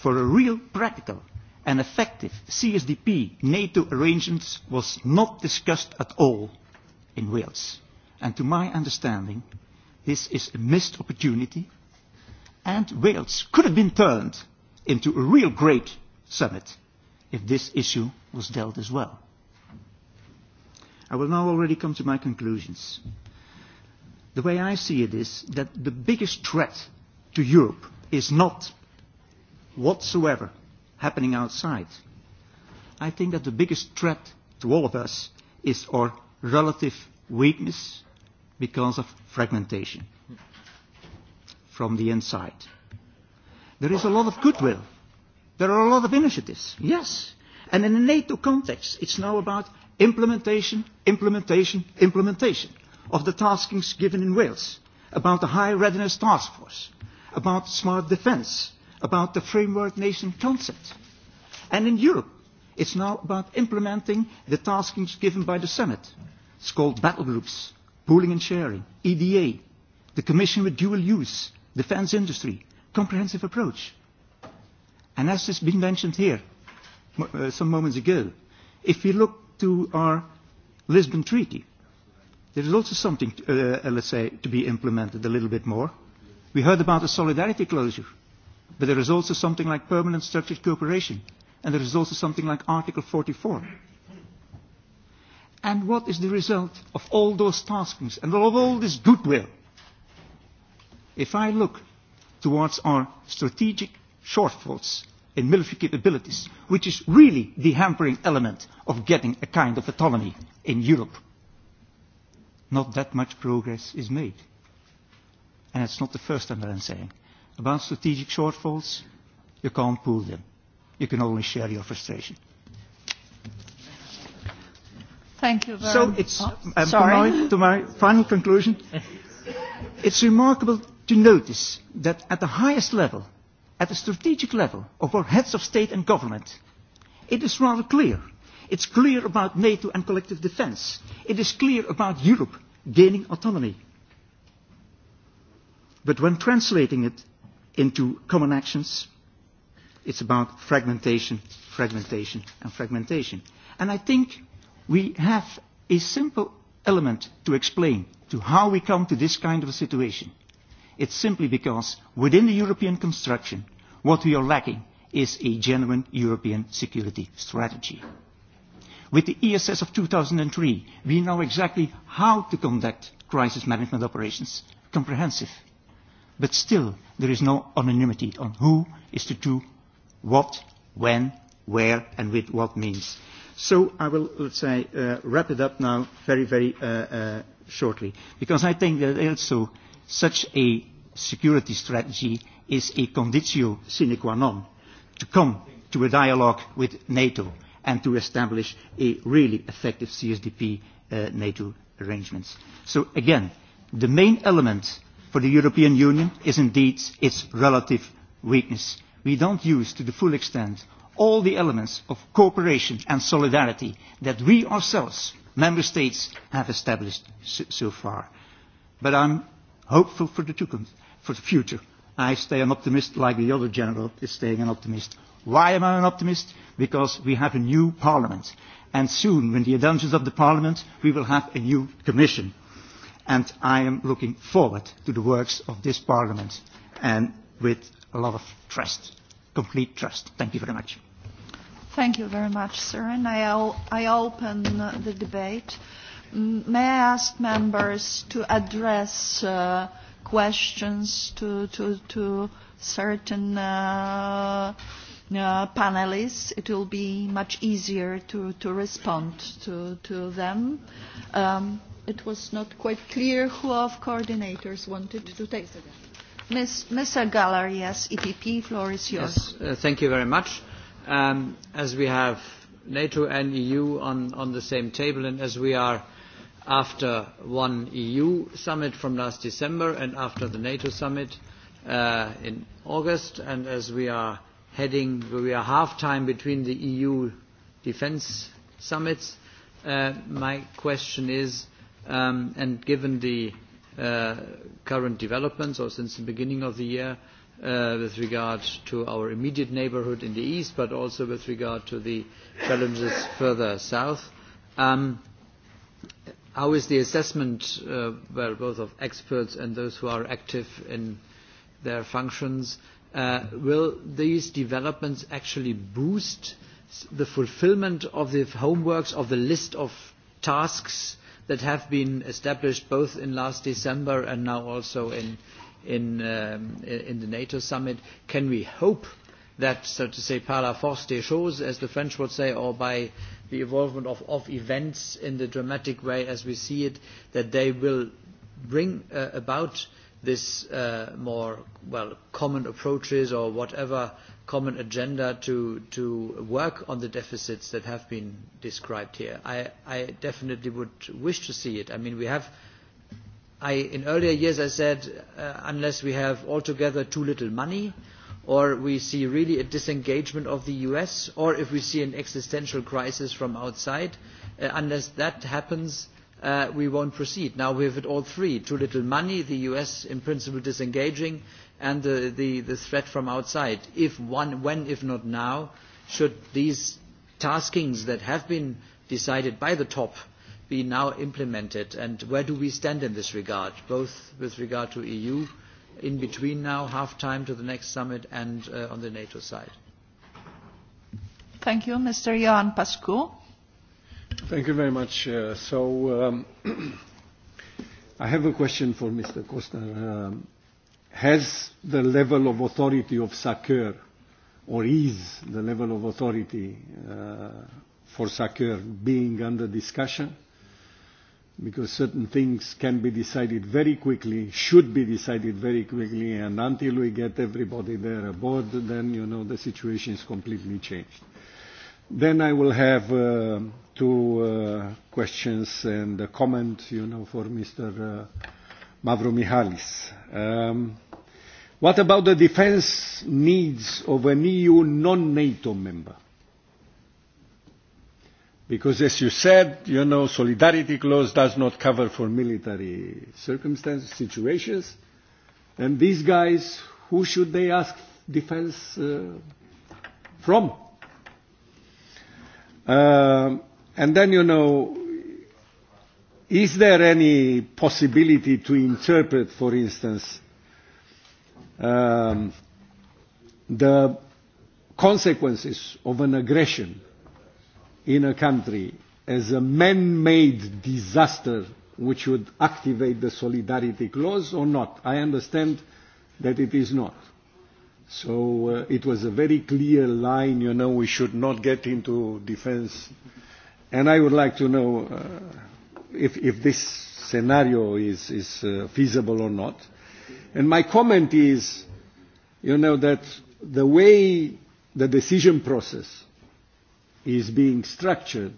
for a real practical and effective CSDP NATO arrangements was not discussed at all in Wales. And to my understanding, this is a missed opportunity, and Wales could have been turned into a real great summit if this issue was dealt as well. I will now already come to my conclusions. The way I see it is that the biggest threat to Europe is not whatsoever happening outside. I think that the biggest threat to all of us is our relative weakness because of fragmentation from the inside. There is a lot of goodwill. There are a lot of initiatives, yes. And in the NATO context, it's now about implementation, implementation, implementation of the taskings given in Wales, about the high readiness task force, about smart defence, about the framework nation concept. And in Europe, it's now about implementing the taskings given by the Summit. It's called battle groups, pooling and sharing, EDA, the Commission with dual use, defense industry, comprehensive approach. And as has been mentioned here uh, some moments ago, if we look to our Lisbon Treaty, there is also something, uh, uh let's say, to be implemented a little bit more. We heard about the solidarity closure. But there is also something like permanent structured cooperation, and there is also something like Article 44. And what is the result of all those taskings and of all this goodwill? If I look towards our strategic shortfalls in military capabilities, which is really the hampering element of getting a kind of autonomy in Europe, not that much progress is made. And it's not the first time that I'm saying about strategic shortfalls, you can't pool them. You can only share your frustration. Thank you very so much. So it's oh, um, Sorry. To, my, to my final conclusion. it's remarkable to notice that at the highest level, at the strategic level of our heads of state and government, it is rather clear. It's clear about NATO and collective defense. It is clear about Europe gaining autonomy. But when translating it into common actions. It's about fragmentation, fragmentation, and fragmentation. And I think we have a simple element to explain to how we come to this kind of a situation. It's simply because within the European construction, what we are lacking is a genuine European security strategy. With the ESS of 2003, we know exactly how to conduct crisis management operations, comprehensive but still there is no anonymity on who is to do what, when, where, and with what means. So I will, let's say, uh, wrap it up now very, very uh, uh, shortly, because I think that also such a security strategy is a conditio sine qua non to come to a dialogue with NATO and to establish a really effective CSDP uh, NATO arrangements. So again, the main element for the European Union is indeed its relative weakness. We don't use to the full extent all the elements of cooperation and solidarity that we ourselves, member states, have established so, so far. But I'm hopeful for the, for the future. I stay an optimist like the other general is staying an optimist. Why am I an optimist? Because we have a new parliament. And soon, in the dungeons of the parliament, we will have a new commission and I am looking forward to the works of this Parliament and with a lot of trust, complete trust. Thank you very much. Thank you very much, sir. And I, I open the debate. May I ask members to address uh, questions to, to, to certain uh, uh, panelists, it will be much easier to, to respond to, to them. Um, it was not quite clear who of coordinators wanted to take. Ms. Mr. Galler, yes, EPP, floor is yours. Yes, uh, thank you very much. Um, as we have NATO and EU on, on the same table and as we are after one EU summit from last December and after the NATO summit uh, in August and as we are heading, we are half time between the EU defense summits, uh, my question is Um, and given the uh, current developments, or since the beginning of the year, uh, with regard to our immediate neighborhood in the east, but also with regard to the challenges further south, um, how is the assessment, uh, well, both of experts and those who are active in their functions, uh, will these developments actually boost the fulfillment of the homeworks of the list of tasks that have been established both in last December and now also in, in, um, in the NATO summit. Can we hope that, so to say, par la force des choses, as the French would say, or by the involvement of, of events in the dramatic way as we see it, that they will bring uh, about uh, this uh, more well common approaches or whatever common agenda to to work on the deficits that have been described here. I, I definitely would wish to see it. I mean, we have. I, in earlier years, I said uh, unless we have altogether too little money, or we see really a disengagement of the US, or if we see an existential crisis from outside, uh, unless that happens, uh, uh, we won't proceed. Now we have it all three. Too little money, the US in principle disengaging, and the, the, the threat from outside. If one, when, if not now, should these taskings that have been decided by the top be now implemented? And where do we stand in this regard, both with regard to EU, in between now, half time to the next summit, and uh, on the NATO side? Thank you, Mr. Jan Pascu. Thank you very much. Uh, so um, *clears throat* I have a question for Mr. Kostner. Um, has the level of authority of SACEUR, or is the level of authority uh, for SACEUR being under discussion? Because certain things can be decided very quickly, should be decided very quickly, and until we get everybody there aboard, then you know the situation is completely changed. Then I will have. Uh, two uh, questions and a comment, you know, for Mr. Uh, Mavromihalis. Um, what about the defense needs of an EU non-NATO member? Because as you said, you know, solidarity clause does not cover for military circumstances, situations. And these guys, who should they ask defense uh, from? Um, And then, you know, is there any possibility to interpret, for instance, um, the consequences of an aggression in a country as a man-made disaster which would activate the solidarity clause or not. I understand that it is not. So uh, it was a very clear line, you know, we should not get into defense And I would like to know uh, if, if this scenario is, is uh, feasible or not. And my comment is, you know, that the way the decision process is being structured,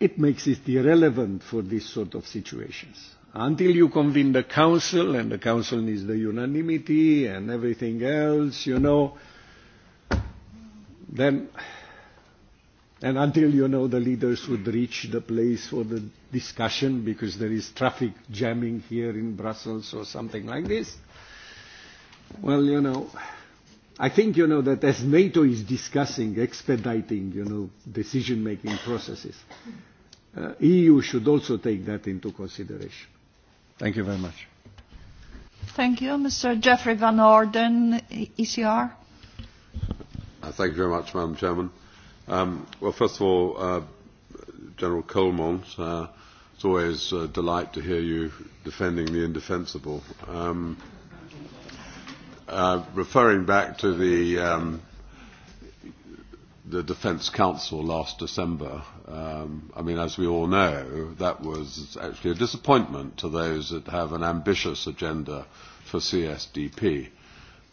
it makes it irrelevant for these sort of situations. Until you convene the council, and the council needs the unanimity and everything else, you know, then And until, you know, the leaders would reach the place for the discussion because there is traffic jamming here in Brussels or something like this, well, you know, I think, you know, that as NATO is discussing expediting, you know, decision-making processes, uh, EU should also take that into consideration. Thank you very much. Thank you. Mr. Jeffrey Van Orden, ECR. Uh, thank you very much, Madam Chairman. Uh, Um, well, first of all, uh, General Colmont, uh, it's always a delight to hear you defending the indefensible. Um, uh, referring back to the um, the Defence Council last December, um, I mean, as we all know, that was actually a disappointment to those that have an ambitious agenda for CSDP.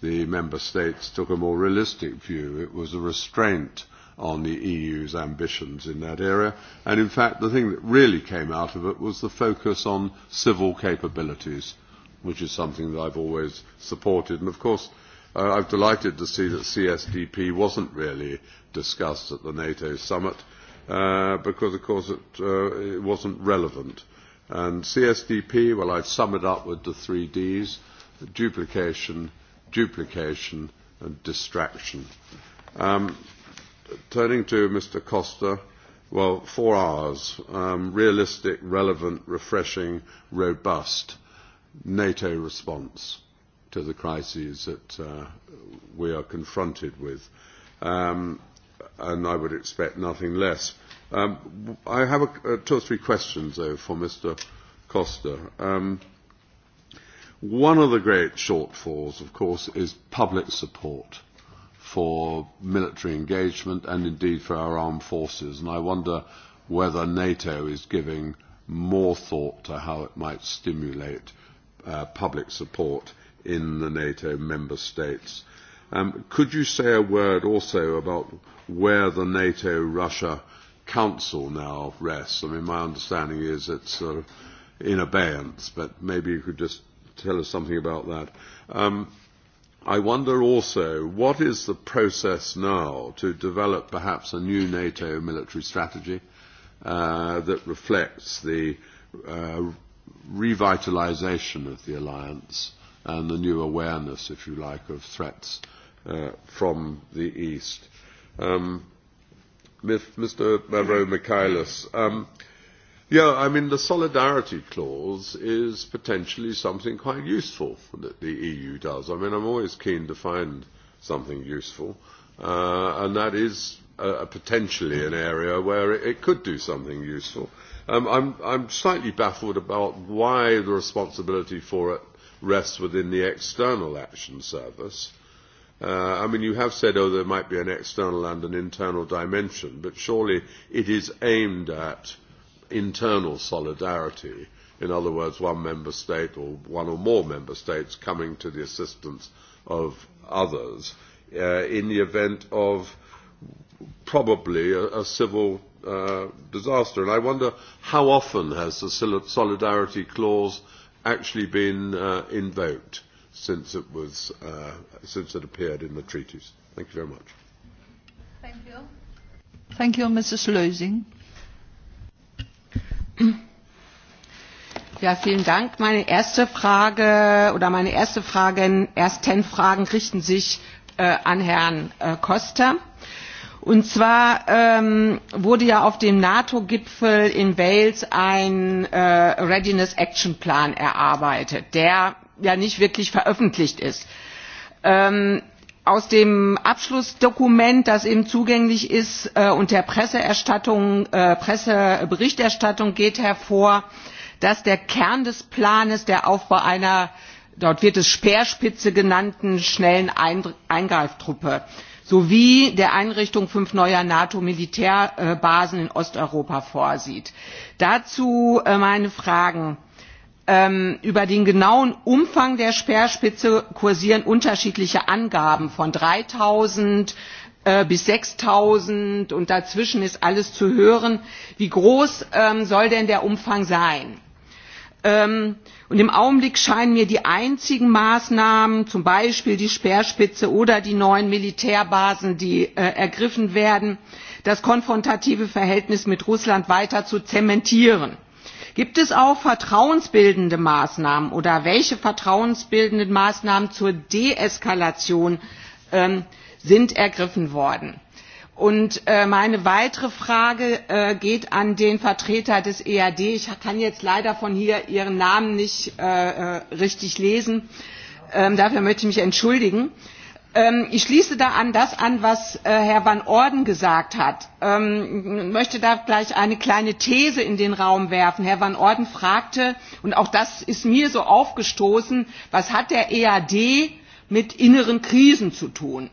The member states took a more realistic view. It was a restraint on the EU's ambitions in that area. And in fact, the thing that really came out of it was the focus on civil capabilities, which is something that I've always supported. And of course, uh, I'm delighted to see that CSDP wasn't really discussed at the NATO summit, uh, because of course it, uh, it wasn't relevant. And CSDP, well, I've summed it up with the three Ds, duplication, duplication, and distraction. Um, Turning to Mr. Costa, well, four hours, um, realistic, relevant, refreshing, robust NATO response to the crises that uh, we are confronted with. Um, and I would expect nothing less. Um, I have a, uh, two or three questions, though, for Mr. Costa. Um, one of the great shortfalls, of course, is public support for military engagement and indeed for our armed forces. And I wonder whether NATO is giving more thought to how it might stimulate uh, public support in the NATO member states. Um, could you say a word also about where the NATO-Russia Council now rests? I mean, my understanding is it's sort uh, of in abeyance, but maybe you could just tell us something about that. Um, I wonder also what is the process now to develop perhaps a new NATO military strategy uh, that reflects the uh, revitalization of the alliance and the new awareness, if you like, of threats uh, from the East. Um, Mr. Mavro Mikhailis, um, uh, Yeah, I mean, the solidarity clause is potentially something quite useful that the EU does. I mean, I'm always keen to find something useful, uh, and that is uh, potentially an area where it, it could do something useful. Um, I'm, I'm slightly baffled about why the responsibility for it rests within the External Action Service. Uh, I mean, you have said, oh, there might be an external and an internal dimension, but surely it is aimed at internal solidarity. In other words, one member state or one or more member states coming to the assistance of others uh, in the event of probably a, a civil uh, disaster. And I wonder how often has the solidarity clause actually been uh, invoked since it was uh, since it appeared in the treaties. Thank you very much. Thank you. Thank you, Mrs. Leusing. Ja, vielen Dank. Meine erste Frage oder meine erste Fragen, ersten Fragen richten sich äh, an Herrn äh, Costa. Und zwar ähm, wurde ja auf dem NATO-Gipfel in Wales ein äh, Readiness Action Plan erarbeitet, der ja nicht wirklich veröffentlicht ist. Ähm, aus dem abschlussdokument das eben zugänglich ist äh, und der äh, presseberichterstattung geht hervor dass der kern des planes der aufbau einer dort wird es speerspitze genannten schnellen eingreiftruppe sowie der einrichtung fünf neuer nato militärbasen in osteuropa vorsieht. dazu äh, meine fragen Ähm, über den genauen umfang der speerspitze kursieren unterschiedliche angaben von drei null äh, bis sechs null und dazwischen ist alles zu hören. wie groß ähm, soll denn der umfang sein? Ähm, und im augenblick scheinen mir die einzigen maßnahmen zum beispiel die speerspitze oder die neuen militärbasen die äh, ergriffen werden das konfrontative verhältnis mit russland weiter zu zementieren. Gibt es auch vertrauensbildende Maßnahmen oder welche vertrauensbildenden Maßnahmen zur Deeskalation ähm, sind ergriffen worden? Und äh, meine weitere Frage äh, geht an den Vertreter des EAD. Ich kann jetzt leider von hier Ihren Namen nicht äh, äh richtig lesen. Ähm, dafür möchte ich mich entschuldigen. Ähm, ich schließe da an das an was äh, herr van orden gesagt hat und ähm, möchte da gleich eine kleine these in den raum werfen. herr van orden fragte und auch das ist mir so aufgestoßen was hat der ead mit inneren krisen zu tun?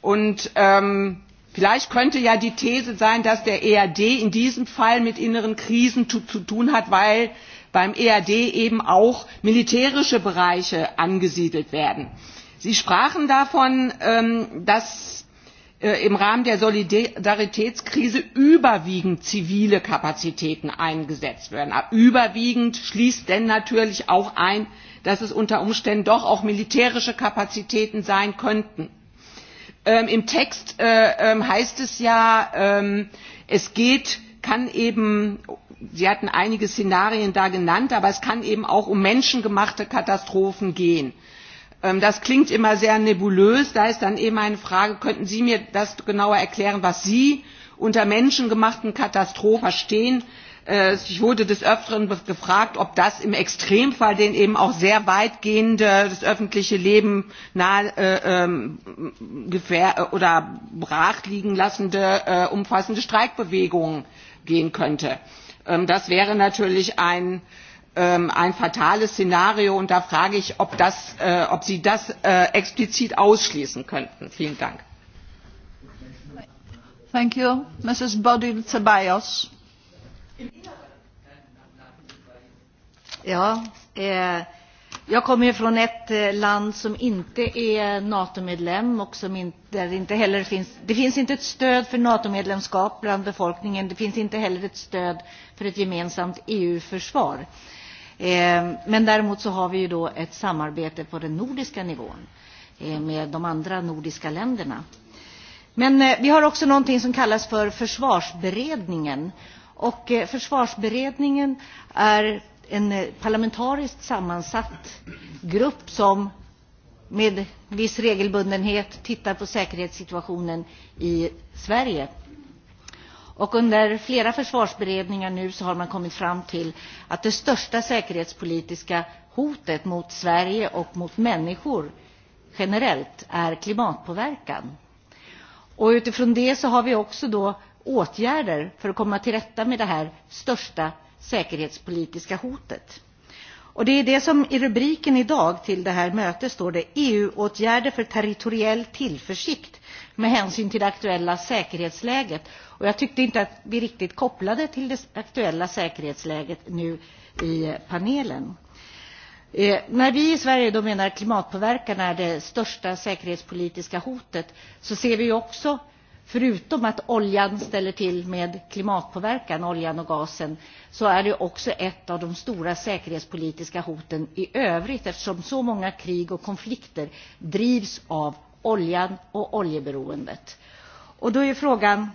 und ähm, vielleicht könnte ja die these sein dass der ead in diesem fall mit inneren krisen zu, zu tun hat weil beim ead eben auch militärische bereiche angesiedelt werden sie sprachen davon ähm, dass äh, im rahmen der solidaritätskrise überwiegend zivile kapazitäten eingesetzt werden. Ah, überwiegend schließt denn natürlich auch ein dass es unter umständen doch auch militärische kapazitäten sein könnten. Ähm, im text äh, ähm, heißt es ja es geht kann eben sie hatten einige szenarien da genannt aber es kann eben auch um menschengemachte katastrophen gehen. Ähm, das klingt immer sehr nebulös. Da ist dann eben eine Frage, könnten Sie mir das genauer erklären, was Sie unter menschengemachten Katastrophen verstehen? Äh, ich wurde des Öfteren gefragt, ob das im Extremfall, den eben auch sehr weitgehende das öffentliche Leben nahe äh, ähm, gefähr oder brach liegen lassende äh, umfassende Streikbewegungen gehen könnte. Ähm, das wäre natürlich ein äh, Ähm, ein fatales szenario und da frage ich ob, das, äh, ob sie das äh, explizit ausschließen könnten. vielen dank. Thank you. Mrs. Bodil Ceballos. Ja, eh, jag kommer ju från ett eh, land som inte är NATO-medlem och som inte, där inte heller finns, det finns inte ett stöd för NATO-medlemskap bland befolkningen. Det finns inte heller ett stöd för ett gemensamt EU-försvar. Eh, Ehm, men däremot så har vi ju då ett samarbete på den nordiska nivån eh, med de andra nordiska länderna. Men eh, vi har också någonting som kallas för försvarsberedningen. Och eh, försvarsberedningen är en parlamentariskt sammansatt grupp som med viss regelbundenhet tittar på säkerhetssituationen i Sverige. Och under flera försvarsberedningar nu så har man kommit fram till att det största säkerhetspolitiska hotet mot Sverige och mot människor generellt är klimatpåverkan. Och utifrån det så har vi också då åtgärder för att komma till rätta med det här största säkerhetspolitiska hotet. Och det är det som i rubriken idag till det här mötet står det EU-åtgärder för territoriell tillförsikt med hänsyn till det aktuella säkerhetsläget. Och jag tyckte inte att vi riktigt kopplade till det aktuella säkerhetsläget nu i panelen. Eh, när vi i Sverige då menar att klimatpåverkan är det största säkerhetspolitiska hotet så ser vi också, förutom att oljan ställer till med klimatpåverkan, oljan och gasen, så är det också ett av de stora säkerhetspolitiska hoten i övrigt eftersom så många krig och konflikter drivs av oljan och oljeberoendet. Och då är frågan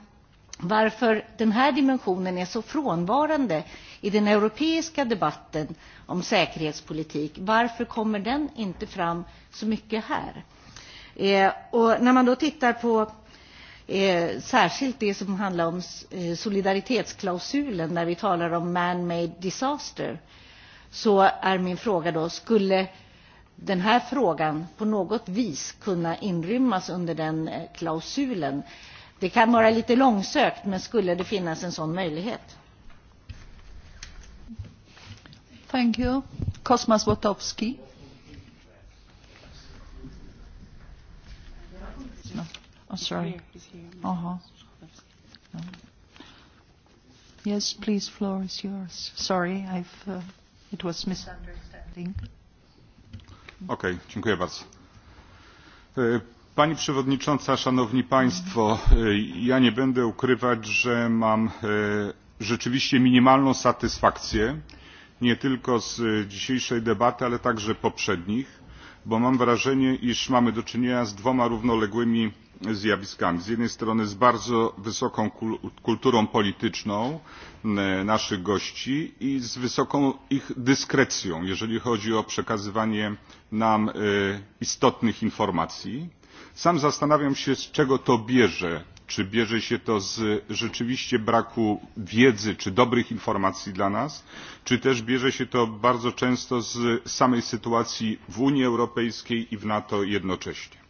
varför den här dimensionen är så frånvarande i den europeiska debatten om säkerhetspolitik. Varför kommer den inte fram så mycket här? Eh, och när man då tittar på eh, särskilt det som handlar om eh, solidaritetsklausulen när vi talar om man-made disaster så är min fråga då, skulle den här frågan på något vis kunna inrymmas under den eh, klausulen? Det kan vara lite långsökt, men skulle det finnas en sån möjlighet? Thank you. Kosmas Wotowski. No. Oh, sorry. Uh-huh. No. Yes, please, floor is yours. Sorry, I've, uh, it was misunderstanding. Okay, dziękuję bardzo. E, pani Przewodnicząca, Szanowni Państwo, e, ja nie będę ukrywać, że mam e, rzeczywiście minimalną satysfakcję nie tylko z dzisiejszej debaty, ale także poprzednich, bo mam wrażenie, iż mamy do czynienia z dwoma równoległymi zjawiskami z jednej strony z bardzo wysoką kulturą polityczną naszych gości i z wysoką ich dyskrecją jeżeli chodzi o przekazywanie nam istotnych informacji. sam zastanawiam się z czego to bierze czy bierze się to z rzeczywiście braku wiedzy czy dobrych informacji dla nas czy też bierze się to bardzo często z samej sytuacji w unii europejskiej i w nato jednocześnie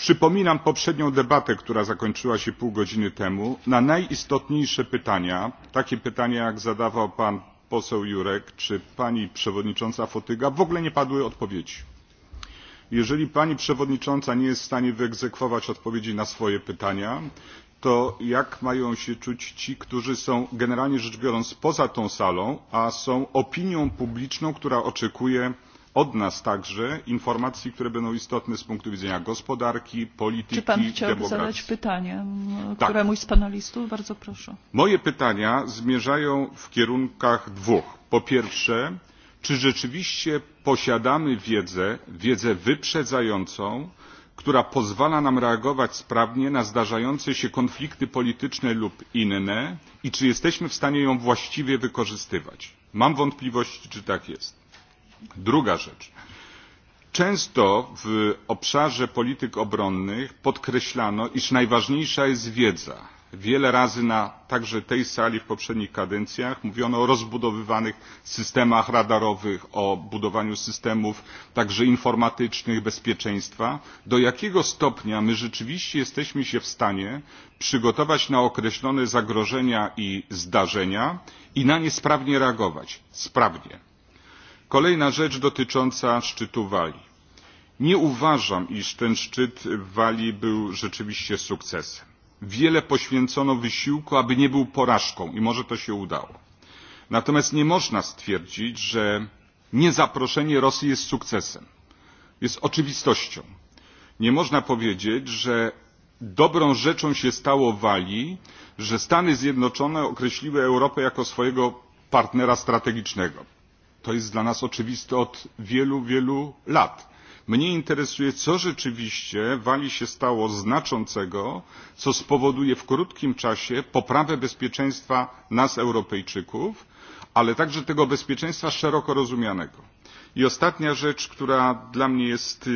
przypominam poprzednią debatę która zakończyła się pół godziny temu na najistotniejsze pytania takie pytania jak zadawał pan poseł jurek czy pani przewodnicząca fotyga w ogóle nie padły odpowiedzi. jeżeli pani przewodnicząca nie jest w stanie wyegzekwować odpowiedzi na swoje pytania to jak mają się czuć ci którzy są generalnie rzecz biorąc poza tą salą a są opinią publiczną która oczekuje od nas także informacji, które będą istotne z punktu widzenia gospodarki, polityki, Czy pan chciałby demografii. zadać pytanie tak. któremuś z panelistów? Bardzo proszę. Moje pytania zmierzają w kierunkach dwóch. Po pierwsze, czy rzeczywiście posiadamy wiedzę, wiedzę wyprzedzającą, która pozwala nam reagować sprawnie na zdarzające się konflikty polityczne lub inne i czy jesteśmy w stanie ją właściwie wykorzystywać? Mam wątpliwości, czy tak jest Druga rzecz. Często w obszarze polityk obronnych podkreślano, iż najważniejsza jest wiedza. Wiele razy na także tej sali w poprzednich kadencjach mówiono o rozbudowywanych systemach radarowych, o budowaniu systemów także informatycznych, bezpieczeństwa. Do jakiego stopnia my rzeczywiście jesteśmy się w stanie przygotować na określone zagrożenia i zdarzenia i na nie sprawnie reagować? Sprawnie kolejna rzecz dotycząca szczytu w walii. nie uważam iż ten szczyt w walii był rzeczywiście sukcesem. wiele poświęcono wysiłku aby nie był porażką i może to się udało. natomiast nie można stwierdzić że niezaproszenie rosji jest sukcesem jest oczywistością. nie można powiedzieć że dobrą rzeczą się stało w walii że stany zjednoczone określiły europę jako swojego partnera strategicznego to jest dla nas oczywiste od wielu wielu lat. Mnie interesuje, co rzeczywiście w Walii się stało znaczącego, co spowoduje w krótkim czasie poprawę bezpieczeństwa nas, Europejczyków, ale także tego bezpieczeństwa szeroko rozumianego. I ostatnia rzecz, która dla mnie jest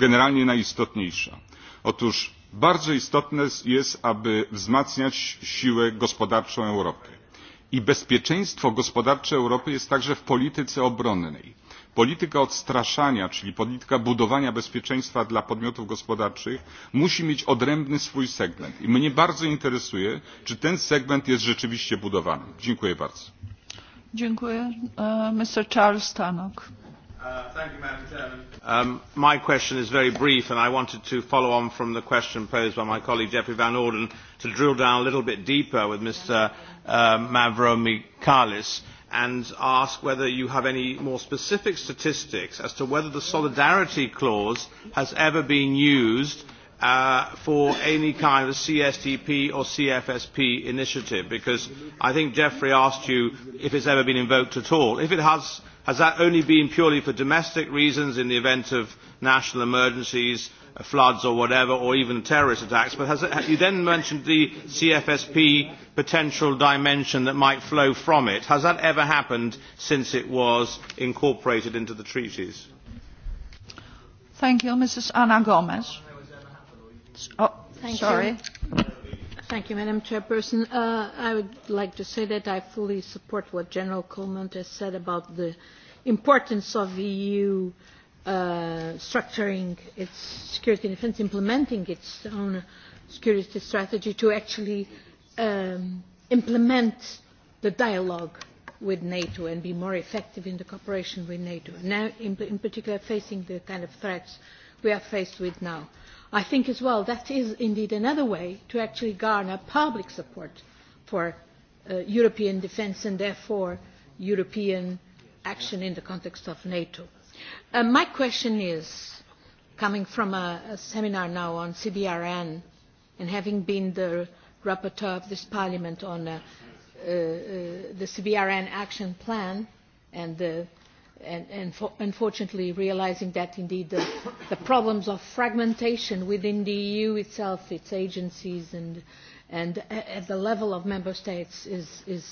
generalnie najistotniejsza. Otóż bardzo istotne jest, aby wzmacniać siłę gospodarczą Europy i bezpieczeństwo gospodarcze europy jest także w polityce obronnej. polityka odstraszania czyli polityka budowania bezpieczeństwa dla podmiotów gospodarczych musi mieć odrębny swój segment i mnie bardzo interesuje czy ten segment jest rzeczywiście budowany. dziękuję bardzo. dziękuję. Uh, Uh, thank you, Madam Chairman. Um, my question is very brief, and I wanted to follow on from the question posed by my colleague Jeffrey Van Orden to drill down a little bit deeper with Mr. Uh, Mavromikalis and ask whether you have any more specific statistics as to whether the solidarity clause has ever been used uh, for any kind of a CSTP or CFSP initiative? Because I think Jeffrey asked you if it's ever been invoked at all. If it has, has that only been purely for domestic reasons in the event of national emergencies, uh, floods or whatever, or even terrorist attacks? But has it, you then mentioned the CFSP potential dimension that might flow from it. Has that ever happened since it was incorporated into the treaties? Thank you, Mrs. Ana Gomez. Oh, Thank sorry. You. Thank you, Madam Chairperson. Uh, I would like to say that I fully support what General Coleman has said about the importance of the EU uh, structuring its security and defense, implementing its own security strategy to actually um, implement the dialogue with NATO and be more effective in the cooperation with NATO, now in, in particular facing the kind of threats we are faced with now. Uh, I think as well that is indeed another way to actually garner public support for uh, European defence and therefore European action in the context of NATO. Uh, my question is, coming from a, a seminar now on CBRN and having been the rapporteur of this parliament on uh, uh, uh, the CBRN action plan and the and, and for, unfortunately realizing that indeed the, the problems of fragmentation within the EU itself, its agencies and, and at the level of member states is, is,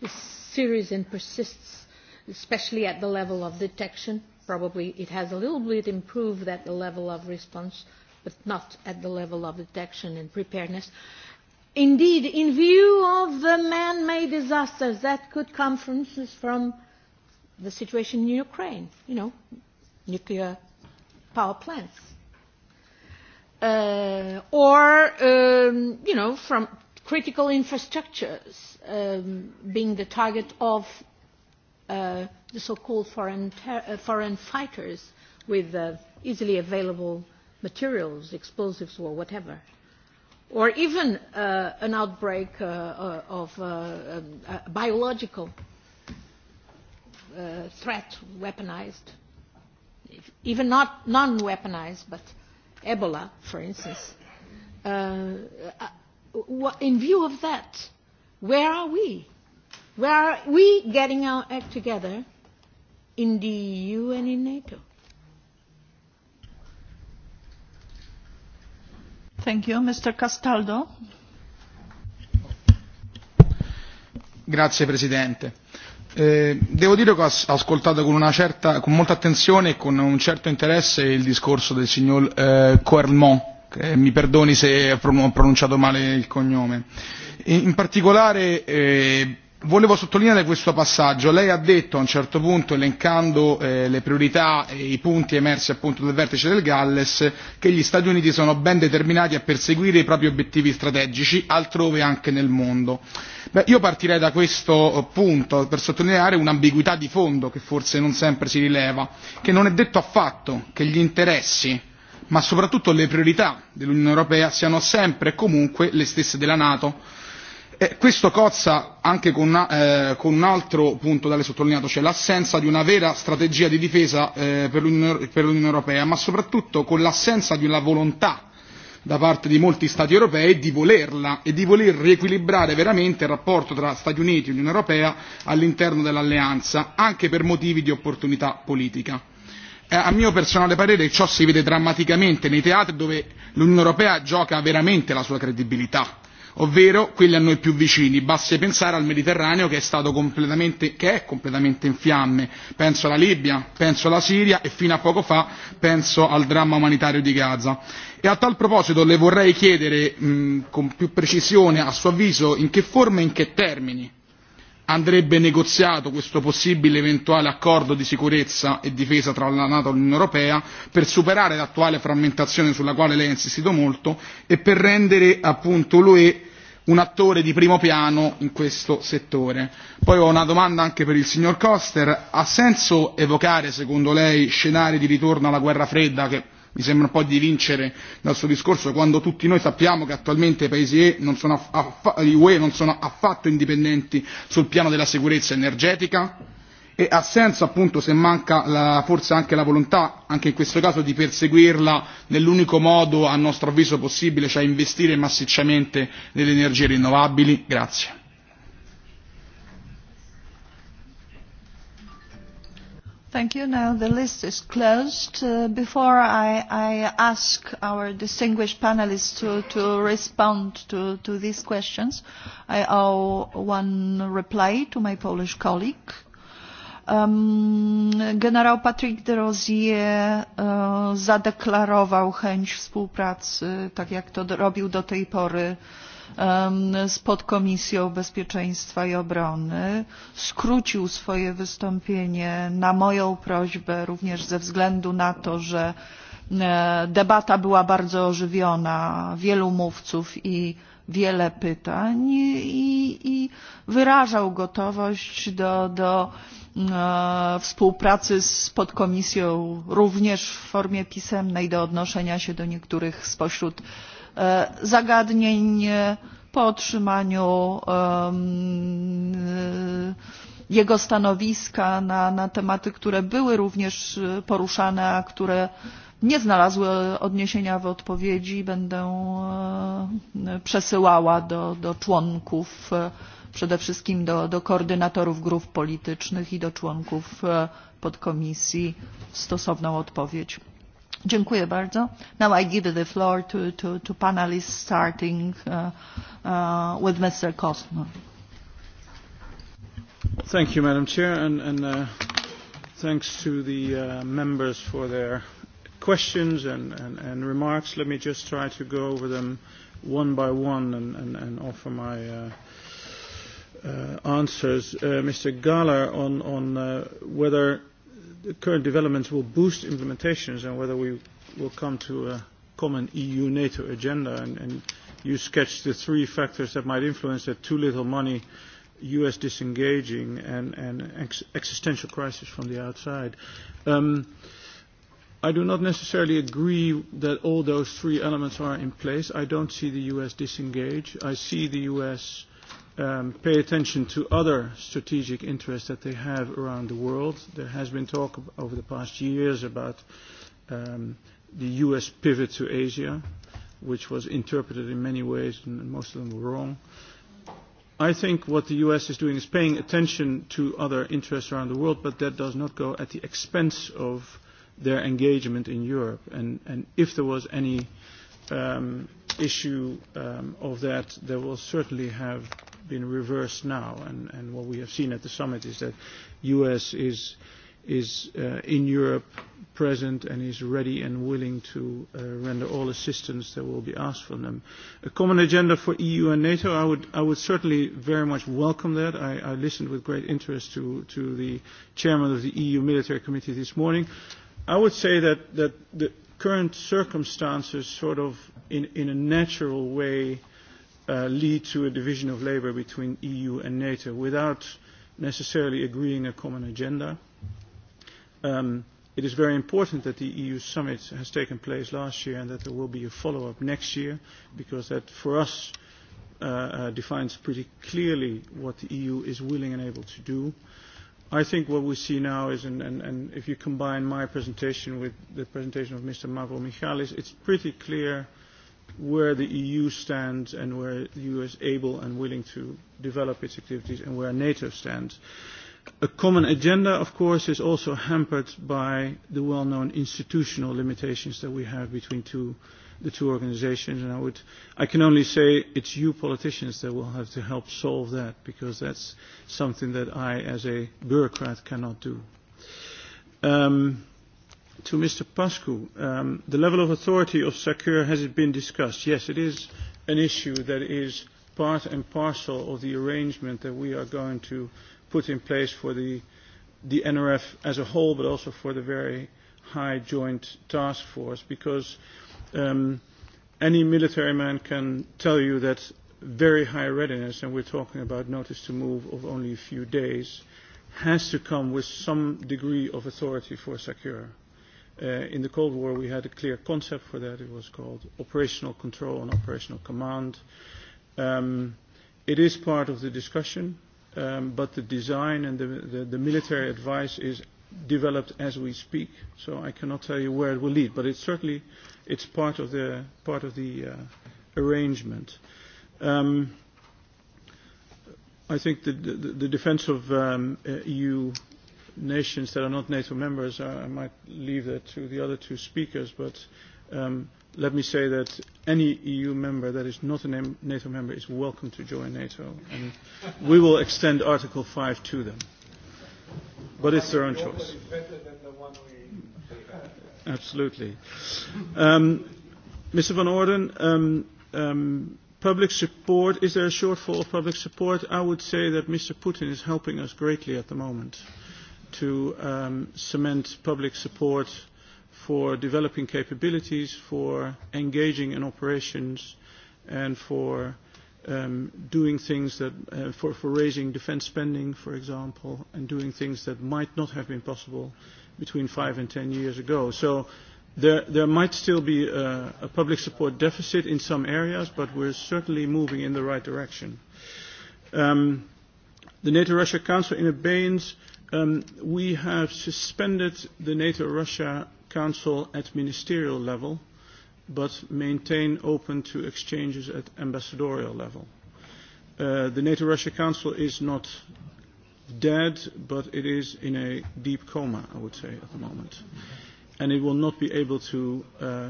is serious and persists, especially at the level of detection. Probably it has a little bit improved at the level of response, but not at the level of detection and preparedness. Indeed, in view of the man-made disasters that could come, for instance, from the situation in Ukraine, you know, nuclear power plants. Uh, or, um, you know, from critical infrastructures um, being the target of uh, the so-called foreign, ter- uh, foreign fighters with uh, easily available materials, explosives or whatever. Or even uh, an outbreak uh, uh of uh, um, uh, biological uh, uh, threat weaponized, if, even not non-weaponized, but Ebola, for instance. Uh, uh, in view of that, where are we? Where are we getting our act together in the EU and in NATO? Thank you. Mr. Castaldo. Grazie Presidente Eh, devo dire che ho ascoltato con, una certa, con molta attenzione e con un certo interesse il discorso del signor eh, Coermont, che mi perdoni se ho pronunciato male il cognome. In, in particolare eh, volevo sottolineare questo passaggio lei ha detto a un certo punto elencando eh, le priorità e i punti emersi appunto dal vertice del galles che gli stati uniti sono ben determinati a perseguire i propri obiettivi strategici altrove anche nel mondo. Beh, io partirei da questo punto per sottolineare un'ambiguità di fondo che forse non sempre si rileva che non è detto affatto che gli interessi ma soprattutto le priorità dell'unione europea siano sempre e comunque le stesse della nato Eh, questo cozza anche con, una, eh, con un altro punto da lei sottolineato, cioè l'assenza di una vera strategia di difesa eh, per, l'Unione, per l'Unione Europea, ma soprattutto con l'assenza di una volontà da parte di molti Stati europei di volerla e di voler riequilibrare veramente il rapporto tra Stati Uniti e Unione Europea all'interno dell'alleanza, anche per motivi di opportunità politica. Eh, a mio personale parere ciò si vede drammaticamente nei teatri dove l'Unione Europea gioca veramente la sua credibilità ovvero quelli a noi più vicini basti pensare al mediterraneo che è stato completamente che è completamente in fiamme penso alla libia penso alla siria e fino a poco fa penso al dramma umanitario di gaza e a tal proposito le vorrei chiedere mh, con più precisione a suo avviso in che forma e in che termini andrebbe negoziato questo possibile eventuale accordo di sicurezza e difesa tra la nato e l'unione europea per superare l'attuale frammentazione sulla quale lei ha insistito molto e per rendere appunto l'ue un attore di primo piano in questo settore. Poi ho una domanda anche per il signor Koster. Ha senso evocare, secondo lei, scenari di ritorno alla guerra fredda che mi sembra un po' di vincere dal suo discorso quando tutti noi sappiamo che attualmente i paesi UE e non sono affatto indipendenti sul piano della sicurezza energetica? e ha senso appunto se manca la, forse anche la volontà, anche in questo caso, di perseguirla nell'unico modo a nostro avviso possibile, cioè investire massicciamente nelle energie rinnovabili? Grazie. Thank you. Now the list is closed. Uh, before I, I ask our distinguished panelists to, to respond to, to these questions, I owe one reply to my Polish colleague. Generał Patrick de Rozier e, zadeklarował chęć współpracy, tak jak to robił do tej pory z podkomisją bezpieczeństwa i obrony. Skrócił swoje wystąpienie na moją prośbę również ze względu na to, że e, debata była bardzo ożywiona, wielu mówców i wiele pytań i, i wyrażał gotowość do, do yy, E, współpracy z podkomisją również w formie pisemnej do odnoszenia się do niektórych spośród e, zagadnień po otrzymaniu e, jego stanowiska na, na tematy, które były również poruszane, a które nie znalazły odniesienia w odpowiedzi, będę przesyłała do, do członków przede wszystkim do, do koordynatorów grup politycznych i do członków e, podkomisji stosowną odpowiedź. Dziękuję bardzo. Now I give the floor to, to, to panelists starting uh, uh, with Mr. Kostner. Thank you, Madam Chair, and, and uh, thanks to the uh, members for their questions and, and, and remarks. Let me just try to go over them one by one and, and, and offer my uh, uh, answers. Uh, Mr. Gahler on, on uh, whether the current developments will boost implementations and whether we will come to a common EU-NATO agenda. And, and you sketched the three factors that might influence that too little money, U.S. disengaging, and, and ex existential crisis from the outside. Um, I do not necessarily agree that all those three elements are in place. I don't see the U.S. disengage. I see the U.S. Uh, um, pay attention to other strategic interests that they have around the world. There has been talk over the past years about um, the U.S. pivot to Asia, which was interpreted in many ways, and most of them were wrong. I think what the U.S. is doing is paying attention to other interests around the world, but that does not go at the expense of their engagement in Europe. And, and if there was any um, issue um, of that, there will certainly have been reversed now. And, and what we have seen at the summit is that U.S. is is uh, in Europe present and is ready and willing to uh, render all assistance that will be asked from them. A common agenda for EU and NATO, I would, I would certainly very much welcome that. I, I listened with great interest to, to the chairman of the EU Military Committee this morning. I would say that, that the current circumstances sort of in, in a natural way uh, lead to a division of labour between EU and NATO without necessarily agreeing a common agenda. Um, it is very important that the EU summit has taken place last year and that there will be a follow-up next year because that for us uh, uh, defines pretty clearly what the EU is willing and able to do. I think what we see now is, and, and, and if you combine my presentation with the presentation of Mr. Mavro Michalis, it's pretty clear where the EU stands and where the EU is able and willing to develop its activities and where NATO stands. A common agenda, of course, is also hampered by the well-known institutional limitations that we have between two, the two organizations. And I, would, I can only say it's you politicians that will have to help solve that because that's something that I, as a bureaucrat, cannot do. Um, to Mr. Pascu. Um, the level of authority of SACEUR, has it been discussed? Yes, it is an issue that is part and parcel of the arrangement that we are going to put in place for the, the NRF as a whole, but also for the very high joint task force, because um, any military man can tell you that very high readiness, and we're talking about notice to move of only a few days, has to come with some degree of authority for SACEUR. Uh, in the Cold War, we had a clear concept for that. It was called operational control and operational command. Um, it is part of the discussion, um, but the design and the, the, the military advice is developed as we speak. So I cannot tell you where it will lead, but it's certainly it's part of the part of the uh, arrangement. Um, I think the, the, the defense of um, uh, EU nations that are not NATO members, I, I might leave that to the other two speakers, but um, let me say that any EU member that is not a NATO member is welcome to join NATO, and we will extend Article 5 to them. But it's their own choice. Absolutely. Um, Mr. Van Orden, um, um, public support, is there a shortfall of public support? I would say that Mr. Putin is helping us greatly at the moment. Uh, to um, cement public support for developing capabilities, for engaging in operations, and for um, doing things that, uh, for, for raising defense spending, for example, and doing things that might not have been possible between five and ten years ago. So there, there might still be a, a public support deficit in some areas, but we're certainly moving in the right direction. Um, the NATO-Russia Council in abeyance um, we have suspended the NATO-Russia Council at ministerial level, but maintain open to exchanges at ambassadorial level. Uh, the NATO-Russia Council is not dead, but it is in a deep coma, I would say, at the moment. And it will not be able to uh,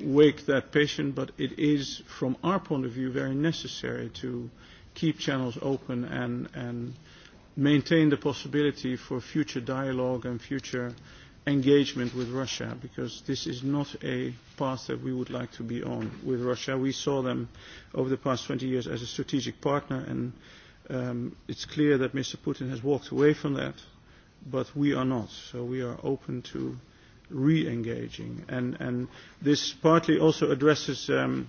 wake that patient, but it is, from our point of view, very necessary to keep channels open and, and uh, maintain the possibility for future dialogue and future engagement with Russia, because this is not a path that we would like to be on with Russia. We saw them over the past 20 years as a strategic partner, and um, it's clear that Mr. Putin has walked away from that, but we are not. So we are open to re-engaging. And, and this partly also addresses um,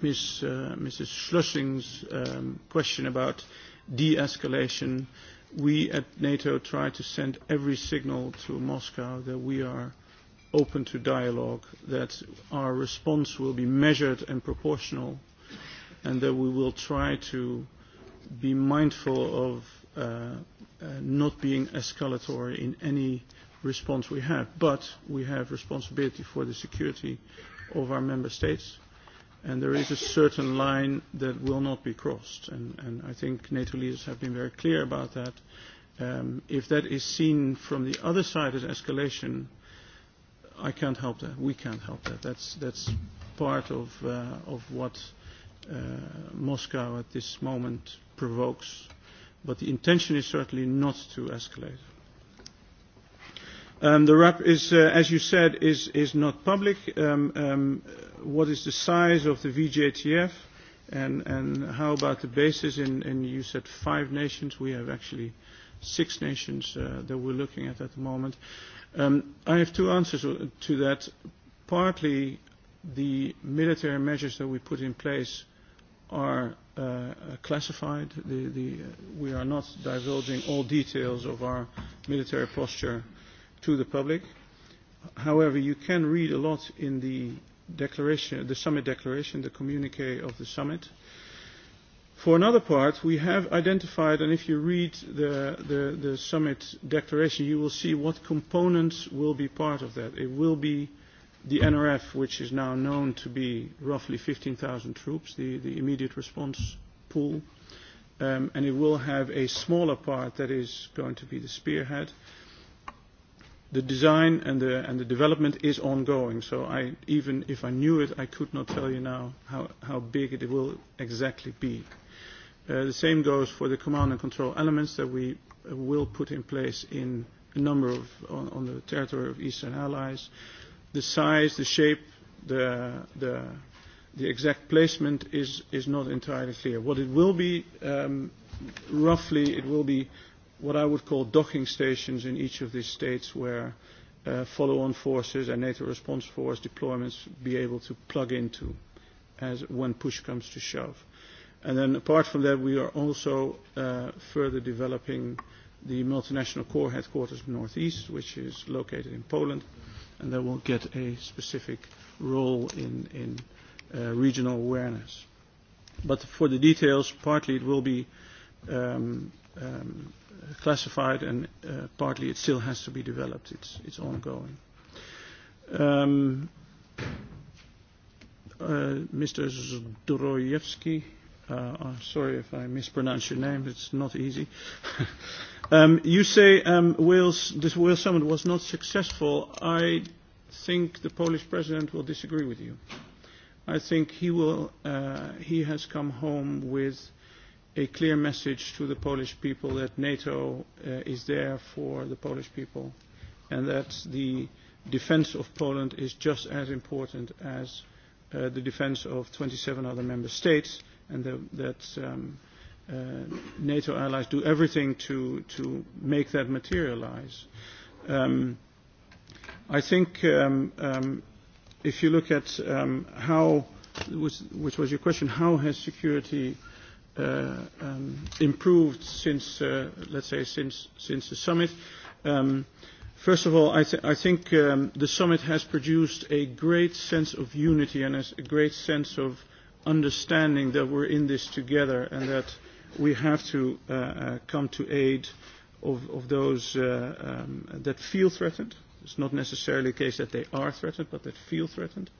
Ms., uh, Mrs. Schlussing's um, question about de-escalation. We at NATO try to send every signal to Moscow that we are open to dialogue, that our response will be measured and proportional, and that we will try to be mindful of uh, uh, not being escalatory in any response we have. But we have responsibility for the security of our member states and there is a certain line that will not be crossed. And, and I think NATO leaders have been very clear about that. Um, if that is seen from the other side as escalation, I can't help that. We can't help that. That's, that's part of, uh, of what uh, Moscow at this moment provokes. But the intention is certainly not to escalate. Um, the RAP is, uh, as you said, is, is not public. Um, um, what is the size of the VJTF? And, and how about the basis? In, in you said five nations. We have actually six nations uh, that we're looking at at the moment. Um, I have two answers uh, to that. Partly, the military measures that we put in place are uh, classified. The, the, uh, we are not divulging all details of our military posture uh, to the public. However, you can read a lot in the declaration, the summit declaration, the communique of the summit. For another part, we have identified, and if you read the, the, the summit declaration, you will see what components will be part of that. It will be the NRF, which is now known to be roughly 15,000 troops, the, the immediate response pool, um, and it will have a smaller part that is going to be the spearhead. Uh, the design and the, and the development is ongoing, so I, even if I knew it, I could not tell you now how, how big it will exactly be. Uh, the same goes for the command and control elements that we uh, will put in place in a number of, on, on the territory of Eastern Allies. The size, the shape, the, the, the exact placement is, is not entirely clear. What it will be, um, roughly, it will be uh, what I would call docking stations in each of these states where uh, follow-on forces and NATO response force deployments be able to plug into as when push comes to shove. And then apart from that, we are also uh, further developing the multinational core headquarters northeast, which is located in Poland, and that will get a specific role in, in uh, regional awareness. But for the details, partly it will be um, um, classified and uh, partly it still has to be developed. It's, it's ongoing. Um, uh, Mr. Zdrojewski, uh, I'm oh, sorry if I mispronounce your name, it's not easy. *laughs* um, you say um, Wales, this Wales summit was not successful. I think the Polish president will disagree with you. I think he, will, uh, he has come home with – a clear message to the Polish people that NATO uh, is there for the Polish people and that the defense of Poland is just as important as uh, the defense of 27 other member states and the, that um, uh, NATO allies do everything to, to make that materialize. Um, I think um, um, if you look at um, how, which, which was your question, how has security uh, uh, um, improved since, uh, let's say, since, since the summit. Um, first of all, I, th- I think um, the summit has produced a great sense of unity and a great sense of understanding that we're in this together and that we have to uh, uh, come to aid of, of those uh, um, that feel threatened. It's not necessarily the case that they are threatened, but that feel threatened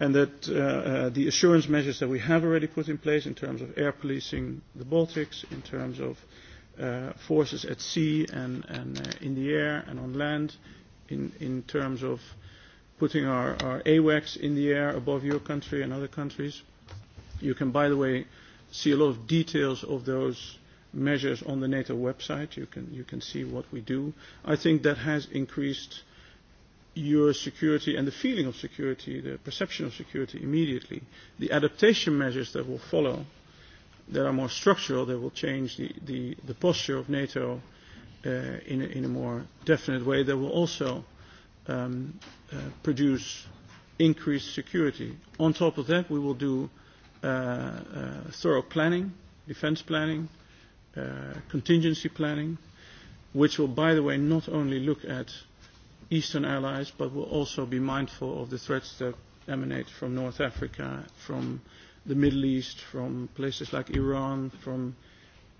and that uh, uh, the assurance measures that we have already put in place in terms of air policing the Baltics, in terms of uh, forces at sea and, and uh, in the air and on land, in, in terms of putting our, our AWACS in the air above your country and other countries. You can, by the way, see a lot of details of those measures on the NATO website. You can, you can see what we do. I think that has increased uh, your security and the feeling of security, the perception of security immediately. The adaptation measures that will follow, that are more structural, that will change the, the, the posture of NATO uh, in, a, in a more definite way, that will also um, uh, produce increased security. On top of that, we will do uh, uh, thorough planning, defense planning, uh, contingency planning, which will, by the way, not only look at uh, Eastern allies, but we'll also be mindful of the threats that emanate from North Africa, from the Middle East, from places like Iran, from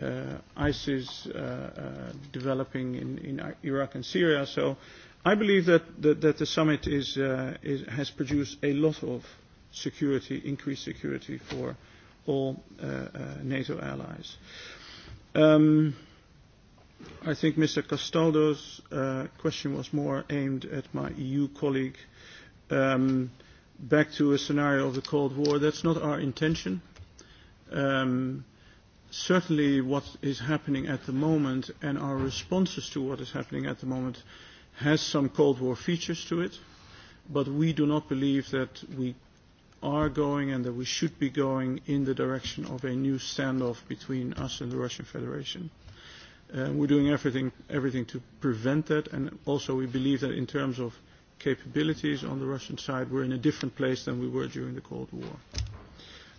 uh, ISIS uh, uh, developing in, in Iraq and Syria. So I believe that, that, that the summit is, uh, is, has produced a lot of security, increased security for all uh, uh, NATO allies. Um, I think Mr. Castaldo's uh, question was more aimed at my EU colleague. Um, back to a scenario of the Cold War, that's not our intention. Um, certainly, what is happening at the moment and our responses to what is happening at the moment has some Cold War features to it, but we do not believe that we are going and that we should be going in the direction of a new standoff between us and the Russian Federation. Uh, Uh, we're doing everything, everything to prevent that, and also we believe that in terms of capabilities on the Russian side, we're in a different place than we were during the Cold War.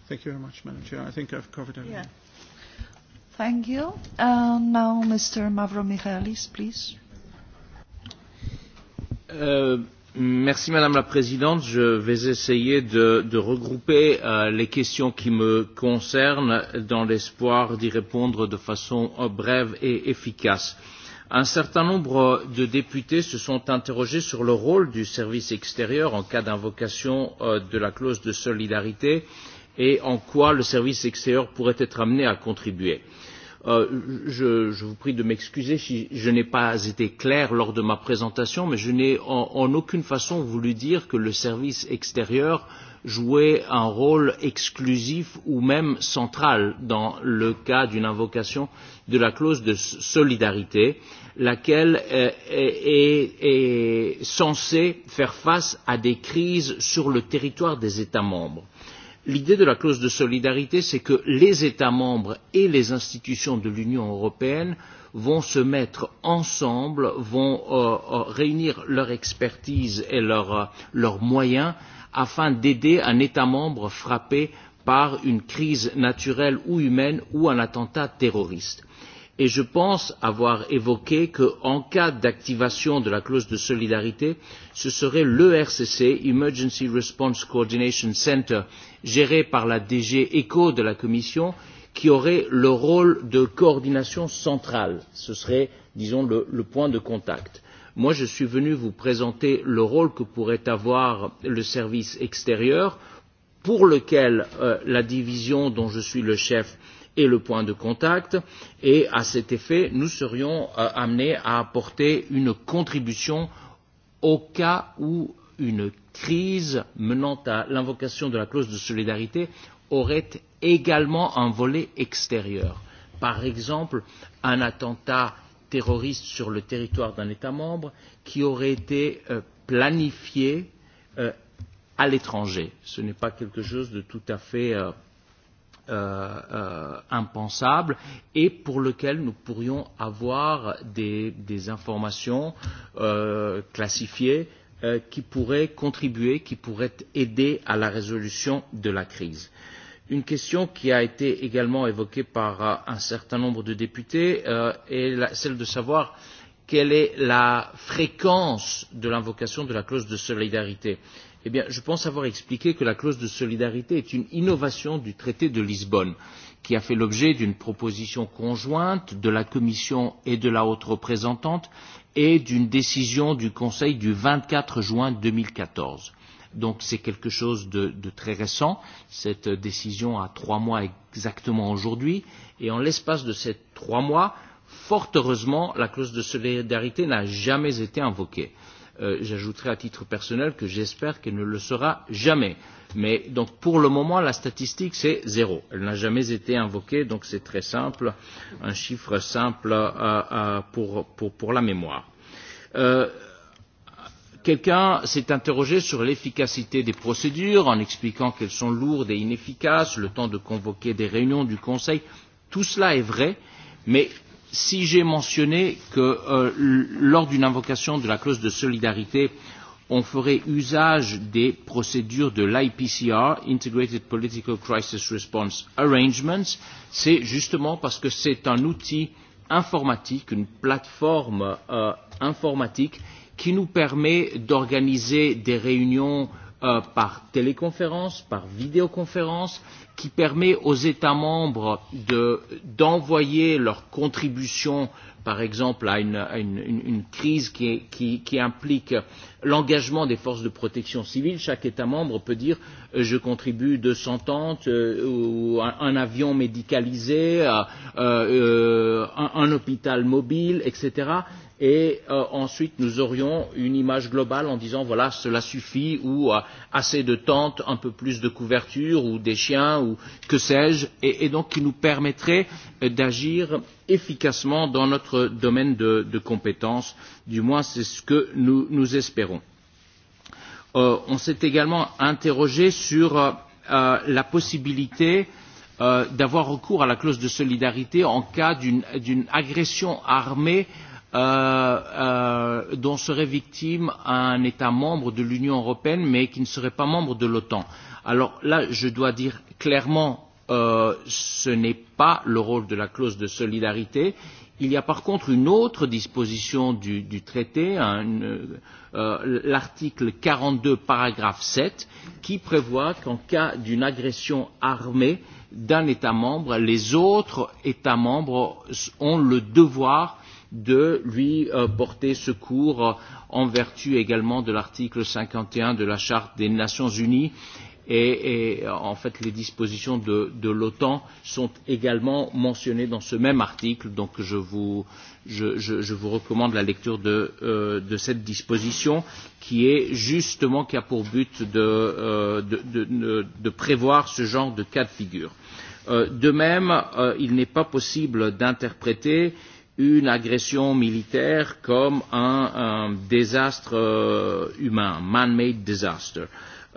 Thank you very much, Madam Chair. I think I've covered everything. Yeah. Thank you. Uh, now, Mr. Mavro Michaelis, please. Uh, Merci Madame la Présidente. Je vais essayer de, de regrouper euh, les questions qui me concernent dans l'espoir d'y répondre de façon euh, brève et efficace. Un certain nombre de députés se sont interrogés sur le rôle du service extérieur en cas d'invocation euh, de la clause de solidarité et en quoi le service extérieur pourrait être amené à contribuer. Euh, Euh, je, je vous prie de m'excuser si je n'ai pas été clair lors de ma présentation, mais je n'ai en, en aucune façon voulu dire que le service extérieur jouait un rôle exclusif ou même central dans le cas d'une invocation de la clause de solidarité, laquelle est, est, est censée faire face à des crises sur le territoire des États membres l'idée de la clause de solidarité, c'est que les États membres et les institutions de l'Union européenne vont se mettre ensemble, vont euh, euh réunir leur expertise et euh, leurs leur moyens afin d'aider un État membre frappé par une crise naturelle ou humaine ou un attentat terroriste et je pense avoir évoqué qu'en cas d'activation de la clause de solidarité ce serait l'ercc emergency response coordination centre géré par la dg echo de la commission qui aurait le rôle de coordination centrale ce serait disons le, le point de contact. Moi, je suis venu vous présenter le rôle que pourrait avoir le service extérieur, pour lequel euh, la division dont je suis le chef euh, est le point de contact et à cet effet nous serions euh, amenés à apporter une contribution au cas où une crise menant à l'invocation de la clause de solidarité aurait également un volet extérieur. Par exemple, un attentat terroriste sur le territoire d'un État membre qui aurait été euh, planifié euh, à l'étranger. Ce n'est pas quelque chose de tout à fait euh, euh, euh, impensable et pour lequel nous pourrions avoir des, des informations euh, classifiées euh, qui pourraient contribuer, qui pourraient aider à la résolution de la crise. Une question qui a été également évoquée par euh, un certain nombre de députés euh, est la, celle de savoir quelle est la fréquence de l'invocation de la clause de solidarité. Euh, eh bien, je pense avoir expliqué que la clause de solidarité est une innovation du traité de Lisbonne, qui a fait l'objet d'une proposition conjointe de la Commission et de la haute représentante et d'une décision du Conseil du 24 juin 2014. Donc c'est quelque chose de, de très récent. Cette décision a trois mois exactement aujourd'hui. Et en l'espace de ces trois mois, fort heureusement, la clause de solidarité n'a jamais été invoquée. Euh, Euh, j'ajouterai à titre personnel que j'espère qu'elle ne le sera jamais. Mais donc pour le moment, la statistique, c'est zéro. Elle n'a jamais été invoquée, donc c'est très simple, un chiffre simple euh, euh, pour, pour, pour la mémoire. Euh, Quelqu'un s'est interrogé sur l'efficacité des procédures en expliquant qu'elles sont lourdes et inefficaces, le temps de convoquer des réunions du Conseil. Tout cela est vrai, mais si j'ai mentionné que euh, lors d'une invocation de la clause de solidarité, on ferait usage des procédures de l'IPCR, Integrated Political Crisis Response Arrangements, c'est justement parce que c'est un outil informatique, une plateforme euh, informatique qui nous permet d'organiser des réunions euh, euh, par téléconférence, par vidéoconférence, qui permet aux États membres d'envoyer de, leurs contributions, par exemple, à une, à une, une, une crise qui, qui, qui implique l'engagement des forces de protection civile. Chaque État membre peut dire euh, je contribue 200 tentes euh, ou un, un avion médicalisé, euh, euh, un, un hôpital mobile, etc et euh, ensuite nous aurions une image globale en disant voilà cela suffit ou euh, assez de tentes, un peu plus de couverture ou des chiens ou que sais-je et, et donc qui nous permettrait euh, d'agir efficacement dans notre domaine de, de compétences, du moins c'est ce que nous, nous espérons. Euh, on s'est également interrogé sur euh, euh, la possibilité euh, d'avoir recours à la clause de solidarité en cas d'une agression armée euh, euh, dont serait victime un État membre de l'Union européenne mais qui ne serait pas membre de l'OTAN. Alors là, je dois dire clairement, euh, ce n'est pas le rôle de la clause de solidarité. Il y a par contre une autre disposition du, du traité, hein, euh, l'article 42, paragraphe 7, qui prévoit qu'en cas d'une agression armée d'un État membre, les autres États membres ont le devoir de lui euh, porter secours euh, en vertu également de l'article 51 de la Charte des Nations Unies et, et en fait les dispositions de, de l'OTAN sont également mentionnées dans ce même article, donc je vous, je, je, je vous recommande la lecture de, euh, de cette disposition qui est justement qui a pour but de, euh, de, de, de, de prévoir ce genre de cas de figure. Euh, de même, euh, il n'est pas possible d'interpréter euh, une agression militaire comme un, un désastre euh, humain, man-made disaster,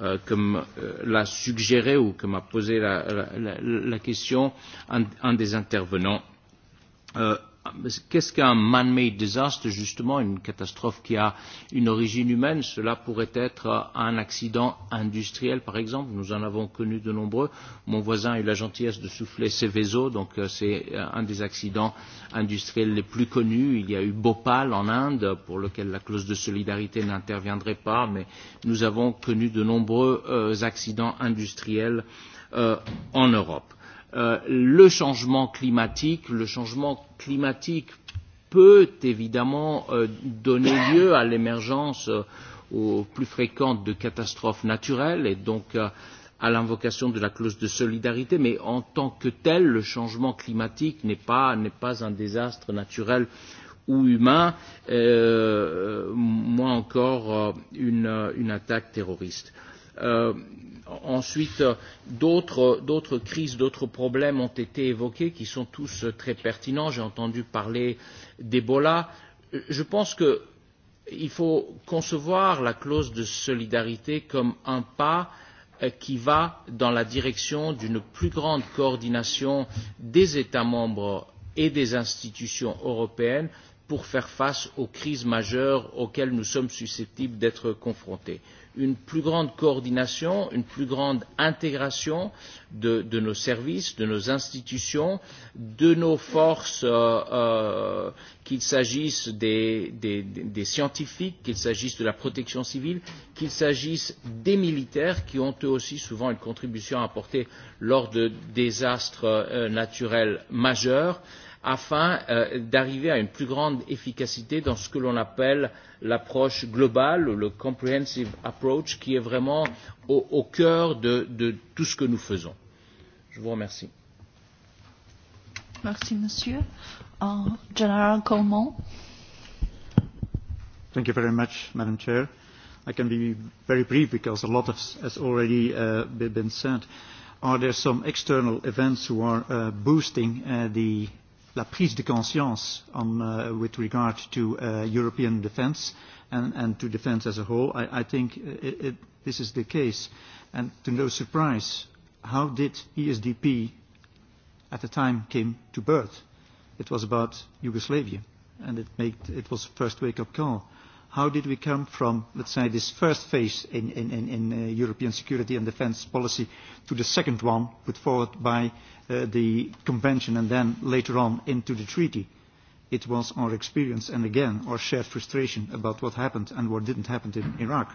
euh, comme euh, l'a suggéré ou comme a posé la, la, la, la question un, un des intervenants euh, qu'est-ce qu'un man-made disaster justement une catastrophe qui a une origine humaine cela pourrait être un accident industriel par exemple nous en avons connu de nombreux mon voisin a eu la gentillesse de souffler Seveso donc euh, c'est euh, un des accidents industriels les plus connus il y a eu Bhopal en Inde pour lequel la clause de solidarité n'interviendrait pas mais nous avons connu de nombreux euh, accidents industriels euh, en Europe euh, le changement climatique. Le changement climatique peut évidemment euh, donner lieu à l'émergence euh, plus fréquente de catastrophes naturelles et donc euh, à l'invocation de la clause de solidarité, mais en tant que tel, le changement climatique n'est pas, pas un désastre naturel ou humain, euh, moins encore euh, une, une attaque terroriste. Euh, ensuite, d'autres crises, d'autres problèmes ont été évoqués qui sont tous très pertinents. J'ai entendu parler d'Ebola. Je pense qu'il faut concevoir la clause de solidarité comme un pas qui va dans la direction d'une plus grande coordination des États membres et des institutions européennes pour faire face aux crises majeures auxquelles nous sommes susceptibles d'être confrontés. Euh, une plus grande coordination, une plus grande intégration de, de nos services, de nos institutions, de nos forces, euh, euh, qu'il s'agisse des, des, des scientifiques, qu'il s'agisse de la protection civile, qu'il s'agisse des militaires qui ont eux aussi souvent une contribution à apporter lors de désastres euh, naturels majeurs. Euh, afin euh, d'arriver à une plus grande efficacité dans ce que l'on appelle l'approche globale ou le comprehensive approach qui est vraiment au, au cœur de, de tout ce que nous faisons. Je vous remercie. Merci, monsieur. Uh, General Coleman. Thank you very much, Madam Chair. I can be very brief because a lot has, has already uh, been said. Are there some external events who are uh, boosting uh, the la prise de conscience on, um, uh, with regard to uh, European defence and, and to defence as a whole. I, I think it, it, this is the case. And to no surprise, how did ESDP at the time came to birth? It was about Yugoslavia, and it, made, it was a first wake-up call. Uh, how did we come from, let's say, this first phase in, in, in, in uh, European security and defence policy to the second one put forward by uh, the convention and then later on into the treaty? It was our experience and again our shared frustration about what happened and what didn't happen in Iraq.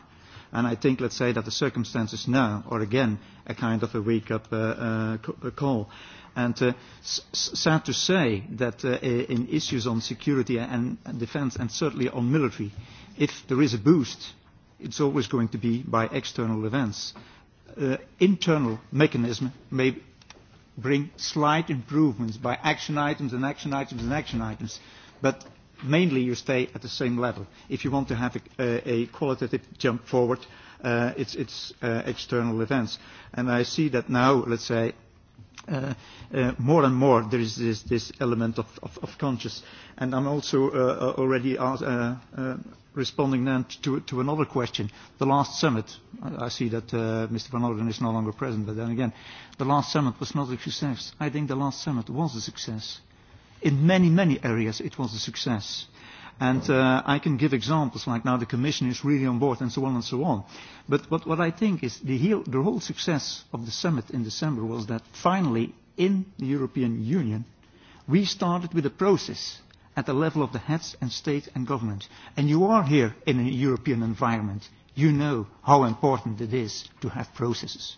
And I think, let's say, that the circumstances now are again a kind of a wake-up uh, uh, uh, call. And uh, s- sad to say that uh, in issues on security and defence, and certainly on military, if there is a boost, it's always going to be by external events. Uh, internal mechanism may bring slight improvements by action items and action items and action items, but mainly you stay at the same level. If you want to have a, a qualitative jump forward, uh, it's, it's uh, external events. And I see that now, let's say, uh, uh, more and more there is this, this element of, of, of conscious. And I'm also uh, uh already asked, uh, uh, responding then to, to another question. The last summit, I see that uh, Mr. Van Orden is no longer present, but then again, the last summit was not a success. I think the last summit was a success. In many, many areas it was a success. Uh, And uh, I can give examples like now the Commission is really on board and so on and so on. But what, what I think is the, heel, the whole success of the summit in December was that finally in the European Union we started with a process at the level of the heads and state and government. And you are here in a European environment. You know how important it is to have processes.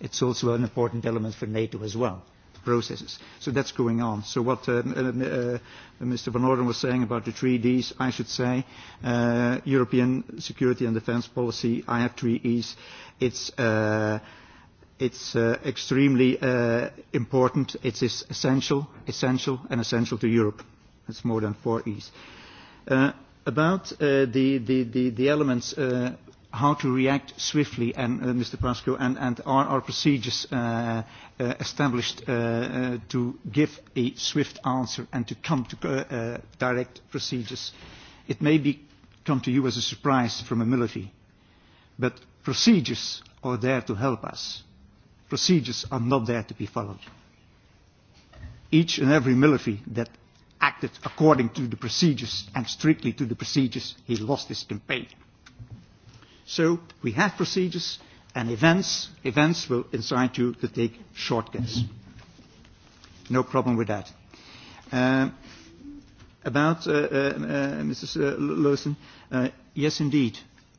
It's also an important element for NATO as well processes. So that's going on. So what um, uh, uh, Mr. Van Orden was saying about the three Ds, I should say, uh, European security and defence policy, I have three Es. It's uh, it's uh, extremely uh, important. It is essential, essential, and essential to Europe. It's more than four E's. Uh, about uh, the, the, the, the elements uh, how to react swiftly, and uh, Mr. Pasco, and, and are our procedures uh, uh, established uh, uh, to give a swift answer and to come to uh, uh, direct procedures? It may be come to you as a surprise from a military, but procedures are there to help us. Procedures are not there to be followed. Each and every military that acted according to the procedures and strictly to the procedures, he lost his campaign. So we have procedures and events. Events will incite you to take shortcuts. No problem with that. Uh, about uh, uh, uh Mrs. Uh, Lewison, uh, yes, indeed,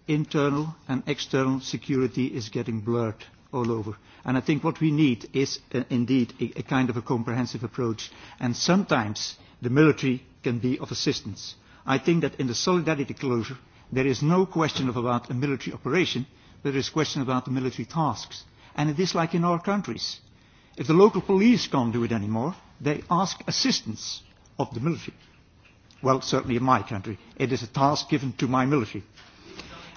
internal and external security is getting blurred all over. And I think what we need is uh, indeed a, a kind of a comprehensive approach. And sometimes the military can be of assistance. I think that in the solidarity closure, there is no question of about a military operation, there is question about the military tasks. And it is like in our countries. If the local police can't do it anymore, they ask assistance of the military. Well, certainly in my country, it is a task given to my military.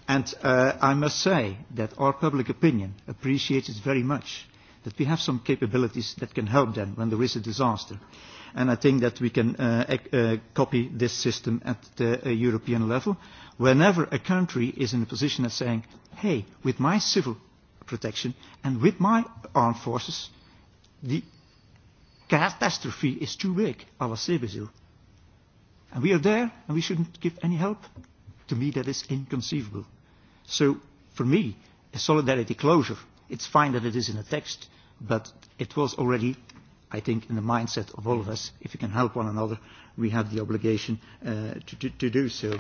And uh, I must say that our public opinion appreciates it very much, that we have some capabilities that can help them when there is a disaster. And I think that we can uh, uh, copy this system at the uh, European level. Whenever a country is in a position of saying, hey, with my civil protection and with my armed forces, the catastrophe is too big, à la Sebeziel. And we are there and we shouldn't give any help. To me, that is inconceivable. So, for me, a solidarity closure, it's fine that it is in a text, but it was already I think, in the mindset of all of us. If we can help one another, we have the obligation uh, to, to, to do so.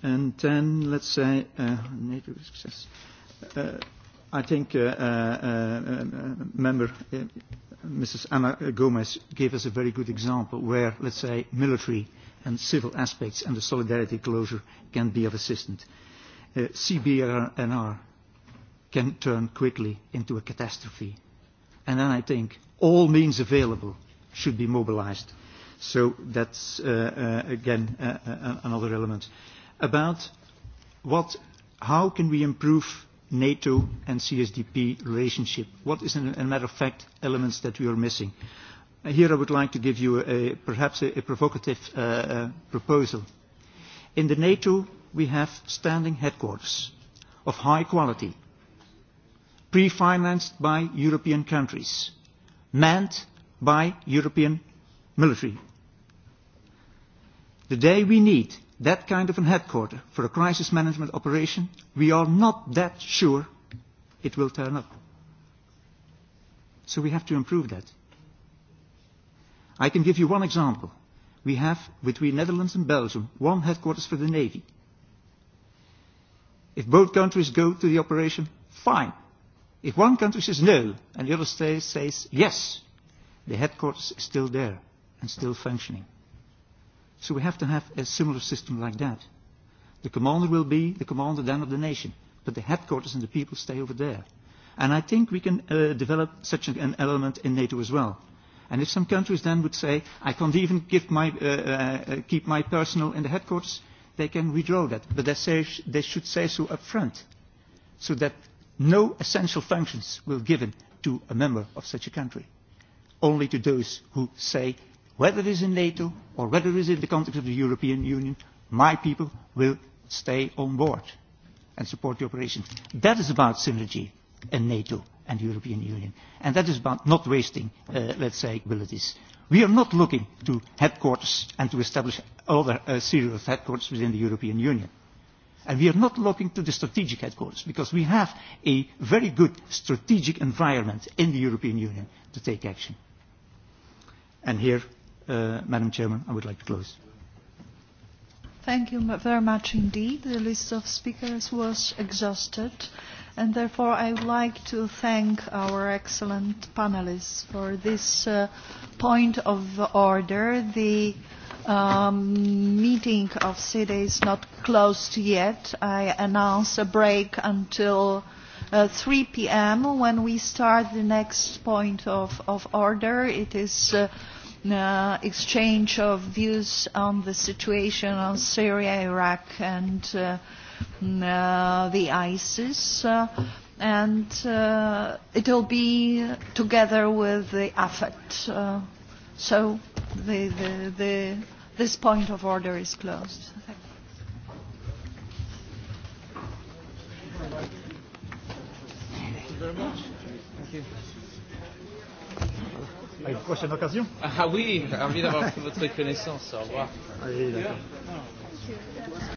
And then, let's say, uh, NATO success. Uh, I think uh, uh, uh, member uh, Mrs. Anna Gomez gave us a very good example where, let's say, military and civil aspects and the solidarity closure can be of assistance. Uh, CBRNR can turn quickly into a catastrophe And then I think all means available should be mobilized. So that's, uh, uh, again, uh, uh, uh another element. About what, how can we improve NATO and CSDP relationship? What is, in a matter of fact, elements that we are missing? Here I would like to give you a, perhaps a, a provocative uh, uh, proposal. In the NATO, we have standing headquarters of high quality pre-financed by European countries, manned by European military. The day we need that kind of a headquarter for a crisis management operation, we are not that sure it will turn up. So we have to improve that. I can give you one example. We have, between Netherlands and Belgium, one headquarters for the Navy. If both countries go to the operation, fine. If one country says no and the other state says yes, the headquarters is still there and still functioning. So we have to have a similar system like that. The commander will be the commander then of the nation, but the headquarters and the people stay over there. And I think we can uh, develop such an element in NATO as well. And if some countries then would say, I can't even give my, uh, uh, uh keep my personnel in the headquarters, they can withdraw that. But they, say, they should say so up front, so that no essential functions were given to a member of such a country, only to those who say, whether it is in NATO or whether it is in the context of the European Union, my people will stay on board and support the operation. That is about synergy in NATO and the European Union. And that is about not wasting, uh, let's say, abilities. We are not looking to headquarters and to establish other uh, serial headquarters within the European Union. And we are not looking to the strategic headquarters because we have a very good strategic environment in the European Union to take action. And here, uh, Madam Chairman, I would like to close. Thank you very much indeed. The list of speakers was exhausted. Uh, and therefore I would like to thank our excellent panelists for this uh, point of order. The um, meeting of CIDE is not closed yet. I announce a break until uh, 3 p.m. when we start the next point of, of order. It is uh, uh, exchange of views on the situation on Syria, Iraq and uh, uh, the ISIS. Uh, and uh, it will be together with the AFET. Uh, so the, the, the, this point of order is closed. Thank you. very much. Thank you. À une prochaine occasion. Ah oui, ravi d'avoir fait votre connaissance. Au revoir. Allez, d'accord.